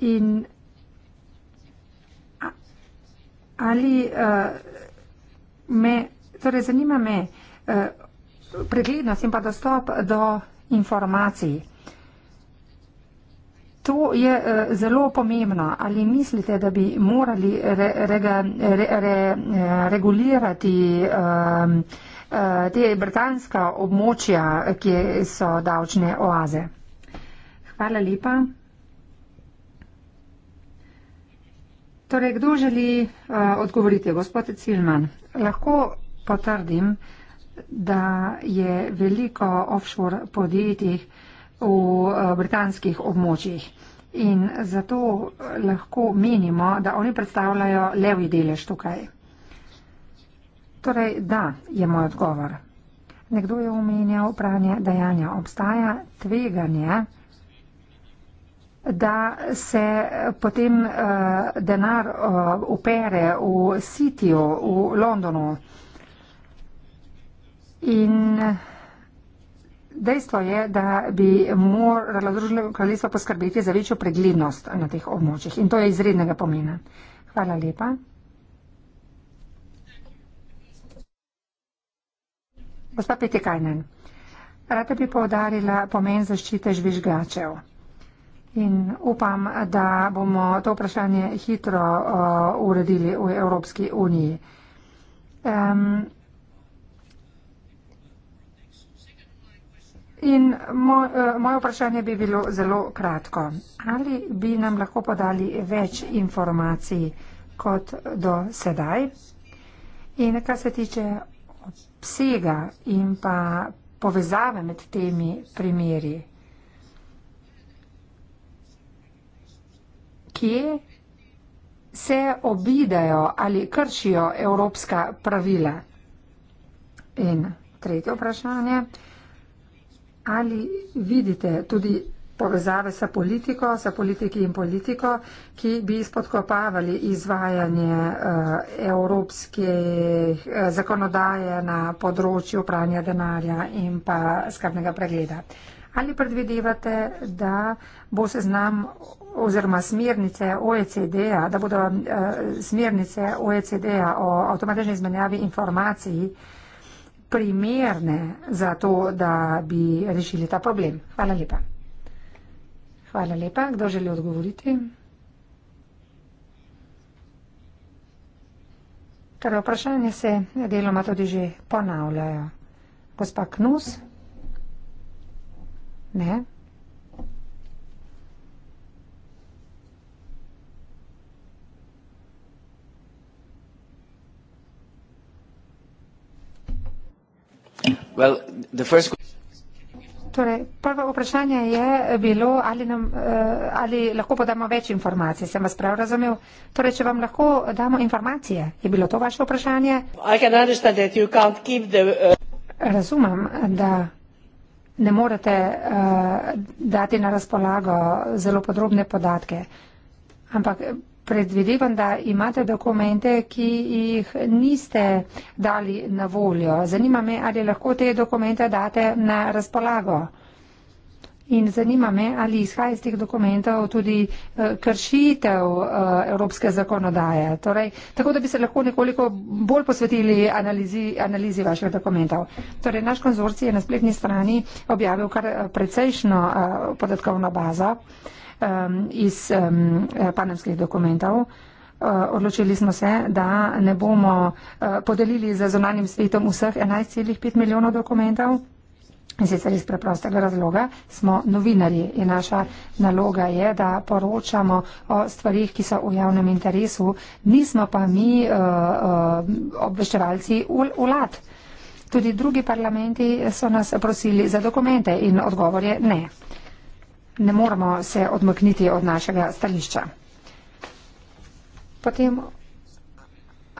in ali uh, me, torej zanima me uh, preglednost in pa dostop do informacij. To je uh, zelo pomembno. Ali mislite, da bi morali re, rega, re, re, regulirati uh, uh, te britanska območja, ki so davčne oaze? Hvala lepa. Torej, kdo želi uh, odgovoriti, gospod Cilman? Lahko potrdim, da je veliko offshore podjetij v eh, britanskih območjih in zato lahko menimo, da oni predstavljajo levi delež tukaj. Torej, da, je moj odgovor. Nekdo je omenjal pranje dejanja. Obstaja tveganje, da se eh, potem uh, denar uh, upere v Cityju v Londonu. In dejstvo je, da bi moralo Združeno kraljestvo poskrbeti za večjo preglednost na teh območjih. In to je izrednega pomena. Hvala lepa. Gospa Petekajnen, rada bi povdarila pomen zaščite žvižgačev. In upam, da bomo to vprašanje hitro uh, uredili v Evropski uniji. Um, in moj, uh, moje vprašanje bi bilo zelo kratko. Ali bi nam lahko podali več informacij kot do sedaj? In kar se tiče obsega in pa povezave med temi primeri. kje se obidajo ali kršijo evropska pravila. In tretje vprašanje, ali vidite tudi povezave sa politiko, sa politiki in politiko, ki bi spodkopavali izvajanje uh, evropske uh, zakonodaje na področju pranja denarja in pa skrbnega pregleda. Ali predvidevate, da bo se znam oziroma smernice OECD-a, da bodo eh, smernice OECD-a o avtomatični izmenjavi informacij primerne za to, da bi rešili ta problem. Hvala lepa. Hvala lepa. Kdo želi odgovoriti? Torej, vprašanje se deloma tudi že ponavljajo. Gospa Knus? Ne. Torej, prvo vprašanje je bilo, ali, nam, eh, ali lahko podamo več informacij. Sem vas prav razumel? Torej, če vam lahko damo informacije, je bilo to vaše vprašanje? The, uh... Razumem, da ne morete uh, dati na razpolago zelo podrobne podatke, ampak Predvidevam, da imate dokumente, ki jih niste dali na voljo. Zanima me, ali lahko te dokumente date na razpolago. In zanima me, ali izhaja iz teh dokumentov tudi eh, kršitev eh, evropske zakonodaje. Torej, tako da bi se lahko nekoliko bolj posvetili analizi, analizi vaših dokumentov. Torej, naš konzorci je na spletni strani objavil kar eh, precejšno podatkovno bazo um, iz um, panemskih dokumentov. Uh, odločili smo se, da ne bomo uh, podelili za zonanim svetom vseh 11,5 milijonov dokumentov. In sicer iz preprostega razloga smo novinarji in naša naloga je, da poročamo o stvarih, ki so v javnem interesu, nismo pa mi uh, uh, obveščevalci vlad. Tudi drugi parlamenti so nas prosili za dokumente in odgovor je ne ne moramo se odmakniti od našega stališča. Potem,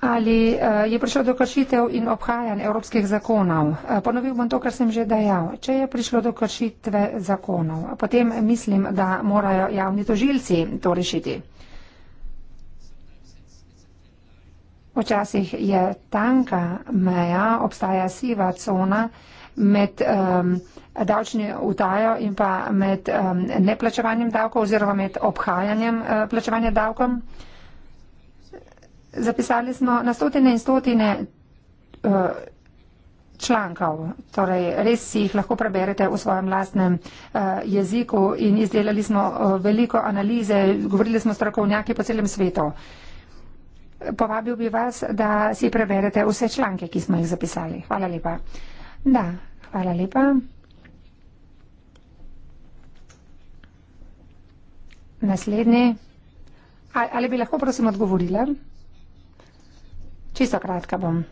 ali eh, je prišlo do kršitev in obhajanj evropskih zakonov? Eh, ponovil bom to, kar sem že dejal. Če je prišlo do kršitve zakonov, potem mislim, da morajo javni tožilci to rešiti. Včasih je tanka meja, obstaja siva cona med um, davčne utajo in pa med um, neplačevanjem davkov oziroma med obhajanjem uh, plačevanja davkom. Zapisali smo na stotine in stotine uh, člankov, torej res si jih lahko preberete v svojem lastnem uh, jeziku in izdelali smo uh, veliko analize, govorili smo strokovnjaki po celem svetu. Povabil bi vas, da si preberete vse članke, ki smo jih zapisali. Hvala lepa. Da, hvala lepa. Naslednji. Ali bi lahko, prosim, odgovorila? Čisto kratka bom.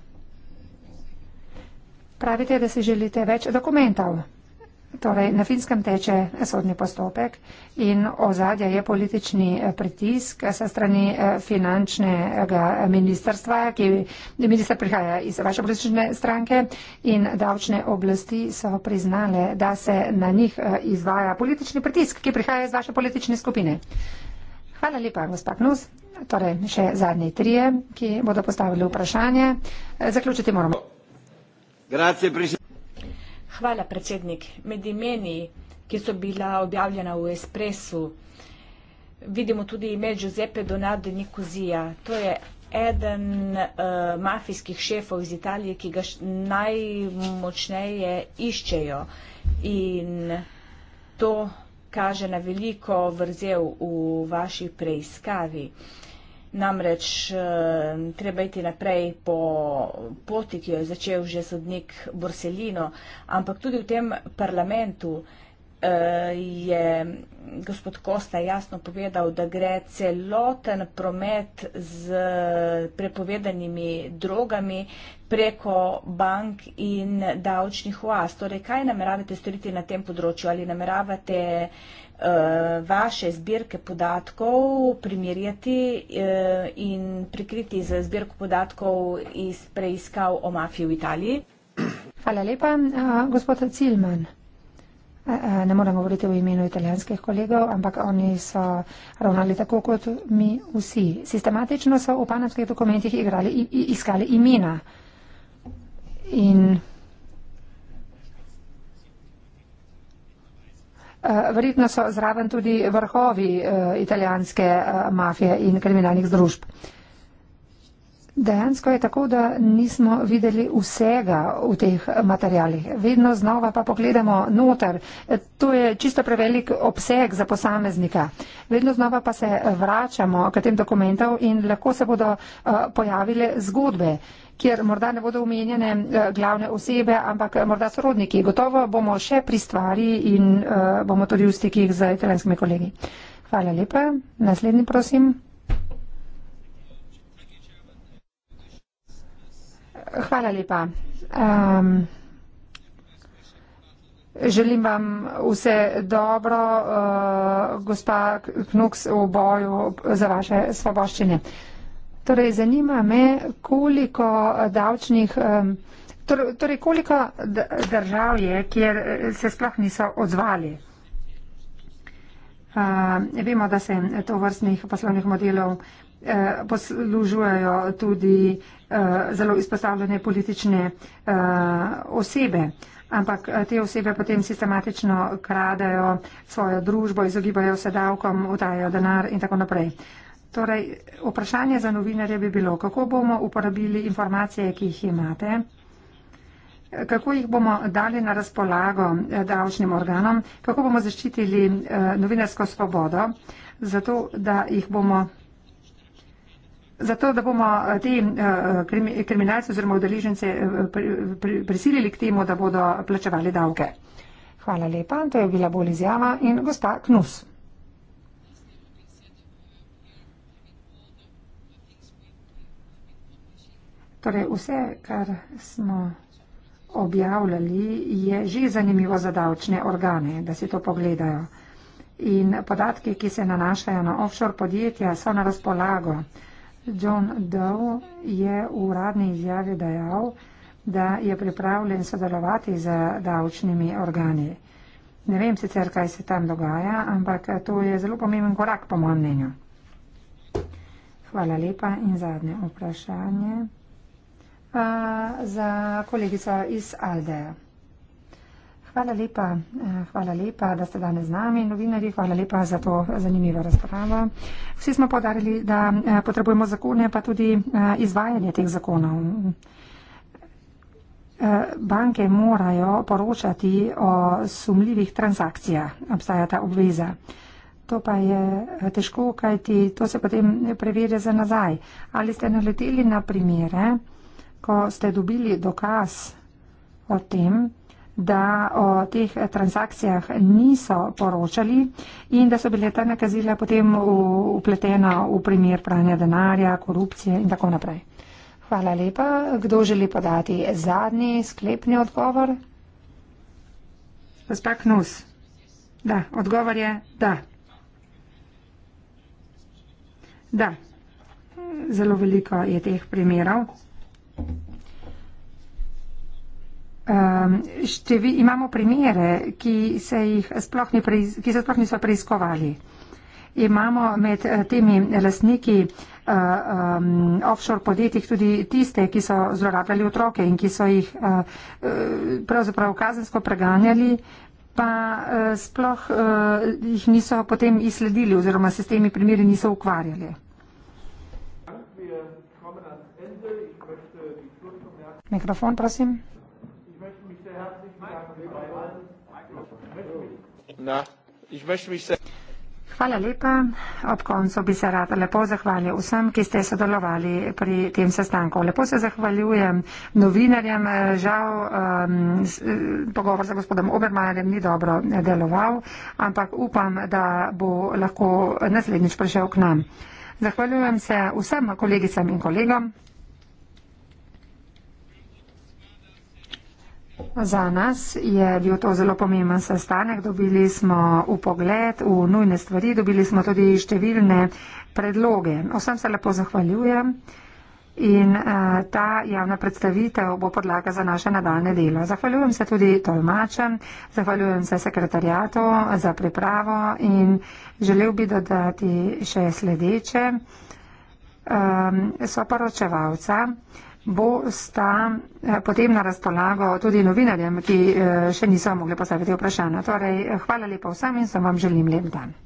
Pravite, da si želite več dokumentov. Torej, na finskem teče sodni postopek in ozadje je politični eh, pritisk eh, sa strani eh, finančnega ministerstva, ki minister prihaja iz vaše politične stranke in davčne oblasti so priznale, da se na njih izvaja politični pritisk, ki prihaja iz vaše politične skupine. Hvala lepa, gospod Knus. Torej, še zadnji trije, ki bodo postavili vprašanje. Zaključiti moramo. Grazie, Hvala, predsednik. Med imeni, ki so bila objavljena v Espresu, vidimo tudi ime Giuseppe Donardo Nicozija. To je eden uh, mafijskih šefov iz Italije, ki ga najmočneje iščejo. In to kaže na veliko vrzel v vaši preiskavi. Uh, Namreč eh, treba iti naprej po poti, ki jo je začel že sodnik Borsellino, ampak tudi v tem parlamentu eh, je gospod Kosta jasno povedal, da gre celoten promet z prepovedanimi drogami preko bank in davčnih oaz. Torej, kaj nameravate storiti na tem področju? Ali nameravate eh, Eh, vaše zbirke podatkov primerjati eh, in prikriti za zbirko podatkov iz preiskav o mafiji v Italiji? Hvala lepa. Eh, gospod Cilman, ne morem govoriti v imenu italijanskih kolegov, ampak oni so ravnali tako kot mi vsi. Sistematično so v panamskih dokumentih igrali, iskali imena. In Eh, verjetno so zraven tudi vrhovi eh, italijanske eh, mafije in kriminalnih združb. Dejansko je tako, da nismo videli vsega v teh materijalih. Vedno znova pa pogledamo noter. To je čisto prevelik obseg za posameznika. Vedno znova pa se vračamo k tem dokumentom in lahko se bodo eh, pojavile zgodbe kjer morda ne bodo umenjene eh, glavne osebe, ampak eh, morda sorodniki. Gotovo bomo še pri stvari in uh, bomo tudi v stikih z italijanskimi kolegi. Hvala lepa. Naslednji, prosim. Hvala lepa. Um, želim vam vse dobro, uh, gospa Knuks, v boju za vaše svoboščine. Torej, zanima me, koliko davčnih. Um, Torej, koliko držav je, kjer eh, se sploh niso odzvali? Uh, vemo, da se to vrstnih poslovnih modelov Eh, poslužujejo tudi eh, zelo izpostavljene politične eh, osebe. Ampak te osebe potem sistematično kradajo svojo družbo, izogibajo se davkom, utajajo denar in tako naprej. Torej, vprašanje za novinarje bi bilo, kako bomo uporabili informacije, ki jih imate, kako jih bomo dali na razpolago davčnim organom, kako bomo zaščitili novinarsko svobodo, zato da jih bomo Zato, da bomo eh, te eh, kriminalce oziroma udeležence eh, prisilili k temu, da bodo plačevali davke. Hvala lepa, to je bila bolj izjava in gospa Knus. Torej, vse, kar smo objavljali, je že zanimivo za davčne organe, da si to pogledajo. In podatki, ki se nanašajo na offshore podjetja, so na razpolago. John Doe je v uradni izjavi dejal, da je pripravljen sodelovati z davčnimi organi. Ne vem sicer, kaj se tam dogaja, ampak to je zelo pomemben korak, po mojem mnenju. Hvala lepa in zadnje vprašanje uh, za kolegico iz Aldeja. Hvala lepa. Eh, hvala lepa, da ste danes z nami, novinari, hvala lepa za to zanimivo razpravo. Vsi smo podarili, da eh, potrebujemo zakone, pa tudi eh, izvajanje teh zakonov. Banke morajo poročati o sumljivih transakcijah, obstaja ta obveza. To pa je težko, kajti to se potem preverja za nazaj. Ali ste naleteli na primere, ko ste dobili dokaz o tem, da o teh transakcijah niso poročali in da so bile ta nakazila potem upletena v primer pranja denarja, korupcije in tako naprej. Hvala lepa. Kdo želi podati zadnji sklepni odgovor? Gospa Knus. Da, odgovor je da. Da. Zelo veliko je teh primerov. Thank you um, ehm, števi, imamo primere, ki, se sploh preiz, ki se sploh niso preiskovali. Imamo med eh, temi lastniki uh, um, offshore podjetij tudi tiste, ki so zlorabljali otroke in ki so jih uh, pravzaprav kazensko preganjali, pa uh, sploh uh, jih niso potem izsledili oziroma se s temi primeri niso ukvarjali. Mikrofon, prosim. Na, Hvala lepa. Ob koncu bi se rad lepo zahvalil vsem, ki ste sodelovali pri tem sestanku. Lepo se zahvaljujem novinarjem. Žal um, pogovor z gospodom Obermajerjem ni dobro deloval, ampak upam, da bo lahko naslednjič prišel k nam. Zahvaljujem se vsem kolegicam in kolegom. Za nas je bil to zelo pomemben sestanek. Dobili smo upogled v nujne stvari, dobili smo tudi številne predloge. Vsem se lepo zahvaljujem in uh, ta javna predstavitev bo podlaga za naše nadaljne delo. Zahvaljujem se tudi tolmačem, zahvaljujem se sekretarjatu za pripravo in želel bi dodati še sledeče. Um, ehm, so poročevalca. Uh, bo sta eh, potem na razpolago tudi novinarjem, ki eh, še niso mogli postaviti vprašanja. Torej, eh, hvala lepa vsem in sem vam želim lep dan.